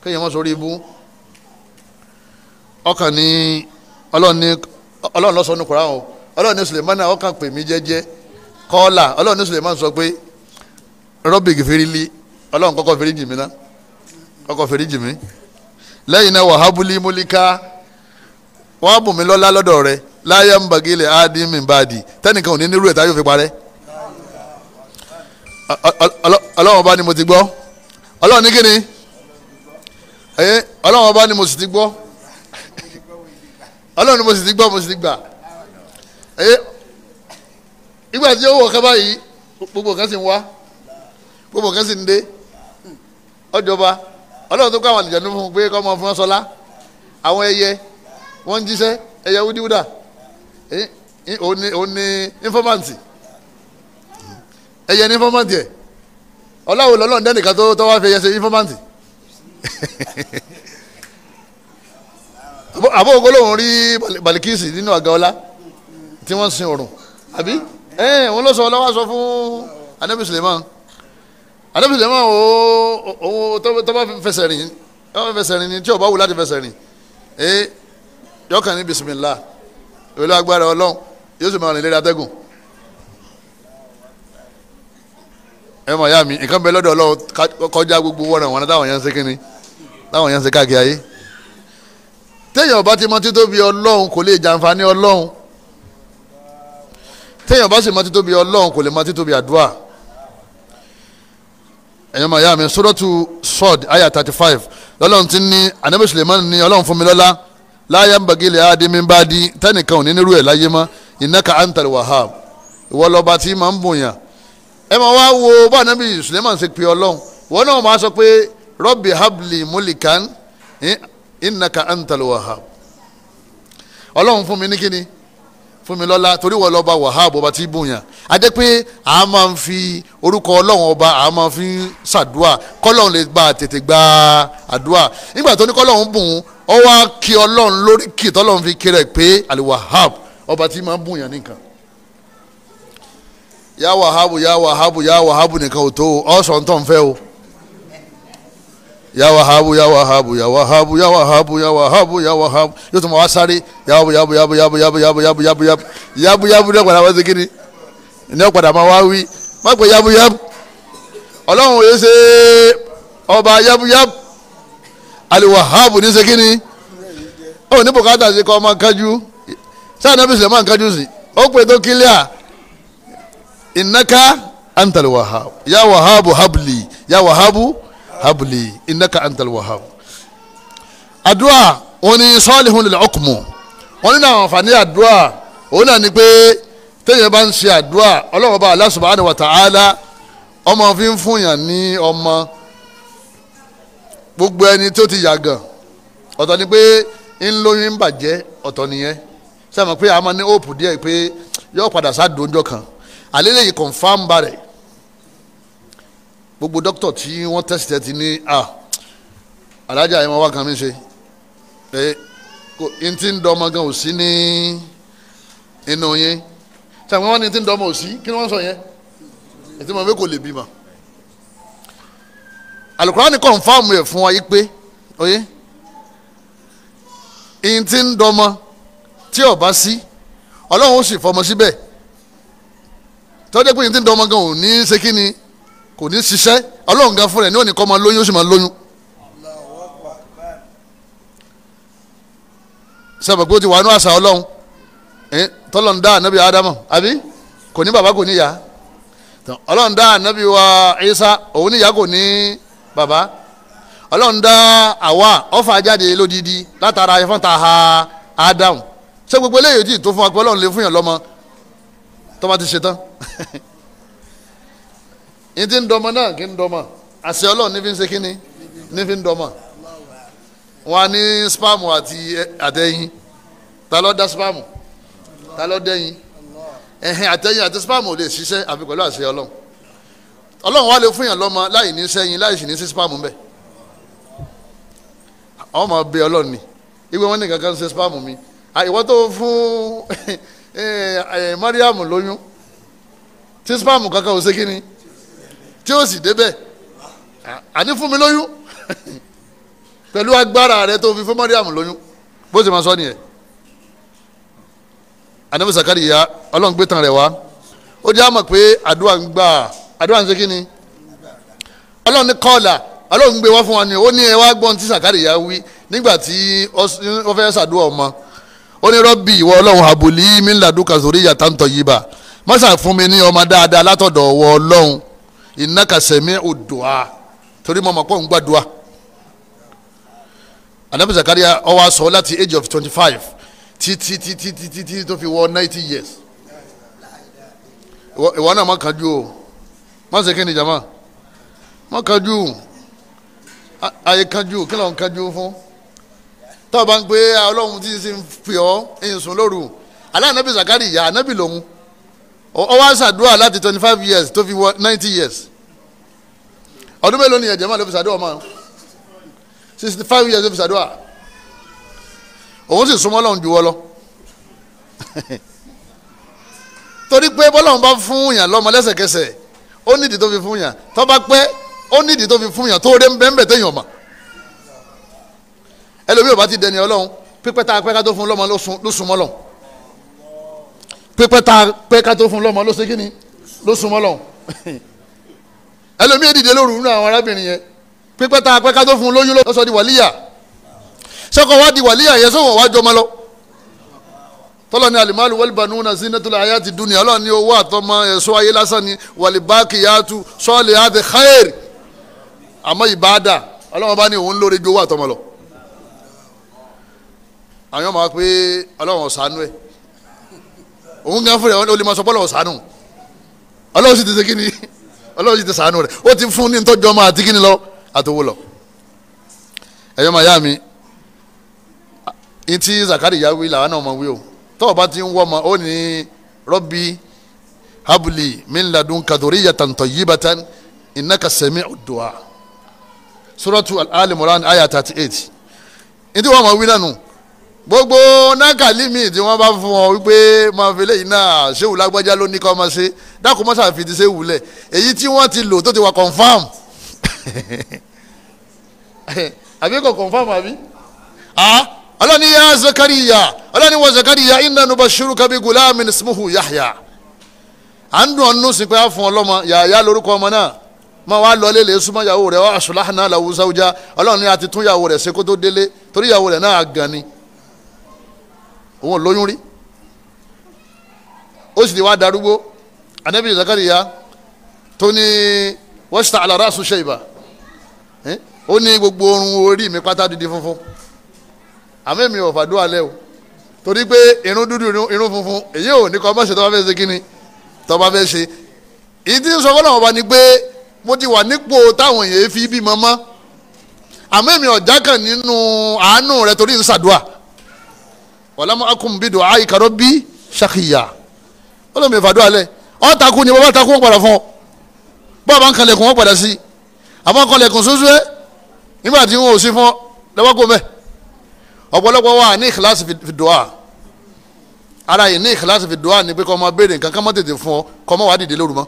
kéèyàn mọ́ sórí ibú ọkàn ní ọlọ́ọ̀ni ọlọ́ọ̀ni lọ́sọ̀ọ́ ní kùránì o ọlọ́ọ̀ni Sulemana ọkàn pè mí jẹ́jẹ́ kọ́ọ̀là ọlọ́ọ̀ni sọ pé kọ́kọ́ fèrè jì mí ná kọ́kọ́ jì mí lẹ́yìn náà wàhábùlì múlíkà lọ́lá lọ́dọ̀ láyé ọlọ́run ọba ni mo ti gbọ́ ọlọ́run ní kíni ẹ ọlọ́run ọba ni mo sì ti gbọ́ ọlọ́run ni mo sì ti gbọ́ mo sì ti gbà ẹ ìgbà tí ó wọ̀ ká báyìí gbogbo kan sì ń wá gbogbo kan sì ń dé ọjọba ọlọ́run tó kọ́ àwọn àlùjànnú fún pé kọ́ ọmọ fún wọn àwọn ẹyẹ wọ́n ń jíṣẹ́ ẹyẹ wúdiwúdà òun ni informant ẹyẹ ni informant yẹn ọláwo lọ́lọ́run dẹ́nìkan tó tó wá fi ẹsẹ̀ informant àbó ogolóhùn rí balikisi nínú àga ọlá tí wọ́n sin òrùn àbí ẹ̀ẹ́n òun ló sọ ọlọ́wọ́ sọ fún anabi suleiman anabi suleiman o òun tó bá fẹsẹ̀ rìn tó bá fẹsẹ̀ rìn ni tí o bá wù láti fẹsẹ̀ rìn ee yọkàn ní bisimilah ìwé ló agbára ọlọ́run yóò sì máa rìn lérí atẹ́gùn. ẹ mọ̀ ya mi nǹkan bẹ lọ́dọ̀ ọlọ́run kọjá gbogbo wọn àwọn táwọn yẹn ń ṣe kínní táwọn yẹn ń ṣe káàkiri ayé téèyàn bá ti mọ títóbi ọlọ́run kò lè jàǹfààní ọlọ́run téèyàn bá sì mọ títóbi ọlọ́run kò lè mọ títóbi àdúrà ẹ̀yàn mọ̀ ya mi sọ́dọ̀tù sọ́ọ̀d àyà thirty five lọ́lọ́run ti ní anabi suleiman ní ọlọ́run fún mi lọ́lá láyà ń bàgé ilẹ̀ tẹ́nìkan ò wahab ìwọ lọ́ba ẹ máa wá wo bá anabi suleiman ṣe pe ọlọ́run wọn náà máa sọ pé rọ́bì habli mulikan eh, innaka antal wahab ọlọ́run fún mi ní kíni fún mi lọ́la torí wọ́n lọ́ba wahab ọba tí bùnyàn a jẹ́ pé a máa ń fi orúkọ ọlọ́run ọba a máa fi ṣàdúà kọ́lọ́run lè gba tètè gba àdúà nígbà tó ní kọ́lọ́run bùn ọ wá kí ọlọ́run lórí kì fi kí rẹ̀ pé al ọba tí máa bùnyàn nìkan habu, yá wàhábù yá wàhábù yá wàhábù nìkan ò tó o ọ̀sán tó ń fẹ́ o yá wàhábù yá wàhábù yá wàhábù yá wàhábù yá wàhábù yá wàhábù yóò tún mọ̀ wá sáré yábu yábu yábu yábu yábu yábu yábu yábu yábu yábu yábu ní ọ̀padà wá sí kíni ní ọ̀padà máa wá wí má pé yábu yábu ọlọ́run yóò ṣe ọba yábu yábu aliwahabu ní ṣe kíni ó ní bùkátà sí kọ́ ọmọ kájú sáà náà bí sùlẹ̀ máa ń kájú sí ó pè tó kílíà innaka antal wahab ya wahabu habli ya wahabu habli innaka antal wahab. àdúrà oni salihun lil hukmu oni na àwọn àǹfààní oni òun náà ni pé téèyàn bá ń ṣe àdúrà ọlọ́run Allah subhanahu wa ta'ala ọmọ fi ń fúnyàn ní ọmọ gbogbo ẹni tó ti yàgàn ọ̀tọ̀ ni pé ń lóyún ń bàjẹ́ ọ̀tọ̀ nìyẹn sẹ́mi pé a máa ní hope díẹ̀ pé yóò padà sáà dóńjọ́ kan àlélẹ́ yìí confam ba rẹ̀ gbogbo dókítà tí wọ́n tẹ̀sítẹ̀ ti ní a alájà yẹn wọ́n wá kan mi ṣe ẹ n ti ń dọ́mọ gan ò sí ní inú yín sàmì wọn ni n ti ń dọ́mọ ò sí kí ni wọ́n sọ yẹn ètò ìmọ̀ pé kò lè bímọ alukurani confam rẹ̀ fún wa yí pé oye n ti ń dọ́mọ tí ó bá sí ọlọ́run ó sì fọmọ síbẹ̀. Si tọ́jú pé yìí ti ń dọ́mọ gan ò ní ṣe kí ni kò ní ṣiṣẹ́ ọlọ́run gan fún rẹ̀ ní òní kọ́ máa lóyún ó sì máa lóyún. sábà pé ó ti wà nú àṣà ọlọ́run tọ́lọ̀ ń dá ànábì ádámù àbí kò ní bàbá kò ní ìyá ọlọ́run dá ànábì wa Ìsá òun ní ìyá kò ní bàbá ọlọ́run dá àwa ọ̀fà jáde lódìdí látara ẹ̀fọ́n ta ha ádámù ṣé gbogbo eléyìí ò tí ì tó fún wa pé ọlọ́run lè fún yàn lọ́mọ tó bá ti ṣe tán n ti ń dọmọ náà kí n dọmọ àṣẹ ọlọ́run ní fi ń ṣe kíni ní fi ń dọmọ wọn ní spam àti àtẹ̀yìn ta ló dá spam ta ló dẹ́yìn ẹ̀hìn àtẹ̀yìn àti spam ò lè ṣiṣẹ́ àfi pẹ̀lú àṣẹ ọlọ́run ọlọ́run wa lè fún yàn lọ́mọ láì ní sẹ́yìn láì sì ní sí spam ń ọmọ bẹ ọlọ́run ni ìwé wọn ní kankan ṣe spam mi àyẹ̀wò tó fún Eh, eh, Mariam lóyún tí spam kankan ò ṣe kí ni tí ó sì débẹ̀ àní fún mi lóyún pẹ̀lú agbára rẹ tó fi fún Mariam lóyún bó ṣe máa sọ nìyẹn anabi Zakariya Ọlọ́run gbé tán rẹ̀ wá ó jẹ́ àmọ̀ pé àdúrà ń gbà àdúrà ń ṣe kí ni Ọlọ́run ní kọ́ọ̀là Ọlọ́run gbé wá fún wa ni ó ní ẹ wá gbọ́n tí Zakariya wí nígbà tí ó fẹ́ ṣàdúrà ọmọ ó ní rọ́bì ìwọ ọlọ́run àbòlí mílàdúkà sórí ìyàtà ń tọ́ yìí bá mọ́sà fún mi ní ọmọ dáadáa látọ̀dọ̀ ọwọ́ ọlọ́run innaka sami'u du'a torí mo mọ̀ pé òun anabi zakaria ó wá láti age of twenty five títí títí títí títí tó fi wọ ninety years ìwọ náà má kánjú o má ṣe kí ni jama má kánjú àyè kánjú kí ló ń kánjú fún tọ́ bá ń pé ọlọ́run tí ń fi ọ́ ń sùn lóru aláàánábì zakari ìyá ànábì lòun ó wá ṣàdúrà láti twenty five years tó fi ninety years ọdún mélòó ni ẹ̀jẹ̀ máa ló fi ṣàdúrà máa sixty five years ló fi ṣàdúrà òun sì súnmọ́ lọ́run ju wọ́ lọ torí pé bọ́lọ́run bá fún yàn lọ́mọ lẹ́sẹ̀kẹsẹ̀ ó nídìí tó fi fún yàn tó bá pẹ́ ó nídìí tó fi fún yàn tó rẹ́ ń bẹ́ẹ̀ bẹ́ẹ̀ téèyàn mọ̀ ẹlòmíì ò bá ti dẹni ọlọ́run pípẹ́ tá a pẹ́ ká tó fún lọ́mọ ló sùn mọ́lọ̀ pípẹ́ tá a pẹ́ ká tó fún lọ́mọ ló ṣe kí ni ló sùn mọ́lọ̀ ẹlòmíì dìde lóru nínú àwọn arábìnrin yẹn pípẹ́ tá a pẹ́ ká tó fún lóyún ló di wàlíyà sọkọ wá di wàlíyà yẹn sọ wọn wá jọmọ lọ tọ́lọ̀ ni alimalu wẹ́lìbanu na zinatul ayati dunya ọlọ́run ni owó àtọ́mọ ẹ̀sọ́ ayé lásán ni wàlìbáàkì yàtú sọ́ọ̀lì àti khair àmọ́ ìbáàdà ọlọ́run bá òun lórí ju owó àtọ́mọ lọ àwọn yóò máa pé ọlọ́run ọ̀sánú ẹ̀ òun gan fúnra ó lè máa sọ pé ọlọ́run ọ̀sánú ọlọ́run sì ti ṣe kíni ọlọ́run sì ti ṣàánú rẹ̀ ó ti fún ní tọ́jú ọmọ àti kíni lọ àtòwò lọ. ẹ̀yọ́ màá yá mi ntí Zakariya wí làwọn náà wí o tọ́wọ́ bá ti ń wọ́ ọmọ ó ní rọ́bì habli min ladun kaduriyatan tayyibatan innaka sami'u du'a suratu al-Al Imran ayat thirty eight ntí wọ́n máa wí gbogbo nákàlí mi tí wọ́n bá fún ọ wípé máa fi léyìn náà ṣéwù lágbájá ló ní kọ́ máa ṣe dákun mọ́sá fi ti ṣéwù lẹ̀ èyí tí wọ́n ti lò tó ti wà confam àbí kò confam àbí ọlọ́ni yá zakariya ọlọ́ni wọ zakariya inna nubashiruka bi gulamin ismuhu yahya à ń dùn ọ́ nínú sìnkú yà fún ọlọ́mọ yàyà lórúkọ ọmọ náà ma wa lọlé lè súnmọ́ yàwó rẹ̀ wa aṣùláhànà làwùsáwùjá ọlọ́run ni a ti tún yàwó rẹ̀ ṣe kó délé torí yàwó rẹ̀ náà gan ni òun ò lóyún rí ó sì ti wá darúgbó anabi zakariya tó ní wọ́sítà alára sùn ṣèyíba ó ní gbogbo orun orí mi pátá dídí funfun àmì mi ò fàdúrà lẹ́ o torí pé irun dúdú irun funfun èyí ò ní kọ́ mọ́ṣẹ́ tó bá fẹ́ ṣe kí ni tó bá fẹ́ ṣe ìdí sọ fọlọ́ bá ní pé mo ti wà nípò táwọn èèyàn fi bímọ mọ́ àmì mi ọ̀já kan nínú àánú rẹ torí ń ṣàdúrà wàlámù akùn bí dùn áyì kàró bí ṣàkìyà ó lóun fàdúrà lẹ ọ takú ni bàbá takú wọn padà fún ọ bàbá ń kanlẹ̀kùn wọn padà sí àmọ́ kanlẹ̀kùn sósú ẹ nígbà tí wọn ò sí fún ọ lọ́wọ́ kó mẹ́ ọ̀pọ̀lọpọ̀ wa ní ìkìláàsì fi dùn á ara yìí ní ìkìláàsì fi dùn á ni pé kọ́ ọmọ béèrè nǹkan ká mọ́ tètè fún ọ kọ́ ọmọ wàá dìde lóru mọ́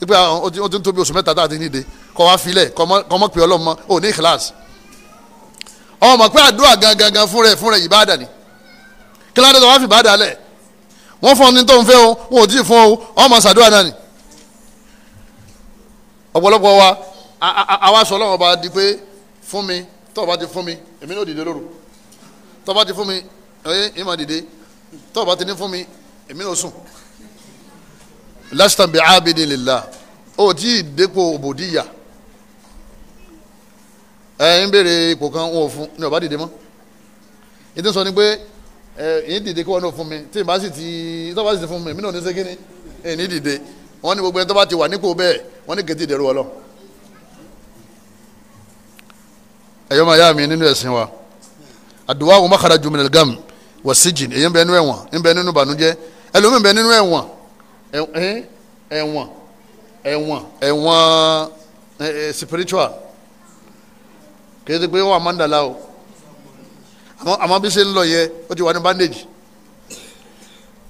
pípẹ́ ó ti ń tóbi oṣù mẹ́ta tá a ti ní ìdè kọ́ wàá filẹ̀ kọ́ ọmọ pè ni kílódé tó wá fi bàdà lẹ̀ wọ́n fún ọ ní tó ń fẹ́ o wọn ò tí ì fún ọ ọmọ sàdúrà náà ni ọ̀pọ̀lọpọ̀ wa àwa sọ lọ́wọ́ bá di pé fún mi tó bá ti fún mi èmi náà dìde lóru tó bá ti fún mi ẹ̀yìn ìmọ̀ dìde tó bá ti ní fún mi èmi náà sùn time bí abidin lillah O tí ì dépò òbòdìyà ẹ̀ ń béèrè ipò kan wọn ò fún ní ọ̀bá dìde mọ́ ìdí sọ ni pé ẹ yín dìde kí wọn náà fún mi tí ìbá sì ti tó bá sì ti fún mi mí náà ní ṣe kíni ẹ ní dìde wọn ní gbogbo ẹni tó bá ti wà nípò bẹ́ẹ̀ wọn ní kẹtì ìdẹrù ọlọ. ẹ̀yọ́ máa yá mi nínú ẹ̀sìn wa àdùwá àwọn mọ́kàrà ju minel gam wọ síjìn èyí ń bẹ nínú ẹ̀wọ̀n ń bẹ nínú bànújẹ́ ẹlòmíì ń bẹ nínú ẹ̀wọ̀n ẹ̀wọ̀n ẹ̀wọ̀n ẹ̀wọ̀n spiritual kì í ti pé wọn àmàndàlá o àmọ́ bí ṣe ń lọ yẹn ó ti wà ní bandage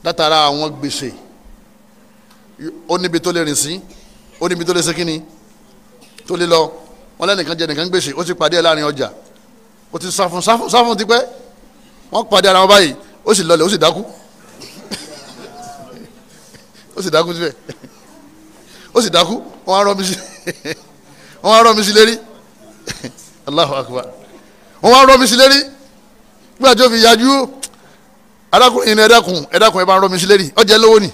látara àwọn gbèsè ó níbi tó lè rìn sí ó níbi tó lè ṣe kínni tó lè lọ wọn lẹ́nìkan jẹ nìkan gbèsè ó ti pàdé ẹ̀ láàrin ọjà ó ti sáfún sáfún sáfún tipẹ́ wọ́n pàdé ara wọn báyìí ó sì lọlẹ̀ ó sì dákú ó sì dákú síbẹ̀ ó sì dákú wọ́n á rọ́ mi sí wọ́n á rọ́ mi sí lérí Allahu Akbar wọ́n á rọ́ mi sí lérí gbọ́dọ̀ tó fi yájú arákùnrin yìí ni ẹ̀dákùn ẹ̀dákùn ẹ̀ bá ń rọ́ mi sí lérí ọjà lówó ni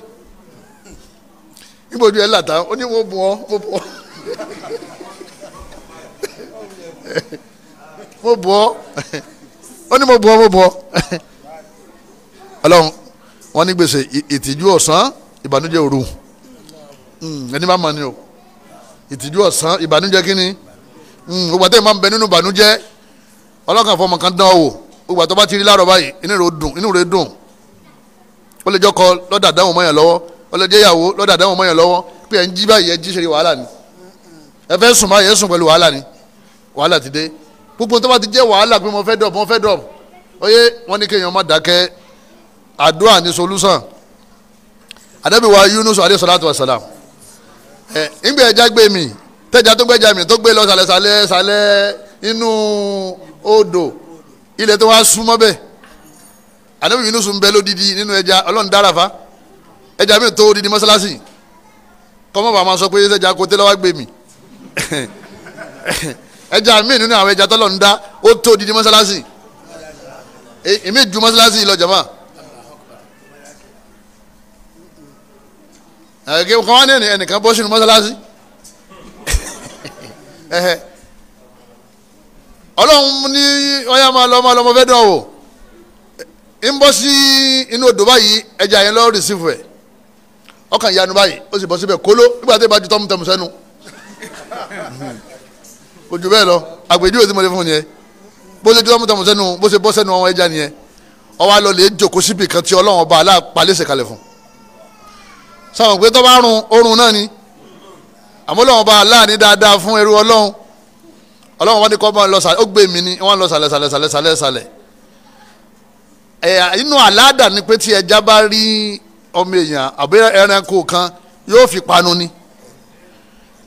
níbojú ẹ̀ làtà ó ní mo bù mo bù mo bù ọ́ ó ní mo bù mo bù ọ́ ọlọ́run wọ́n ní gbèsè ìtìjú ọ̀sán ìbànújẹ́ òru hmm, ẹni bá mọ̀ ni o ìtìjú ọ̀sán ìbànújẹ́ kínni ògbà hmm, tẹ́ ẹ̀ máa ń bẹ nínú ìbànújẹ́ ọlọ́kàn fọmọ kan dán ọ ìgbà tó bá ti rí láàrọ̀ báyìí inú rẹ̀ dùn inú rẹ̀ dùn ó lè jọkọ lọ́dà dáhùn mọ́yàn lọ́wọ́ ó lè jẹ́ ìyàwó lọ́dà dáhùn mọ́yàn lọ́wọ́ pé ẹ̀ ń jí báyìí ẹ̀ jí ṣe wàhálà ni ẹ fẹ́ sùn báyìí ẹ sùn pẹ̀lú wàhálà ni wàhálà ti dé gbogbo tó bá ti jẹ́ wàhálà pé mo fẹ́ dọ̀ mo fẹ́ dọ̀ oyè wọ́n ní kéèyàn má dákẹ́ àdúrà ní solúsàn àdẹ́bíwá Yunus alayhi salatu wa salam ẹ ìgbẹ́ ẹja gbé mi tẹ́jà tó gbẹ́jà mi tó gbé lọ sàlẹ̀ sàlẹ̀ sàlẹ̀ inú odò ilẹ̀ tó wá súnmọ́ bẹ́ẹ̀ anabi Yunus ń bẹ lódìdí nínú ẹja ọlọ́run dára fa ẹja mi tó odidi mọ́sálásì kọ́mọ́ bàá máa sọ pé ẹja kò tẹ́lẹ̀ wá gbé mi ẹja mi nínú àwọn ẹja tọ́lọ́run dá ó tó odidi mọ́sálásì e, èmi ju mọ́sálásì lọ jama. ẹ̀ẹ́dẹ́gbẹ̀kan wá ní ẹnìkan bọ́ sínú mọ́sálásì ọlọ́run ní ọyá máa lọ máa lọ ọmọ fẹ́ dán o ń bọ́ sí inú odò báyìí ẹja yẹn lọ́ọ́ rìsífù ẹ̀ ọkàn ìyanu báyìí ó sì bọ́ síbẹ̀ kóló nígbà tó bá ju tọ́mùtọ́mù sẹ́nu kò jù bẹ́ẹ̀ lọ àgbèjì òsì mọ̀lẹ́ fún yẹn bó ṣe ju tọ́mùtọ́mù sẹ́nu bó ṣe bọ́ sẹ́nu ọmọ ẹja nìyẹn ọwọ́ alọ lè jòkó síbi kan tí ọlọ́run ọba aláàpálẹ̀ṣẹ̀ kalẹ̀ fún sáwọn pé ni àmọ́ ọlọ́run ọba aláàní ọlọ́run wọn ni kọ́ bá ń lọ sàlẹ̀ ó gbé mi ni wọ́n ń lọ sàlẹ̀ sàlẹ̀ sàlẹ̀ sàlẹ̀ sàlẹ̀ ẹ̀ inú àládà ni pé tí ẹja bá rí ọmọ èèyàn àbí ẹranko kan yóò fi panu ni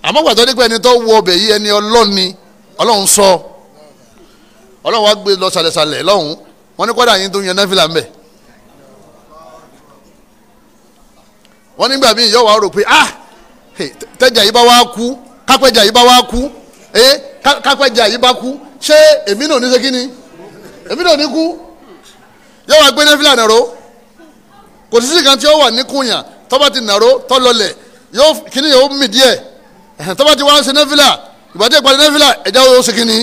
àmọ́ gbàtọ́ nípa ẹni tó wọ ọbẹ̀ yìí ẹni ọlọ́ni ọlọ́run sọ ọlọ́run wá gbé lọ sàlẹ̀ sàlẹ̀ lọ́hùn wọ́n ní kọ́dà yín tó yan náfìlà ń bẹ̀ wọ́n nígbà míì yọ̀ wá rò pé ah tẹ́jà yìí bá wá kú kápẹ́jà yìí bá wá kú ẹ́ eh, kápẹ́jà yìí bá kú ṣé èmi náà ní ṣe kí ni èmi náà ní kú yóò wá gbé nẹ́fìlà nàró kò sí sí kan tí ó wà ní kùnyà tọ́ba ti nàró tọ́ lọlẹ̀ yóò kíní yóò mì díẹ̀ tọ́ba ti wá ṣe nẹ́fìlà ìbàdí ìpàdé nẹ́fìlà ẹ̀já yóò ṣe kí ni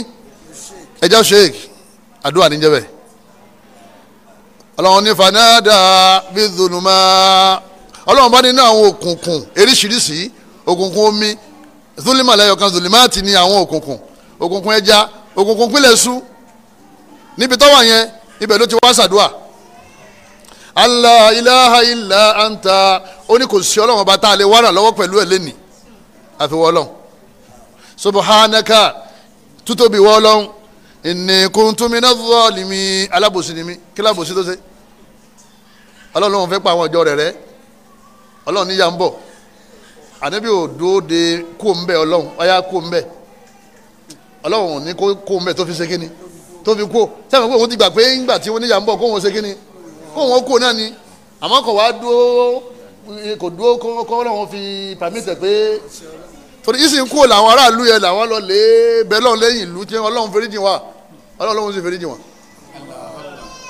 ẹ̀já sheik àdúrà níjẹ́bẹ̀ ọlọ́run ní fanada bí dunuma ọlọ́run bá ní àwọn òkùnkùn eríṣiríṣi òkùnkùn omi zulima lẹ́yọ̀kan zulima ti ní àwọn òkùnkùn òkùnkùn ẹja òkùnkùn pínlẹ̀ sùn níbi tó wà yẹn ibẹ̀ ló ti wá ṣàdúà Allah ilaha illa anta ó ní kò sí ọlọ́run ọba tá a lè wára lọ́wọ́ pẹ̀lú ẹ̀ lẹ́nì àfiwọ́ ọlọ́run subhanaka tútóbi wọ́ ọlọ́run inni kuntu mina zalimi alábòsí ni mi kí lábòsí tó ṣe ọlọ́run lòun fẹ́ pa àwọn ọjọ́ rẹ̀ rẹ́ ọlọ́run níyà ń bọ̀ ànábì ò dúró kó ń bẹ ọlọ́run ọ̀yá kó ń bẹ́ẹ̀ ọlọ́run ò ní kó kó mbẹ tó fi ṣe kíni tó fi kó sẹ́wọ̀n pé òun ti gbà pé ńgbà tí oníyà ń bọ̀ kó wọn ṣe kíni kó wọn kó náà ni àmọ́ kò wá dúró kò dúró kó ọlọ́run fi pàmìtẹ̀ pé torí ìsìn kó làwọn aráàlú yẹn làwọn lọ lé bẹ́lọ̀ lẹ́yìn ìlú tí ọlọ́run fèrèjì wa ọlọ́run sì fèrèjì wọn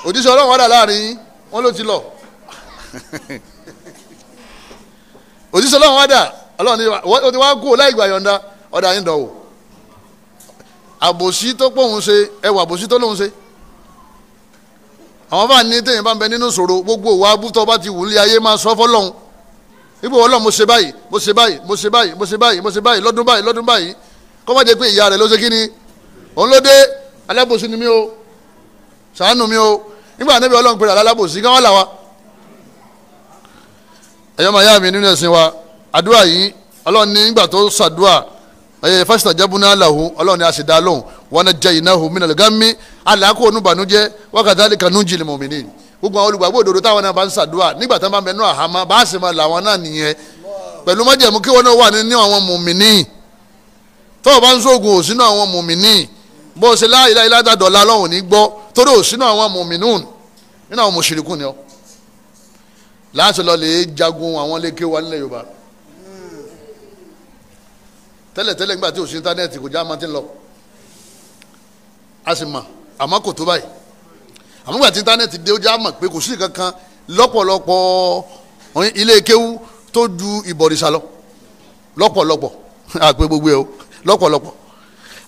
òjíṣẹ́ ọlọ́run wàdà láàrin wọn ló ti lọ òjíṣẹ́ ọlọ́run wàdà ọlọ́run ti wá kó láì gbà yọ̀ǹda ọ̀dà yín dánwò àbòsí tó pòun ṣe ẹwà àbòsí tó lòun ṣe àwọn bá ní téèyàn bá ń bẹ nínú ìṣòro gbogbo òwò abútọ́ bá ti wùlé ayé máa sọ fọlọ́hún ipò ọlọ́run mo ṣe báyìí mo ṣe báyìí mo ṣe báyìí mo ṣe báyìí mo ṣe báyìí lọ́dún báyìí lọ́dún báyìí kó má jẹ́ pé ìyá rẹ̀ ló ṣe kí ni òun ló dé alábòsí ni mí o ṣàánú mi o nígbà anábì ọlọ́run pèrè alábòsí káwọn là wa. ẹ̀yọ́ màá yá wa àdúrà yìí ọlọ́run ní ẹ fásitì àjábúná aláwo ọlọ́run ni a sì dá lóhùn wọn náà jẹ iná omi náà gámi aláàkó onúbànújẹ́ wákàtí àlìkanú jìnnì mọ̀mìnì gbogbo àwọn olùgbàgbọ́ òdodo táwọn náà bá ń ṣàdúrà nígbà tí wọ́n bá mẹ́nu àhámọ́ bá a sì máa làwọn náà nìyẹn pẹ̀lú májẹ̀mú kí wọ́n náà wà nínú àwọn mọ̀mìnì tó o bá ń sóògùn ò sínú àwọn mọ̀mìnì bó o ṣe láìlá ìlàdà lọ́hùn ní gbọ́ torí ò sínú àwọn mọ̀mìnún nínú àwọn mùṣírikùn ni ọ láti lọ lè jagun àwọn lékè wa nílẹ̀ Yorùbá tẹ́lẹ̀tẹ́lẹ̀ nígbà tí o sí íńtánẹ́ẹ̀tì kò já máa ti ń lọ a sì mọ̀ àmọ́ kò tó báyìí àmọ́ gbà tí íńtánẹ́ẹ̀tì dé ó já mọ̀ pé kò sí kankan lọ́pọ̀lọpọ̀ ilé kéwú tó ju ìbọ̀rìṣà lọ lọ́pọ̀lọpọ̀ àpè gbogbo ẹ̀ o lọ́pọ̀lọpọ̀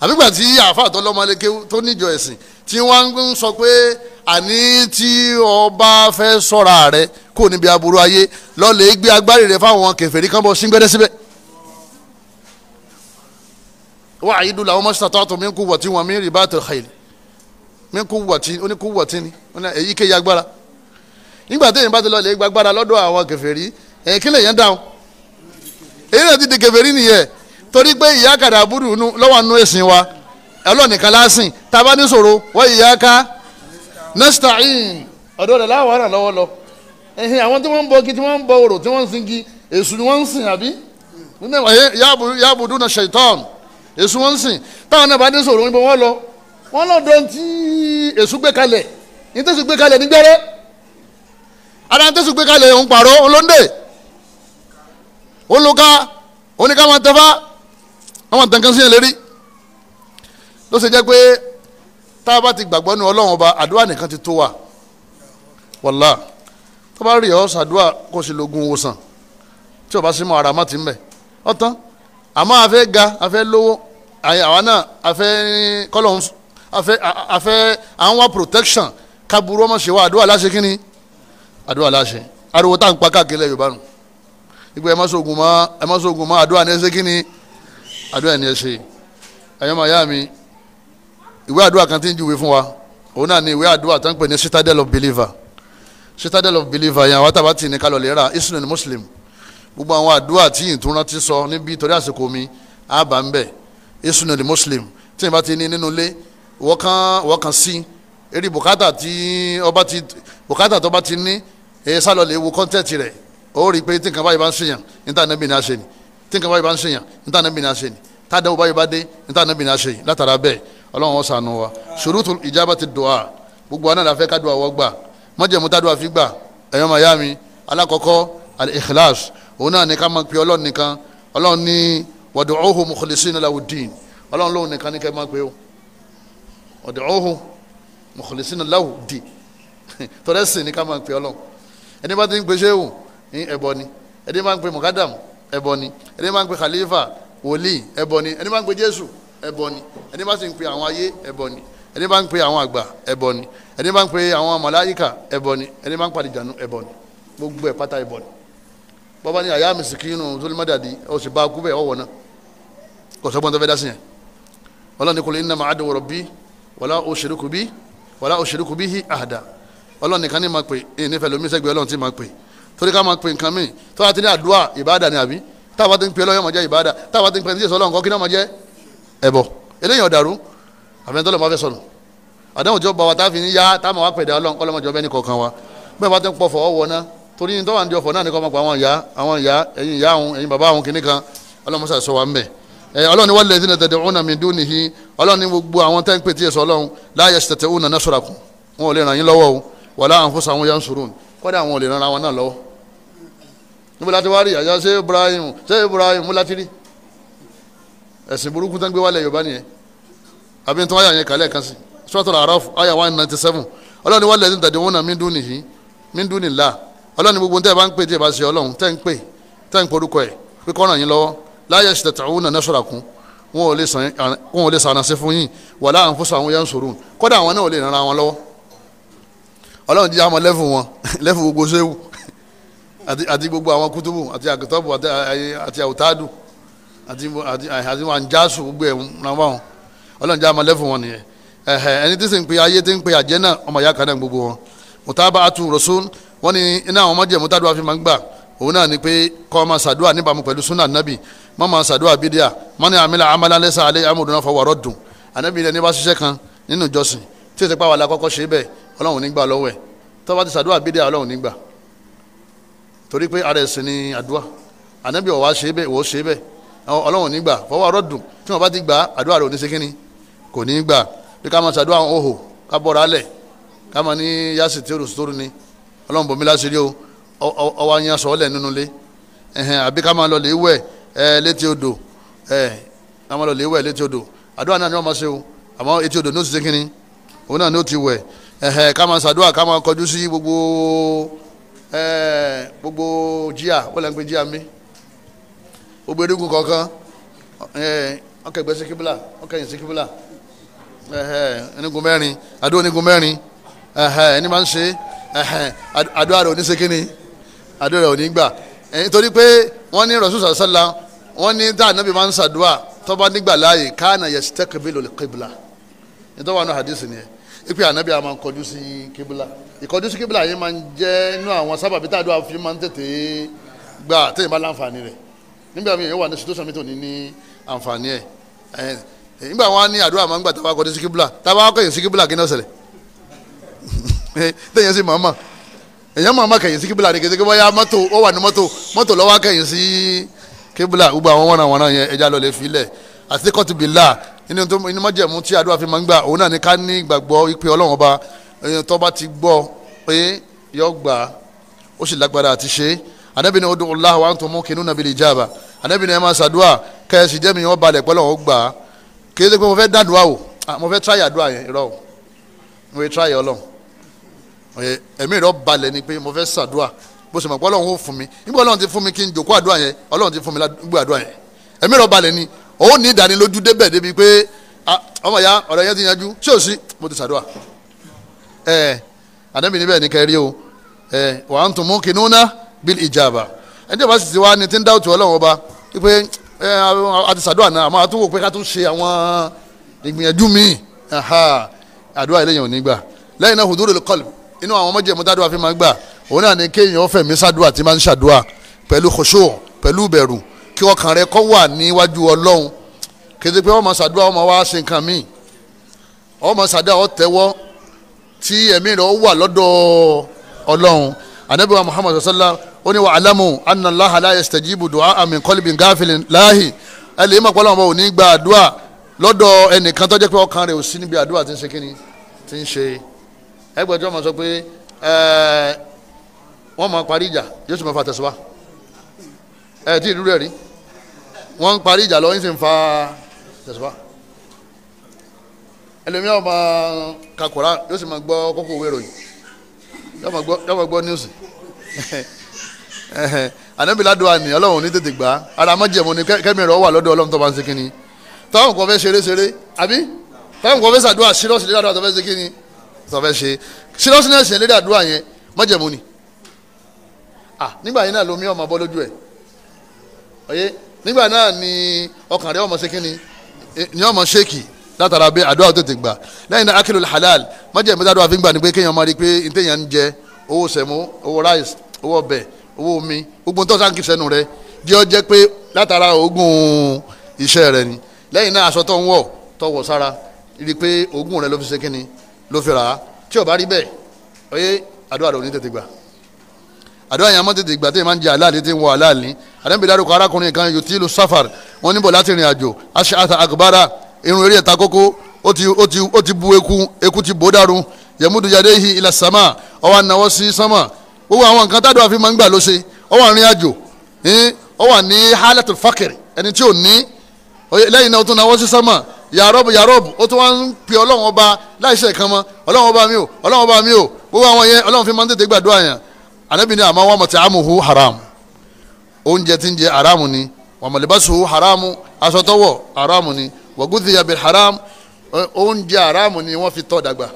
àbígbà tí àáfàá tó lọ́mọlé kéwú tó níjọ ẹ̀sìn tí wọ́n ń sọ pé àní tí ọba fẹ́ sọ́ra rẹ kó níbi aburú ayé lọ́ọ́ lè gbé agbárí rẹ fáwọn kèfèrí kan bọ́ síngbẹ́rẹ́ wa lahum mastata'tum min quwwatin wa mi ribatil khayl min quwwatin oní quwwatin ni oní èyíkéyìí onye nígbà téèyàn bá ti lọ lè gbàgbára lọ́dọ̀ àwọn kèfèrí ẹ̀yìn kílẹ̀ yẹn dáhùn èyí náà ti di kèfèrí nìyẹn torí pé ìyá kàdà búrú lọ́wọ́ nínú ẹ̀sìn wa ọlọ́nìkan lásìn tábà ní sòro wọ́n ìyá ká èṣù wọn ń sìn táwọn náà bá dé sọ̀rọ̀ níbo wọ́n lọ wọ́n lọ dán tí èṣù gbé kalẹ̀ ní tẹ̀sù gbé kalẹ̀ nígbẹ́rẹ́ ara ní tẹ̀sù gbé kalẹ̀ òun pààrọ̀ olóńdè olùka oníkà máa tẹ́fà àwọn tẹ̀kan sí yẹn lérí ló ṣe jẹ́ pé tá a bá ti gbàgbọ́ ní ọlọ́run ọba àdúrà nìkan ti tó wa wàlá tó bá rí ọ ṣàdúrà kó o sì lògùn òwòsàn tí o bá sí mọ ara má ti ń bẹ̀ àmọ́ a ga a lówó àwa náà afẹ́ kọ́lọ̀ afẹ́ afẹ́ àwọn wa protection kaburu ọmọ ṣe wa àdúrà láṣẹ kínní àdúrà láṣẹ ariwo tá à ń pa káàkiri Yorùbá nù ìgbà ẹ má sọ̀gùn mọ́ ẹ má sọ̀gùn mọ́ àdúrà ní ẹ ṣe kínní àdúrà ní ẹ ṣe ẹ̀yọ́ màá yá mi ìwé àdúrà kan tí ń júwe fún wa òun náà ni ìwé àdúrà tó ń pè ní citadel of believer citadel of believer yẹn àwọn tábà tì ní kálọ̀ lè ra islam muslim gbogbo àwọn àdúrà tí ìtúrántí sọ níbi torí àsìkò mi àbá ń bẹ̀ isuna the muslim tí n bá ti ní nínú ilé wọ́n kan wọ́n kan sí eré bùkátà tí ọba ti bùkátà tó bá ti ní ẹ sálọ lè wo kọ́ńtẹ́ẹ̀tì rẹ̀ ó rí i pé tí nǹkan báyìí bá ń ṣèyàn níta níbi ní a ṣe ni tí nǹkan báyìí bá ń ṣèyàn níta níbi ní a ṣe ni tá a dẹ́wọ́ báyìí bá dé níta níbi ní a ṣe yìí látara bẹ́ẹ̀ ọlọ́run wọn sànù wa ṣurutul ijabati du'a gbogbo àná la fẹ́ ká du'a wọ́ gbà mọ́jẹ̀mú tá du'a fi gbà ẹ̀yọ́ máa yá mi alákọ̀ọ́kọ́ wad'uhu mukhlisina lahu ddin ọlọ́run lóhùn nìkan ní kẹ́ máa pé o wad'uhu mukhlisina lahu ddin tọ́lẹ̀ sìn ní ká máa pé ọlọ́run ẹni bá ti ń pe ṣéwù ní ẹbọ ni ẹni bá ń pe mukadam ẹbọ ni ẹni bá ń pe khalifa wòlíì ẹbọ ni ẹni bá ń pe jésù ẹbọ ni ẹni bá sì ń pe àwọn ayé ẹbọ ni ẹni bá ń pe àwọn àgbà ẹbọ ni ẹni bá ń pe àwọn màláyíkà ẹbọ ni ẹni bọ́bá ní àyà mìsìkínú zulmadadi ó sì bá kú bẹ́ẹ̀ ọ̀wọ̀ náà kò sọ́gbọ́n tó fẹ́ dá sí yẹn ọlọ́run ní kò lè ní nàmà àdéhùn rọ̀bí wàlá òṣèlúkù bí wàlá òṣèlúkù bí hí àdá ọlọ́run nìkan ní máa pè é nífẹ̀ẹ́ lómi sẹ́gbẹ̀ẹ́ ọlọ́run tí máa pè torí ká máa pè nǹkan míì tó bá ti ní àdúrà ìbáàdà ni àbí táwa ti ń pè ọlọ́run jẹ́ ìbáàdà táwa ti ń pè níjẹ̀sọ́ ọlọ́run kọ́kí náà máa jẹ́ ẹbọ ní torí ní tọ́wà ń di ọ̀fọ̀ náà ní kọ́ máa pa àwọn ìyá àwọn ìyá ẹ̀yin ìyá àwọn ẹ̀yin bàbá àwọn kìnnìkan ọlọ́mọṣà sọ wa ń bẹ̀ ẹ ọlọ́run ni walladhina tad'una min dunihi ọlọ́run ni gbogbo àwọn tẹ́ ń pè tí yẹ sọ ọlọ́run la yastati'una nasrakum wọn ò lè ràn yín lọ́wọ́ o wala anfusahum yansurun kọ́dà àwọn ò lè ràn àwọn náà lọ́wọ́ níbo láti wá rí àyà ṣé Ibrahim ṣé Ibrahim mú láti rí ẹ̀sìn burúkú tán gbé wálẹ̀ Yorùbá nìyẹn ninety seven ọlọ́run ni walladhina tad'una min dunihi min dunillahi ọlọ́run ní gbogbo tẹ́ ẹ bá ń pè tí ẹ bá ṣe ọlọ́run tẹ́ ń pè tẹ́ ń porúkọ ẹ̀ pé kọ́ràn yín lọ́wọ́ láyé ṣètò tàwọn náà nẹ́sọ̀rọ̀ kún wọn ò lè sànàṣe fún yín wà láwọn fúnṣọ àwọn yẹn ń sòrò kódà àwọn náà ò lè ràn ara wọn lọ́wọ́ ọlọ́run jíjá mọ́ lẹ́fù wọn lẹ́fù gbogbo ṣéwù àti gbogbo àwọn kútùbù àti àgùtọ́bù àti àwùtádù àti wọn jásù gbogbo ẹ̀ ràn wọn ọlọ́run jíjá mọ́ lẹ́fù wọn nìyẹn ẹni tí sì ń pe ayé tí ń pe àjẹ́ náà ọmọ ìyá kan náà gbogbo wọn mùtábà àtúrọ̀sùn wọ́n ní iná àwọn májẹ̀mú tádùá fi máa ń gbà òun náà ni pé kọ́ máa ṣàdúrà níbàámu pẹ̀lú súnà nàbì má máa ṣàdúrà bídíà má ní àmì àmàlà lẹ́sà alẹ́ amòdùnà fọwọ́rọ́ dùn ànábì rẹ̀ ní bá ṣiṣẹ́ kan nínú ìjọsìn tí ètò ìpàwọ̀ alákọ́kọ́ ṣe bẹ́ẹ̀ ọlọ́run nígbà lọ́wọ́ ẹ̀ ti ṣàdúrà bídíà ọlọ́run nígbà torí pé ara ẹ̀sìn ni àdúrà ànábì ọ̀wá ṣe bẹ́ẹ̀ wò ṣe bẹ́ẹ̀ ọlọ́run nígbà fọwọ́rọ́ dùn tí wọ́n bá ti gbà àdúrà rẹ̀ ò ní ṣe kínní kò ní gbà bí ká máa ṣàdúrà òhò ká bọ̀rọ̀ alẹ̀ ká máa ní yásì tí ni ọlọ́run bòmí láṣìírí o ọwọ́ ayan sọ ọ́lẹ̀ nínú ilé àbí ká máa lọ lè wẹ̀ ẹ létí odò ẹ ká máa lọ lè wẹ̀ létí odò àdúrà náà ni wọ́n máa ṣe o àmọ́ etí odò ní O, ti ṣe kínní òun náà ni O, ti wẹ̀ ká máa ṣàdúrà ká máa kọjú sí gbogbo gbogbo jíà wọ́n lè ń pe jíà mi gbogbo erékùn kọ̀ọ̀kan ọkẹ̀gbẹ́ sí kíbílà ọkẹ̀yìn sí kíbílà ẹ̀ẹ́dẹ́gun mẹ́rin àdúrà onígun mẹ́rin ẹ̀ẹ́dẹ́gun mẹ́rin ẹni máa ń ṣe é àdúrà rẹ̀ ò ní ṣe kínní àdúrà rẹ̀ ò ní gbà nítorí pé wọ́n ní rasul sàlá wọ́n ní tá ànábì máa ń ṣàdúrà tó bá nígbà láàyè káànà yastaqbilu al-qibla nítorí wọn náà hadith nìyẹn ipe ànábì àwọn máa ń kọjú sí kíbla ìkọjú sí kíbla yìí máa ń jẹ́ inú àwọn sábàbí tá àdúrà fi máa ń tètè gbà téèyàn bá láǹfààní rẹ̀ nígbà míì yóò wà ní situation mi tó ní ní àǹfààní ẹ̀ nígbà wọn ní àdúrà máa ń gbà tábà kọjú sí kíbla tábà kọjú sí kíbla kí ni ó tẹ̀yìn sí màmá èyàn màmá kẹ̀yìn sí kíbla ni kẹ̀sìkẹ́ bọ́yá mọ́tò ó wà ní mọ́tò mọ́tò lọ́wọ́ kẹ̀yìn sí kíbla gbogbo àwọn wọnà wọnà yẹn ẹja lọ lè filẹ̀ àti kọ́tù bìlà inú tó inú májẹ̀mú tí àdúrà fi máa ń gbà òun náà ni ká ní ìgbàgbọ́ ìpè ọlọ́run ọba èyàn tó bá ti gbọ́ pé yọ gbà ó sì lágbára àti ṣe anábìnrin odò ọláhà wa ń tó mú kinú nàbìlì ìjàmbá anábìnrin ẹ máa ṣàdúrà kẹ́ẹ̀sì jẹ́mi wọn balẹ̀ pẹ́lú ọ̀hún gbà á kí ẹ ṣe pé mo fẹ́ dàdúrà o mo fẹ́ tíráyà àdúrà yẹn irọ́ o mo fẹ́ tíráyà ọlọ́run ẹ̀mí rẹ̀ balẹ̀ ni pé mo fẹ́ ṣàdúà bó ṣe mọ̀ pé ọlọ́run ó fún mi nígbà ọlọ́run ti fún mi kí n jòkó àdúà yẹn ọlọ́run ti fún mi gbé àdúà yẹn ẹ̀mí rẹ̀ balẹ̀ ni ó ní ìdánilójú débẹ̀ débi pé ọmọ ya ọ̀rọ̀ yẹn ti yanjú ṣé o sí mo ti ṣàdúà ẹ̀ àdẹ́bì níbẹ̀ ní kẹrí o ẹ̀ wa antum muqinuna bil ijaba ẹni tí o bá sì ti wá ni ti ń dáwọ́tò ọlọ́run ọba wípé a ti ṣàdúà náà àmọ́ àtúwò pé ká tún ṣe àwọn ìgbìyànjú míì inú àwọn májẹ̀mú tádùá fi máa ń gbà òun náà ni kéèyàn fẹ̀mí sádùá tí máa ń ṣàdùá pẹ̀lú khushu' pẹ̀lú bẹ̀rù kí ọkàn rẹ kó wà níwájú ọlọ́run kété pé wọ́n máa ṣàdùá wọ́n máa wá ṣe nǹkan míì wọ́n máa ṣàdùá wọ́n tẹ́wọ́ tí ẹ̀mí rẹ wà lọ́dọ̀ ọlọ́run anabi wa muhammad sallallahu ó ní wa alamu anna allaha la yastajibu du'a min qalbin ghafilin lahi ẹ lè má pọ́lọ́mọ́ òní gba àdúrà lọ́dọ̀ ẹnìkan tó jẹ́ pé ọkàn rẹ̀ ò sí níbi àdúrà tí ń ṣe kíni tí ń ṣe ẹgbẹ̀jọ́ ọmọ sọ pé wọ́n máa parí ìjà yóò sì máa fa tẹ̀síwá ẹ̀ tí ìlú rẹ̀ rí wọ́n ń parí ìjà lọ yín sì ń fa tẹ̀síwá ẹlòmíràn ọmọ kakura yóò sì máa gbọ́ kókó òwe ìròyìn yóò máa gbọ́ news ànábìládùá ni ọlọ́run ní tètè gbà á ara mọ́jẹ̀mú ni kẹ́mi rẹ̀ wà lọ́dọ̀ ọlọ́run tó bá ń ṣe kínni táwọn kan fẹ́ ṣeré ṣeré àbí táwọn kan fẹ́ ṣàdúrà ṣírọ́ọ̀ṣì dáadáa tó fẹ́ ṣe kínni sọfẹ́ ṣe seriousness yẹn lédè àdúrà yẹn májẹ̀mú ni ah nígbà yẹn náà lomi ọmọ bọ́ lójú ẹ̀ ọyẹ nígbà náà ni ọkàn rẹ ọmọ ṣe kínni e, ni ọmọ ṣéèkì látara bẹ àdúrà tètè gbà lẹ́yìn náà akérò halal májẹ̀mú tàdúrà fi ń gbà ni pé kéèyàn máa rí pé ntẹ̀yàn ń jẹ owó sẹ̀mú owó rice owó ọbẹ̀ owó omi gbogbo ntọ́ sáǹkì sẹ́nu rẹ jẹ́ ọ jẹ́ pé látara oògùn iṣẹ́ rẹ ni lẹ́yìn náà aṣọ tó ń wọ̀ tó wọ̀ sára rí i pé oògùn rẹ ló fi ṣe kínni ló fi rà á tí ò bá rí bẹ́ẹ̀ oyè àdúrà lòun ní tètè gbà àdúrà yẹn a máa tètè gbà téèyàn máa ń jẹ aláàlí tí ń wọ aláàlí àdéhùn bìdá dùkọ arákùnrin kan yòtí lu safar wọn níbo láti rìn àjò aṣááta agbára irun eré ẹ̀ta kókó ó ti ó ti ó ti bu eku eku ti bò dàrú yẹmudu yadé hi ilà sàmà ọwọ́ anáwọ́ sí sàmà gbogbo àwọn nǹkan tádùn àfi máa ń gbà ló ṣe ó wà àjò ó wà ní halatul fakiri ẹni tí ò ní lẹ́yìn náà ó tún náwọ́ sí sàmà yàrọ́bù yàrọ́bù ó tún wá ń pe ọlọ́run ọba láìsẹ̀ kan mọ́ ọlọ́run ọba mi ò ọlọ́run ọba mi ò gbogbo àwọn yẹn ọlọ́run fi máa ń tètè gbàdúrà yẹn anabi ni àmọ́ wọn mọ̀ tí amuhu haram oúnjẹ tí ń jẹ haram ni wọn mọ̀lẹ́bàṣu haram aṣọ tó wọ̀ haram ni wọ́gùdì yàbẹ̀ haram oúnjẹ haram ni wọ́n fi tọ́ dàgbà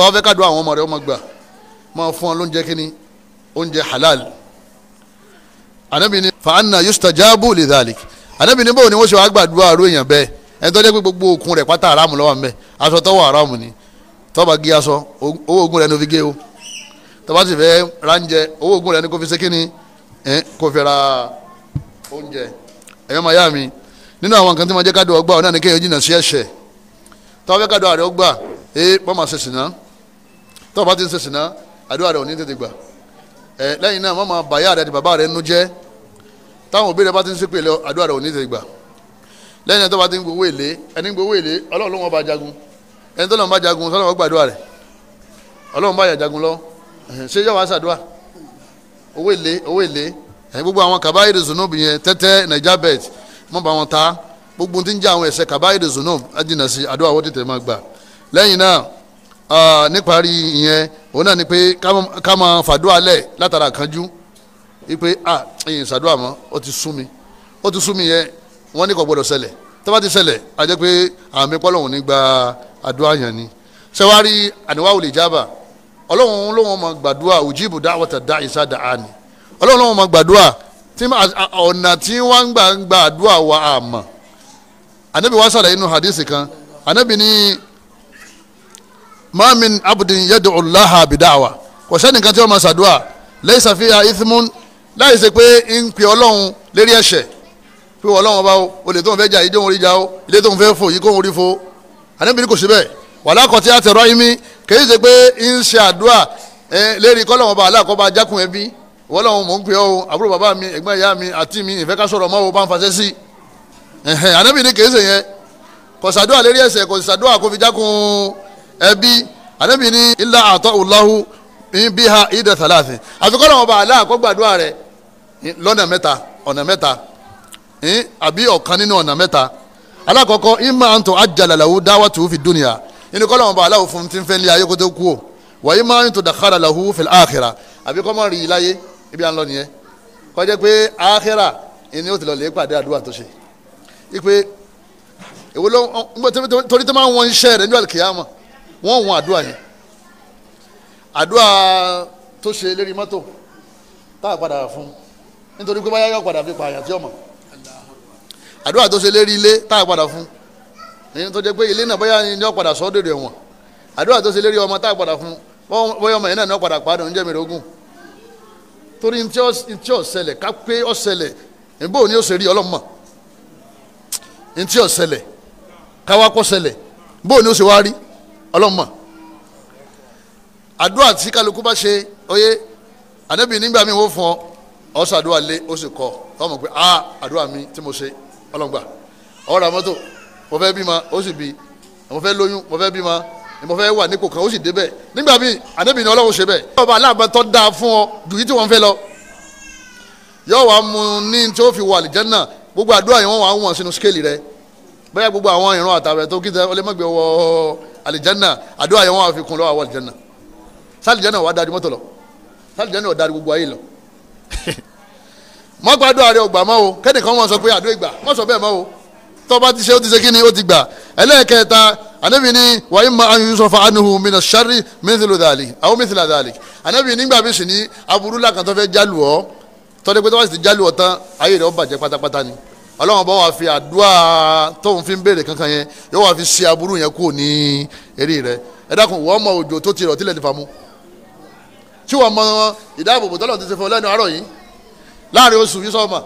wọ́n fẹ́ kádùn àwọn ọmọ rẹ̀ ọmọ gbà ànábì níbo ni wọ́n ṣe wá gbàdúrà àrò èèyàn bẹ́ẹ̀ ẹni tó dé pé gbogbo okun rẹ̀ pátá aráàmù lọ́wọ́ mbẹ́ aṣọ tọ́wọ́ aráàmù ni tọ́ba gé aṣọ owó ogun rẹ̀ ni ó fi gé o tọ́ba sì fẹ́ ránjẹ owó ogun rẹ̀ ni kò fi ṣe kí ni kò fi ra oúnjẹ ẹ̀yọ́ màá yá mi nínú àwọn nǹkan tí mo jẹ́ ká dùn ọgbà ọ̀nà ni kéèyàn jìnnà sí ẹ̀ṣẹ̀ tọ́ba fẹ́ ká dùn àrẹ ọgbà ee wọ́n máa ṣe tọ́ba ti ń àdúrà rẹ̀ ò tètè gbà ẹ̀ lẹ́yìn náà wọ́n máa bàyá rẹ̀ àti bàbá rẹ̀ nú jẹ́ táwọn òbí rẹ bá ti ń ṣépè lọ àdúrà rẹ ò ní tẹ̀gbà lẹ́yìn tó bá ti ń gbowó èlé ẹni gbowó èlé ọlọ́run ló wọn bá jagun ẹni tó lọ́n bá jagun sọ́nà wọn gbàdúrà rẹ̀ ọlọ́run bá yà jagun lọ ṣé yọ̀ wá ṣàdúrà owó èlé owó èlé ẹ̀yin gbogbo àwọn kàbáyèrè zunub yẹn tẹ́tẹ́ naija bet mọ́ bá wọn ta gbogbo tí ń jẹ́ àwọn ẹ̀ṣẹ̀ kàbáyèrè zunub ajínà ipe a ẹyin ìsàdúrà mọ́ ó ti sún mi ó ti sún mi yẹn wọ́n ní kò gbọ́dọ̀ ṣẹlẹ̀ tó bá ti ṣẹlẹ̀ a jẹ́ pé àmì pọ́lọ́hún ní gba àdúrà yẹn ni sẹ́wárí àdúrà ò lè jábà ọlọ́run lóun máa gbàdúrà òjìbù dáwọ́tà dá ìsá dá a ni ọlọ́run lóun máa gbàdúrà ọ̀nà tí wọ́n gbà ń gba àdúrà wa àmọ́ anabi wa sàlàyé inú hadisi kan anabi ni mamin abudin yadu allah abidawa kò sẹ́nìkan tí wọ́n máa ṣàdúrà laysa fiha ithmun láì ṣe pé ń pè ọlọ́run lérí ẹ̀ṣẹ̀ pé ọlọ́run ọba o lè tó ń fẹ́ jà yìí jóun rí jà o ilé tó ń fẹ́ fò yìí kóun rí fò ànábìrin kò ṣe bẹ́ẹ̀ wàhálà kan tí a tẹ̀rọ yín mi kì í ṣe pé ń ṣe àdúrà lérí kọ́lọ́run ọba aláàkọ́ba jákun ẹbí wọ́lọ́run mò ń pè ọ́ àbúrò bàbá mi ẹ̀gbọ́n ìyá mi àti mi ìfẹ́ ká sọ̀rọ̀ mọ́ bá ń fasẹ́ sí i ànábìrin ọba aláàkọ́ gbàdúrà rẹ̀ lọ́nà mẹ́ta ọ̀nà mẹ́ta àbí ọ̀kan nínú ọ̀nà mẹ́ta alákọ̀ọ́kọ́ ìmọ̀ àǹtọ̀ àjàlàlàwò dáwà tù fi dúnìyà inú kọ́ lọ́wọ́n bá aláwọ̀ fún ti ń fẹ́ lé ayé kó tó kú o wà ìmọ̀ àǹtọ̀ dàkàrà làwò fil àkhírà àbí kọ́ mọ̀ rí i láyé ibi à ń lọ nìyẹn kọ́ jẹ́ pé àkhírà ìní ó ti lọ lè pàdé àdúrà tó ṣe ipe èwo ló torí tó máa ń wọn iṣẹ́ rẹ̀ ní àlùkìyàmọ̀ wọ́n wọn àdúrà yẹn àdúrà tó ṣe lérí mọ́tò táà padà fún un nítorí pé báyà yọ padà fi pààyàn tí ọmọ àdúrà tó ṣe lérí ilé tá a padà fún ẹni tó jẹ pé ilé náà báyà ni ọ padà sọ dèrè wọn àdúrà tó ṣe lérí ọmọ tá a padà fún bóyá ọmọ yẹn náà ni ọ padà padà ń jẹ torí ntí ìbò ni ó ṣe rí ọ sàdúrà lé ó sì kọ ọ mọ̀ pé a àdúrà mi tí mo ṣe ọlọ́ngbà ọ ra mọ́tò mo fẹ́ bímọ ó sì bí mo fẹ́ lóyún mo fẹ́ bímọ mo fẹ́ wà nípò kan ó sì débẹ̀ nígbà míì ànábì ni ọlọ́run ṣe bẹ́ẹ̀. ọba aláàbọ̀tọ́ dáa fún ọ ju yìí tí wọ́n fẹ́ lọ yóò wá mu ní tí ó fi wà àlìjẹ́nà gbogbo àdúrà yẹn wọ́n wà wọ́n sínú skéèlì rẹ bẹ́ẹ̀ gbogbo àwọn ìran àtàwẹ̀ tó kí ọ má gbàdúrà rẹ ògbà mọ́ o kẹ́nìkan wọn sọ pé àdó ìgbà má sọ bẹ́ẹ̀ mọ́ o tọ́ba ti ṣe ó ti ṣe kí ni ó ti gbà ẹlẹ́ẹ̀kẹta anabi ni wa ima an yusufa anuhu mina sari mithila dhalik awo mithila dhalik anabi nígbà bí sini aburú la kan tó fẹ́ jalu ọ tọ́lẹ́ pé tó bá sì ti jalu ọ tán ayé rẹ̀ ó bàjẹ́ pátápátá ni ọlọ́run bá wà fi àdúrà tóun fi ń béèrè kankan yẹn yóò wà fi ṣe aburú yẹn kúrò ní eré rẹ̀ ẹ dákun wọ́n mọ òjò tó ti rọ̀ tilẹ̀ ti fa mu tí wọ́n mọ ìdáàbòbò tọ́lọ̀ ti ṣe fún ọ lẹ́nu àárọ̀ yìí láàrin oṣù yìí sọ́ọ̀mà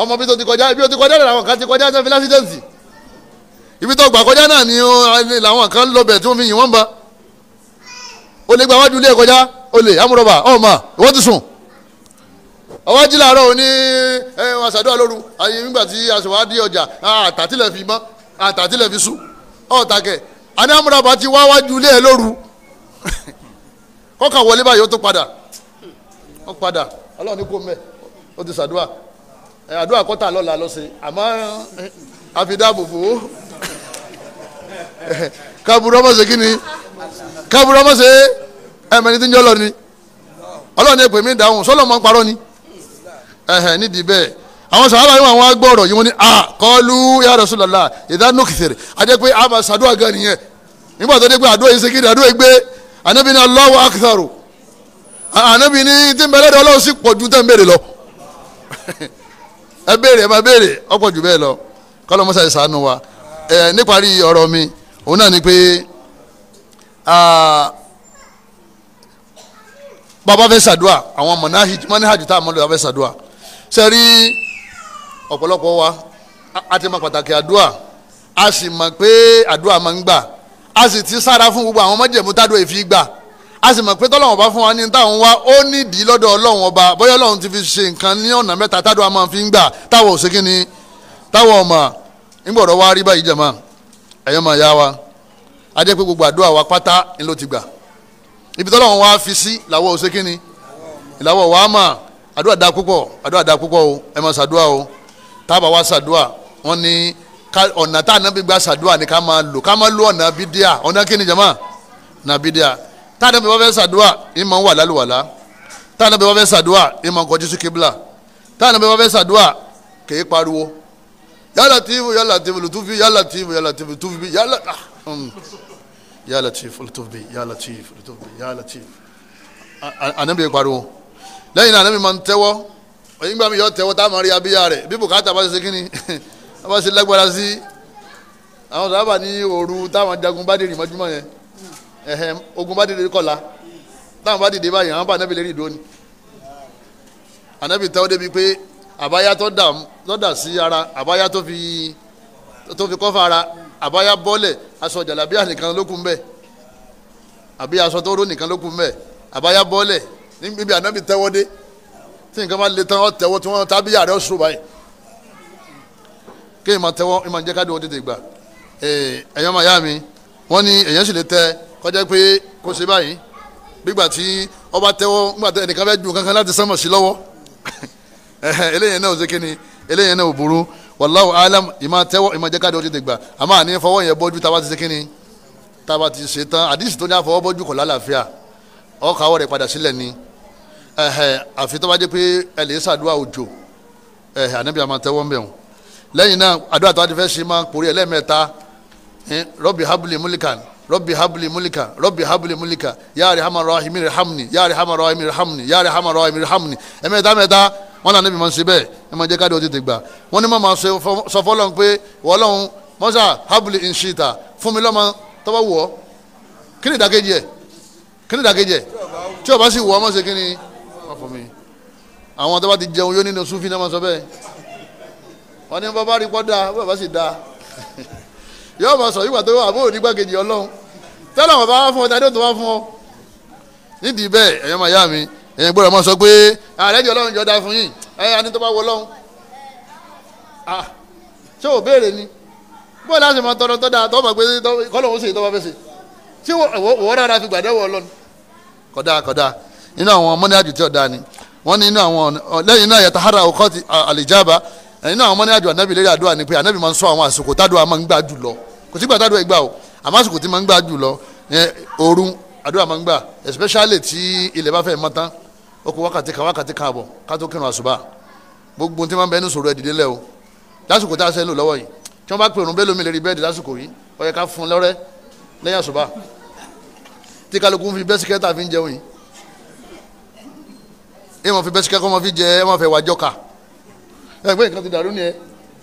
ọmọ bí tó ti kọjá ibi tó ti kọjá náà làwọn kan ti kọjá sẹ́fì lásìdẹ́ǹtì ibi tó gbà kọjá náà ni làwọn kan lọ bẹ̀ tí wọ́n fi yìn wọ́n ba o lè gba wájú ilé kọjá o lè amúrọ̀bà ọ̀ma ìwọ́n ti sùn ọwọ́ jí làárọ̀ òní àṣàdúrà lóru àyè nígbà tí aṣọwá dé ọjà àtàtìlẹ̀ fi mọ́ àtàtìlẹ̀ fi sùn ọ̀tàkẹ̀ àní amúrọ̀bà ti wá wájú ilé lóru kọ́kà wọlé báyìí ó tó padà ó padà ọlọ́run ní kó mẹ́ ó ti sàdúrà àdúrà kọ́tà lọ́la lọ́sẹ̀ àmọ́ àfidáàbòbò kábùrọ̀ mọ̀ kí ni kábùrọ̀ mọ̀ ẹ̀mẹ́ni tí ń lọ ni ọlọ́run èpè mi dáhùn sọlọ́ parọ́ ni nídìí bẹ́ẹ̀ àwọn sàhábà yìí wọn a kọlu ya Rasulullah ìdánù kìtìrì àti pé a gan nìyẹn nígbà tó dé pé àdúrà yìí ṣe kí anabi ni Allahu akitharu anabi ni tí n bẹ̀rẹ̀ dọ̀ ọlọ́run sì pọ̀ ju tẹ̀ ń béèrè lọ ẹ béèrè ẹ máa béèrè ọ̀pọ̀ jù bẹ́ẹ̀ lọ kọ́lọ́ mọ́sá ẹ̀ sànú wa ẹ̀ níparí ọ̀rọ̀ mi òun náà ni pé bàbá fẹ́ sàdúà àwọn mọ̀náhàjù tá a mọ̀ lọ́wọ́ fẹ́ sàdúà sẹ́rí ọ̀pọ̀lọpọ̀ wa a mọ pàtàkì àdúà a sì mọ̀ pé àdúà máa ń gbà a sì ti sára fún gbogbo àwọn májẹ̀mú tádùn èéfì gbà a sì mọ̀ pé tọ́lọ́wọ́n bá fún wa ní táwọn wá ó nídìí lọ́dọ̀ ọlọ́run ọba bóyá ọlọ́run ti fi ṣe nǹkan ní ọ̀nà mẹ́ta tádùn a máa fi ń gbà táwọn ò ṣe kí ni táwọn ọmọ ńgbọ̀dọ̀ wá rí báyìí jẹ̀mọ́ ẹ̀yọ́ máa yá wa a jẹ́ pé gbogbo àdúrà wa pátá ń ló ti gbà ibi tọ́lọ́run wa fi sí làwọn ò ṣe kí ni ìlàwọ̀ wa mà àdúrà da púpọ̀ àdúrà da púpọ̀ o ẹ ọ̀nà tá ànábì gba sàdúrà ni ká máa lò ká máa lo ọ̀nà bídíà ọ̀nà kí ni jama ọ̀nà bídíà tá ànábì bá fẹ́ sàdúrà ìmọ̀ ń wà lálùwàlá tá ànábì bá fẹ́ sàdúrà ìmọ̀ ń kọjú sí kíbla tá ànábì bá fẹ́ sàdúrà kèé pariwo ya latifu ya latifu lutufi ya latifu ya latifu lutufi ya la ah, mm. ya latifu lutufi ya latifu lutufi ya latifu ànábì pariwo lẹ́yìn náà ànábì máa ń tẹ́wọ́ ìgbà mi yọ tẹ́wọ́ tá a máa rí abíyá rẹ̀ bí bùkátà bá ṣe kí ni wọ́n bá ṣe lágbára sí àwọn sábà ní òru táwọn jagun bá dèrè mọ́júmọ́ yẹn ẹ̀hẹ̀n ogun bá dèrè kọ́la táwọn bá dìde báyìí àwọn bá anábì lérí ìdóni anábì tẹ́wọ́ débi pé àbáyá tó dà sí ara àbáyá tó fi tó fi kọ́fà ara àbáyá bọ́lẹ̀ aṣọ jàlábíà nìkan ló kù ń bẹ̀ àbí aṣọ tó ró nìkan ló kù ń bẹ̀ àbáyá bọ́lẹ̀ níbi ànábì tẹ́wọ́ dé tí nǹkan bá le tán ọ́ tẹ́wọ́ tí wọ́n tábíyà rẹ̀ ó sùn báyìí kéèyàn máa tẹ́wọ́ ẹ máa jẹ́ káàdì wọn tètè gbà ẹ̀yàn máa yá mi wọ́n ní èyàn sì lè tẹ kọjá pé kó ṣe báyìí gbígbà tí ọba tẹ́wọ́ nígbà tí ẹnìkan fẹ́ ju kankan láti sánmọ̀ sí lọ́wọ́ eléyìí náà ò ṣe kí ni eléyìí náà ò burú wallahu alam ìmọ̀ tẹ́wọ́ ìmọ̀ jẹ́ káàdì wọn tètè gbà àmọ́ àní fọwọ́ yẹn bọ́jú tá a bá ti ṣe kí ni tá a bá ti ṣe tán àdìsí tó ní àfọwọ́ bọ́jú kọ̀ lálàáfíà ọkọ̀ àwọ̀ rẹ̀ padà sílẹ̀ ni àfi tó bá jẹ́ pé ẹ lè ṣàdúrà òjò ànábìàmọ̀ tẹ́wọ́ ń bẹ̀rùn lẹ́yìn náà àdúrà tó a ti fẹ́ ṣe máa kórè ẹlẹ́mẹ̀ta rọ́bì habili mulikan rọ́bì habili mulikan rọ́bì habili mulikan yaari hamara ahimi rahamni yaari hamara ahimi rahamni yaari hamara ahimi rahamni ẹ̀mẹ́ta mẹ́ta wọn náà níbi máa ń ṣe bẹ́ẹ̀ ẹ máa jẹ́ káàdì ó ti tè gbà wọ́n ní máa sọ fọlọ́n pé wọ́lọ́hún mọ́sá habili nṣita fún mi lọ́mọ tọ́wọ́ wọ̀ kí ni ìdákejì ẹ̀ kí ni ìdákejì ẹ̀ tí o bá sì wọ̀ ọmọ ṣe kí ni àwọn tó bá ti jẹun yóò nínú sufi náà máa sọ bẹ́ẹ̀ wọn ní bàbá rí pọ́ dáa bàbá sì dáa yóò máa sọ yíwà tó wà bó ní gbàgede ọlọ́run tẹ́lẹ̀ wọn bá wá fún ọ tàbí tó wá fún ọ nídìí bẹ́ẹ̀ ẹ̀yọ́ máa yá mi ẹ̀yìn gbọ́dọ̀ máa sọ pé ààrẹ jọ ọlọ́run jọ da fún yìí ẹ̀yìn àti tó bá wọ ọlọ́run ṣé ò béèrè ni bóyá láti máa tọrọ tó dáa tó máa gbé kọ́lọ́hún sì tó bá fẹ́ ṣe ṣé wọ́n rárá fi gbàdẹ́wọ̀ ọlọ́run kódà kódà nínú àwọn mọ́níyàjú tí ọ̀dà ni wọ́n ní inú àwọn lẹ́yìn náà yàtọ̀ hàrà òkọ́ àlìjábà nínú àwọn mọ́ni àjò ànábì lérí àdúrà ni pé ànábì máa ń sọ àwọn àsìkò tádùá máa ń gbà jù lọ kò sígbà tádùá gbà o àmọ́ àsìkò tí máa ń gbà jù lọ òòrùn àdúrà máa ń gbà especially tí ilẹ̀ bá fẹ́ mọ́ tán ó kó wákàtí kan wákàtí kan àbọ̀ ká tó kírun àsùbà gbogbo tí máa ń bẹ ní sòrò ẹ̀dìdẹ́ o lásìkò tá a ṣe lò lọ́wọ́ yìí tí wọ́n bá pè òrùn bẹ́ẹ̀ lómi lérí bẹ́ẹ̀dì lásìkò ẹgbẹ́ nǹkan ti dàrú ni ẹ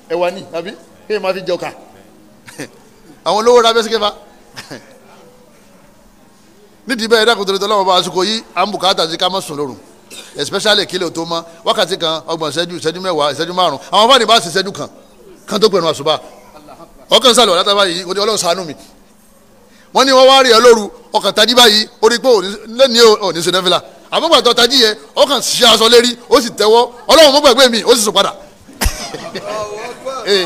ẹwà ni àbí kéèyàn máa fi jẹ ọkà àwọn olówó ra bẹ́sí kẹfà nídìí bẹ́ẹ̀ dákòtò lè tọ́lọ́wọ́ bá aṣọ yìí à ń bùkátà sí ká má sùn lóru especially kílẹ̀ tó mọ́ wákàtí kan ọgbọ̀n ìṣẹ́jú ìṣẹ́jú mẹ́wàá ìṣẹ́jú márùn àwọn fáànì bá sì ìṣẹ́jú kan kan tó pẹ̀lú àṣùbà ọkàn sálọ látàbá yìí kò ní ọlọ́run ṣàánú mi wọ́n ní wọ́n wá rí ẹ lóru ọkàn tají báyìí ó rí pé lẹ́ni ò ní sinẹ́fìlà àmọ́gbàtọ́ tají yẹ ọkàn ṣe aṣọ lérí ó sì tẹ́wọ́ ọlọ́run mọ́gbàgbé mi ó sì sùn padà Eh.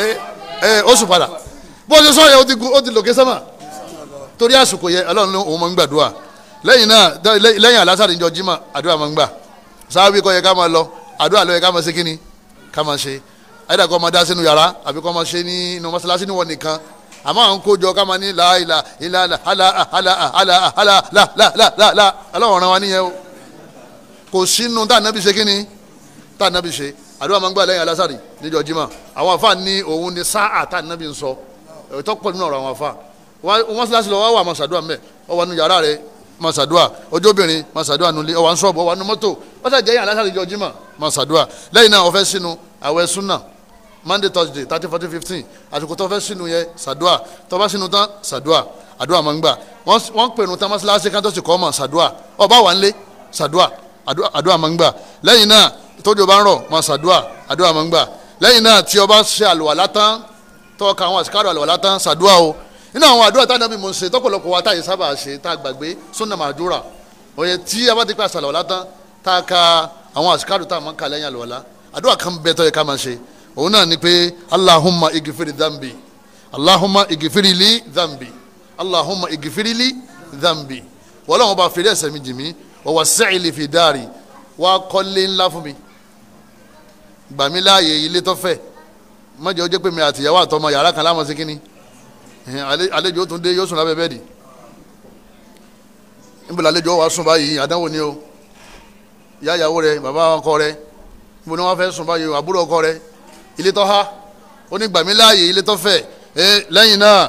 Eh, eh, ó sùn padà bó ṣe sọ yẹ ó ti lòkè sẹ́mà torí àsìkò yẹ ọlọ́run ní òun máa ń gbàdúrà lẹ́yìn náà lẹ́yìn alásàrì ìjọ jimá àdúrà máa ń gbà sáábì kọ́ yẹ ká máa lọ àdúrà ló yẹ ká máa ṣe kínní ká máa ṣe ayédàkọ́ máa dá sínú yàrá àbí kọ́ máa ṣe nínú mọ́ṣáláṣí níwọ̀n nìkan àmọ́ àwọn kójọ ká máa ní làálà ìlàlà àlà àlà àlà àlà làlàlà ọlọ́run ràn wá níyẹn àdúrà máa ń gbà lẹ́yìn alásàrì níjọ́ jimá àwọn afa ní òun ní sáà tá nàbí ń sọ ètò pọ̀ nínú ọ̀rọ̀ àwọn afa wọ́n síláṣí lọ wá wà màsàdúà mẹ́ ọ wà nù yàrá rẹ màsàdúà ojóbìnrin màsàdúà nulẹ̀ ọ wà ń sọ̀bù ọ wà nù mọ́tò wọ́n sà jẹ́yìn alásàrì níjọ́ jimá màsàdúà lẹ́yìn náà ọ̀fẹ́ sínú àwẹ̀ súnà monday thursday thirty, forty, fifteen àsìkò tó fẹ́ sínú yẹn sàdúà tó bá sínú tán sàdúà àdúà máa ń gbà wọ́n pèrún tán mọ́sálásí kan kọ́ mọ̀ sàdúà ó bá wà ń lé sàdúà àdúrà máa ń gbà lẹ́yìn náà tójú bá ń rọ̀ máa ṣàdúrà àdúrà máa ń gbà lẹ́yìn náà tí o bá ṣe àlùwàlá tán tó ka àwọn àṣìkárò àlùwàlá tán ṣàdúrà o nínú àwọn àdúrà tá a nàbí mo ń ṣe tọ́pọ̀lọpọ̀ wa táyé sábà ṣe tá a gbàgbé sunna màdúrà òye tí a bá ti pa àṣàlùwàlá tán tá a ka àwọn àṣìkárò tá a máa ń ka lẹ́yìn àlùwàlá àdúrà kan bẹ tó yẹ ká máa ṣe òun li dhambi allahumma igifiri li dhambi wọ́n lọ́wọ́ bá fèrè ẹ̀ṣẹ̀ mi wọ́wọ́ sẹ́ẹ̀lì fi dáàrí wá kọ́lé ńlá fún mi gbà mí láàyè ilé tọ́fẹ̀ mọ̀jẹ̀ ó jẹ́ pé mi àtìyàwó àtọmọ yàrá kan láwọn sí kínní àlejò tún dé yóò sùn lábẹ́ bẹ́ẹ̀dì níbo làlejò wàá sùn báyìí àdánwò ni o ìyá ìyàwó rẹ bàbá ọkọ rẹ níbo ni wọ́n fẹ́ sùn báyìí àbúrò ọkọ rẹ ilé tọ́ha ó ní gbà mí láàyè ilé tọ́fẹ̀ lẹ́yìn náà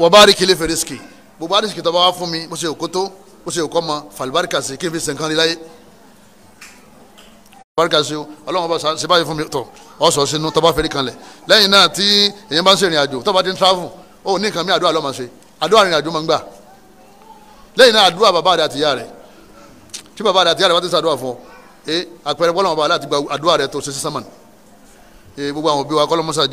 wọ́n bá rí kílé fèrèsìkì gbogbo àdìsìkì tó bá wá fún mi mo ṣe òkótó ó ṣe òkọ́ ma falibarika sí kí n fi sẹ̀ǹkan ní láyé falibarika sí o ọlọ́run bá ṣe báyìí fún mi tọ̀ ọ sọ sínú tọ́ bá fẹ́rí kan lẹ̀ lẹ́yìn náà tí èyàn bá ń ṣe ìrìn àjò tọ́ bá ti ń travel ó ní nǹkan mi àdúrà lọ́ọ́ máa ṣe àdúrà ìrìn àjò máa ń gbà lẹ́yìn náà àdúrà bàbá rẹ̀ àtìyá rẹ̀ tí bàbá rẹ̀ àtìyá rẹ̀ bá ti ṣàdúrà fún ẹ àpẹẹrẹ bọ́lá wọn bá láti gba àdúrà rẹ̀ tó ṣe sísan ẹ gbogbo àwọn òbí wa kọ́lọ́ mọ́sá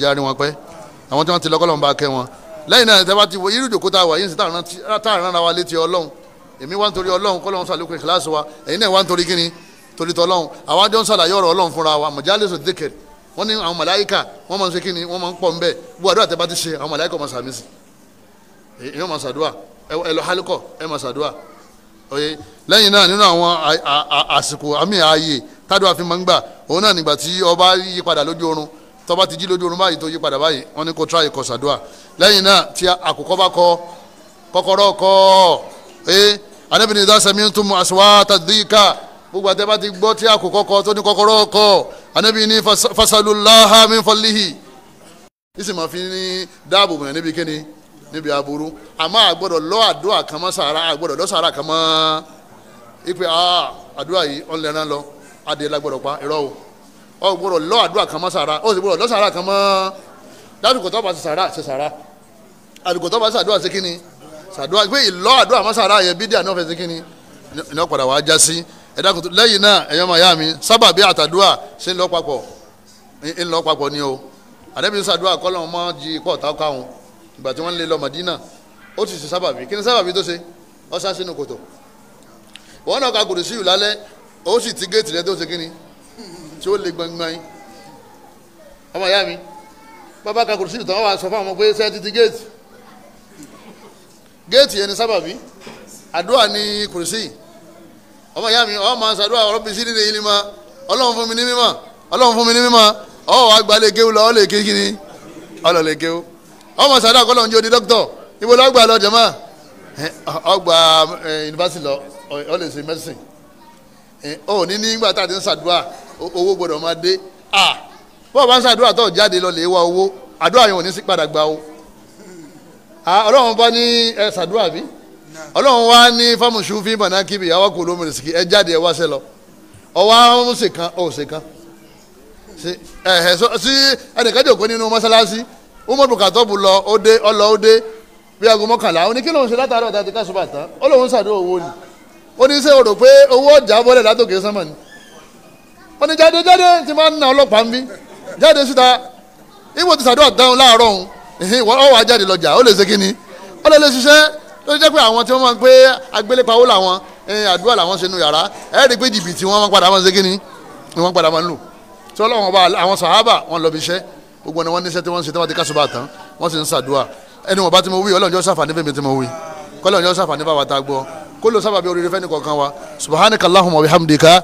èmi wá nítorí ọlọ́run kọ́ lọ́run sàlékún ìkíláàsì wa ẹ̀yin náà wá nítorí kíni torí tọ́lọ́run àwa jọ ń sàlàyé ọ̀rọ̀ ọlọ́run fúnra wa mọ̀jálẹ́sọ dékèrè wọ́n ní àwọn màláyíkà wọ́n máa ń ṣe kíni wọ́n máa ń pọ̀ ńbẹ́ bó àdúrà tẹ́ bá ti ṣe àwọn màláyíkà máa sàmì èyí máa sàdúà ẹ lọ hálíkọ̀ ẹ máa sàdúà oye lẹ́yìn náà nínú àwọn àsìkò àmì ààyè tádùá fi máa ń gbà òun náà nígbà tí ọba yí padà lójú oorun tọba ti jí lójú oorun báyìí tó yí padà báyìí wọ́n ní kó tíráyì kọ sàdúà lẹ́yìn náà tí àkùkọ bá kọ kọ́kọ́rọ́ kọ́ ee eh, anabini idasami tun mu asuwa gbogbo àti ẹ bá ti gbọ́ tí àkókò kọ tó ní kọ́kọ́rọ́ kọ anabini fasalulaha min falihi isi fi ni daabo bò yẹn níbi kíni níbi aburú àmọ́ àgbọ́dọ̀ lọ́ àdúrà kan sàrà àgbọ́dọ̀ lọ́ sàrà kan mọ́ ipe àdúrà yìí ọ̀nlẹ́ran lọ adìẹ lagbọ́dọ̀ pa irọ́ o ọ gbọ́dọ̀ lọ́ àdúrà kan sàrà ó sì lọ́ sàrà bá ti sàrà ṣe sàrà sàdúrà pé ìlọ àdúrà mọ́sára yẹ bídíà náà fẹsẹ̀ kínní iná padà wàá já sí ẹ̀dá kùtù lẹ́yìn náà ẹ̀yọ́ màá yá mi sábà bí àtàdúrà ṣe ń lọ papọ̀ ń lọ papọ̀ ni o àdẹ́bí sàdúrà kọ́lọ́ mọ́ jí pọ̀ tá káwọn ìgbà tí wọ́n lé lọ Mádínà ó sì ṣe sábà bí kí ni sábà bí tó ṣe ọ sá sínú kòtò wọn náà ka kùrù sí ìlú ó sì ti géètì rẹ tó ṣe kínní tí ó le gbọngbọn géètì yẹn ni sábàbí àdúrà ni kùrìsì ọmọ ìyá mi ọmọ máa ń sàdúrà ọ̀rọ̀ bíi sídìdì yìí ni ma ọlọ́run fún mi ní mímọ́ ọlọ́run fún mi ní mímọ́ ọwọ́ wa gba lè géwu lọ ọ lè ké kí ni ọlọ́ lè géwu ọmọ sàdúrà kọ́ lọ́njọ́ di dókítọ̀ ibo lọ́ gbà lọ jẹ̀mọ́ ọgbà yunifásitì lọ ọ lè ṣe mẹ́sìn ọ ní nígbà tá a ti ń sàdúrà owó gbọ́dọ̀ máa dé ah bọ́ọ̀ bá ń sàdúrà tó jáde lọ lè wá owó àdúrà yẹn ò ní sí padà gba o. Ah, ọlọ́run bá ní ẹ ṣàdúrà bí ọlọ́run wá ní fámùsù fi bàná kíbi ìyàwó kò lómi rẹ̀ sìkì ẹ jáde ẹ wá sẹ́ lọ ọwọ́ àwọn ṣèkan ọ̀ ṣèkan ẹ̀hẹ̀ sí ẹnìkan jòkó nínú mọ́ṣáláṣí umaru katọ́bù lọ ó dé ọlọ ó dé bí aago mọ́kànlá ó ní kí lóun ṣe látàrí ọ̀tá ti káṣùbà tán ó lóun ṣàdó owó ni ó ní sẹ́ o rò pé owó ọjà bọ́lẹ̀ látòkè sánmà ni ó ní jáde jáde ti máa ń na ọlọ́pàá ń bí jáde síta ibo ti ṣàdó àdáhùn láàárọ̀ òun ọ wà jáde lọ́jà ó lè ṣe kíni ó lè lè ṣiṣẹ́ ló jẹ́ pé àwọn tí wọ́n máa ń pé agbélépawó làwọn àdúrà làwọn ṣe nu yàrá ẹ̀ rí i pé jìbìtì wọn máa padà máa ṣe kíni ni wọ́n padà máa ń lò tí ọlọ́run ọba àwọn sàhábà wọn lọ bí iṣẹ́ gbogbo ni wọ́n níṣẹ́ tí wọ́n ṣe tí wọ́n ti kásùbà tán wọ́n sì ń ṣàdúrà ẹni wọ́n bá ti mọ wí ọlọ́run yóò ṣàǹfààní fẹ́mi tí wí kọ́lọ́run yóò bá wa ta gbọ́ kó ló sábàbí oríire fẹ́ni kọ̀ọ̀kan wa subhanakallahumma wa bihamdika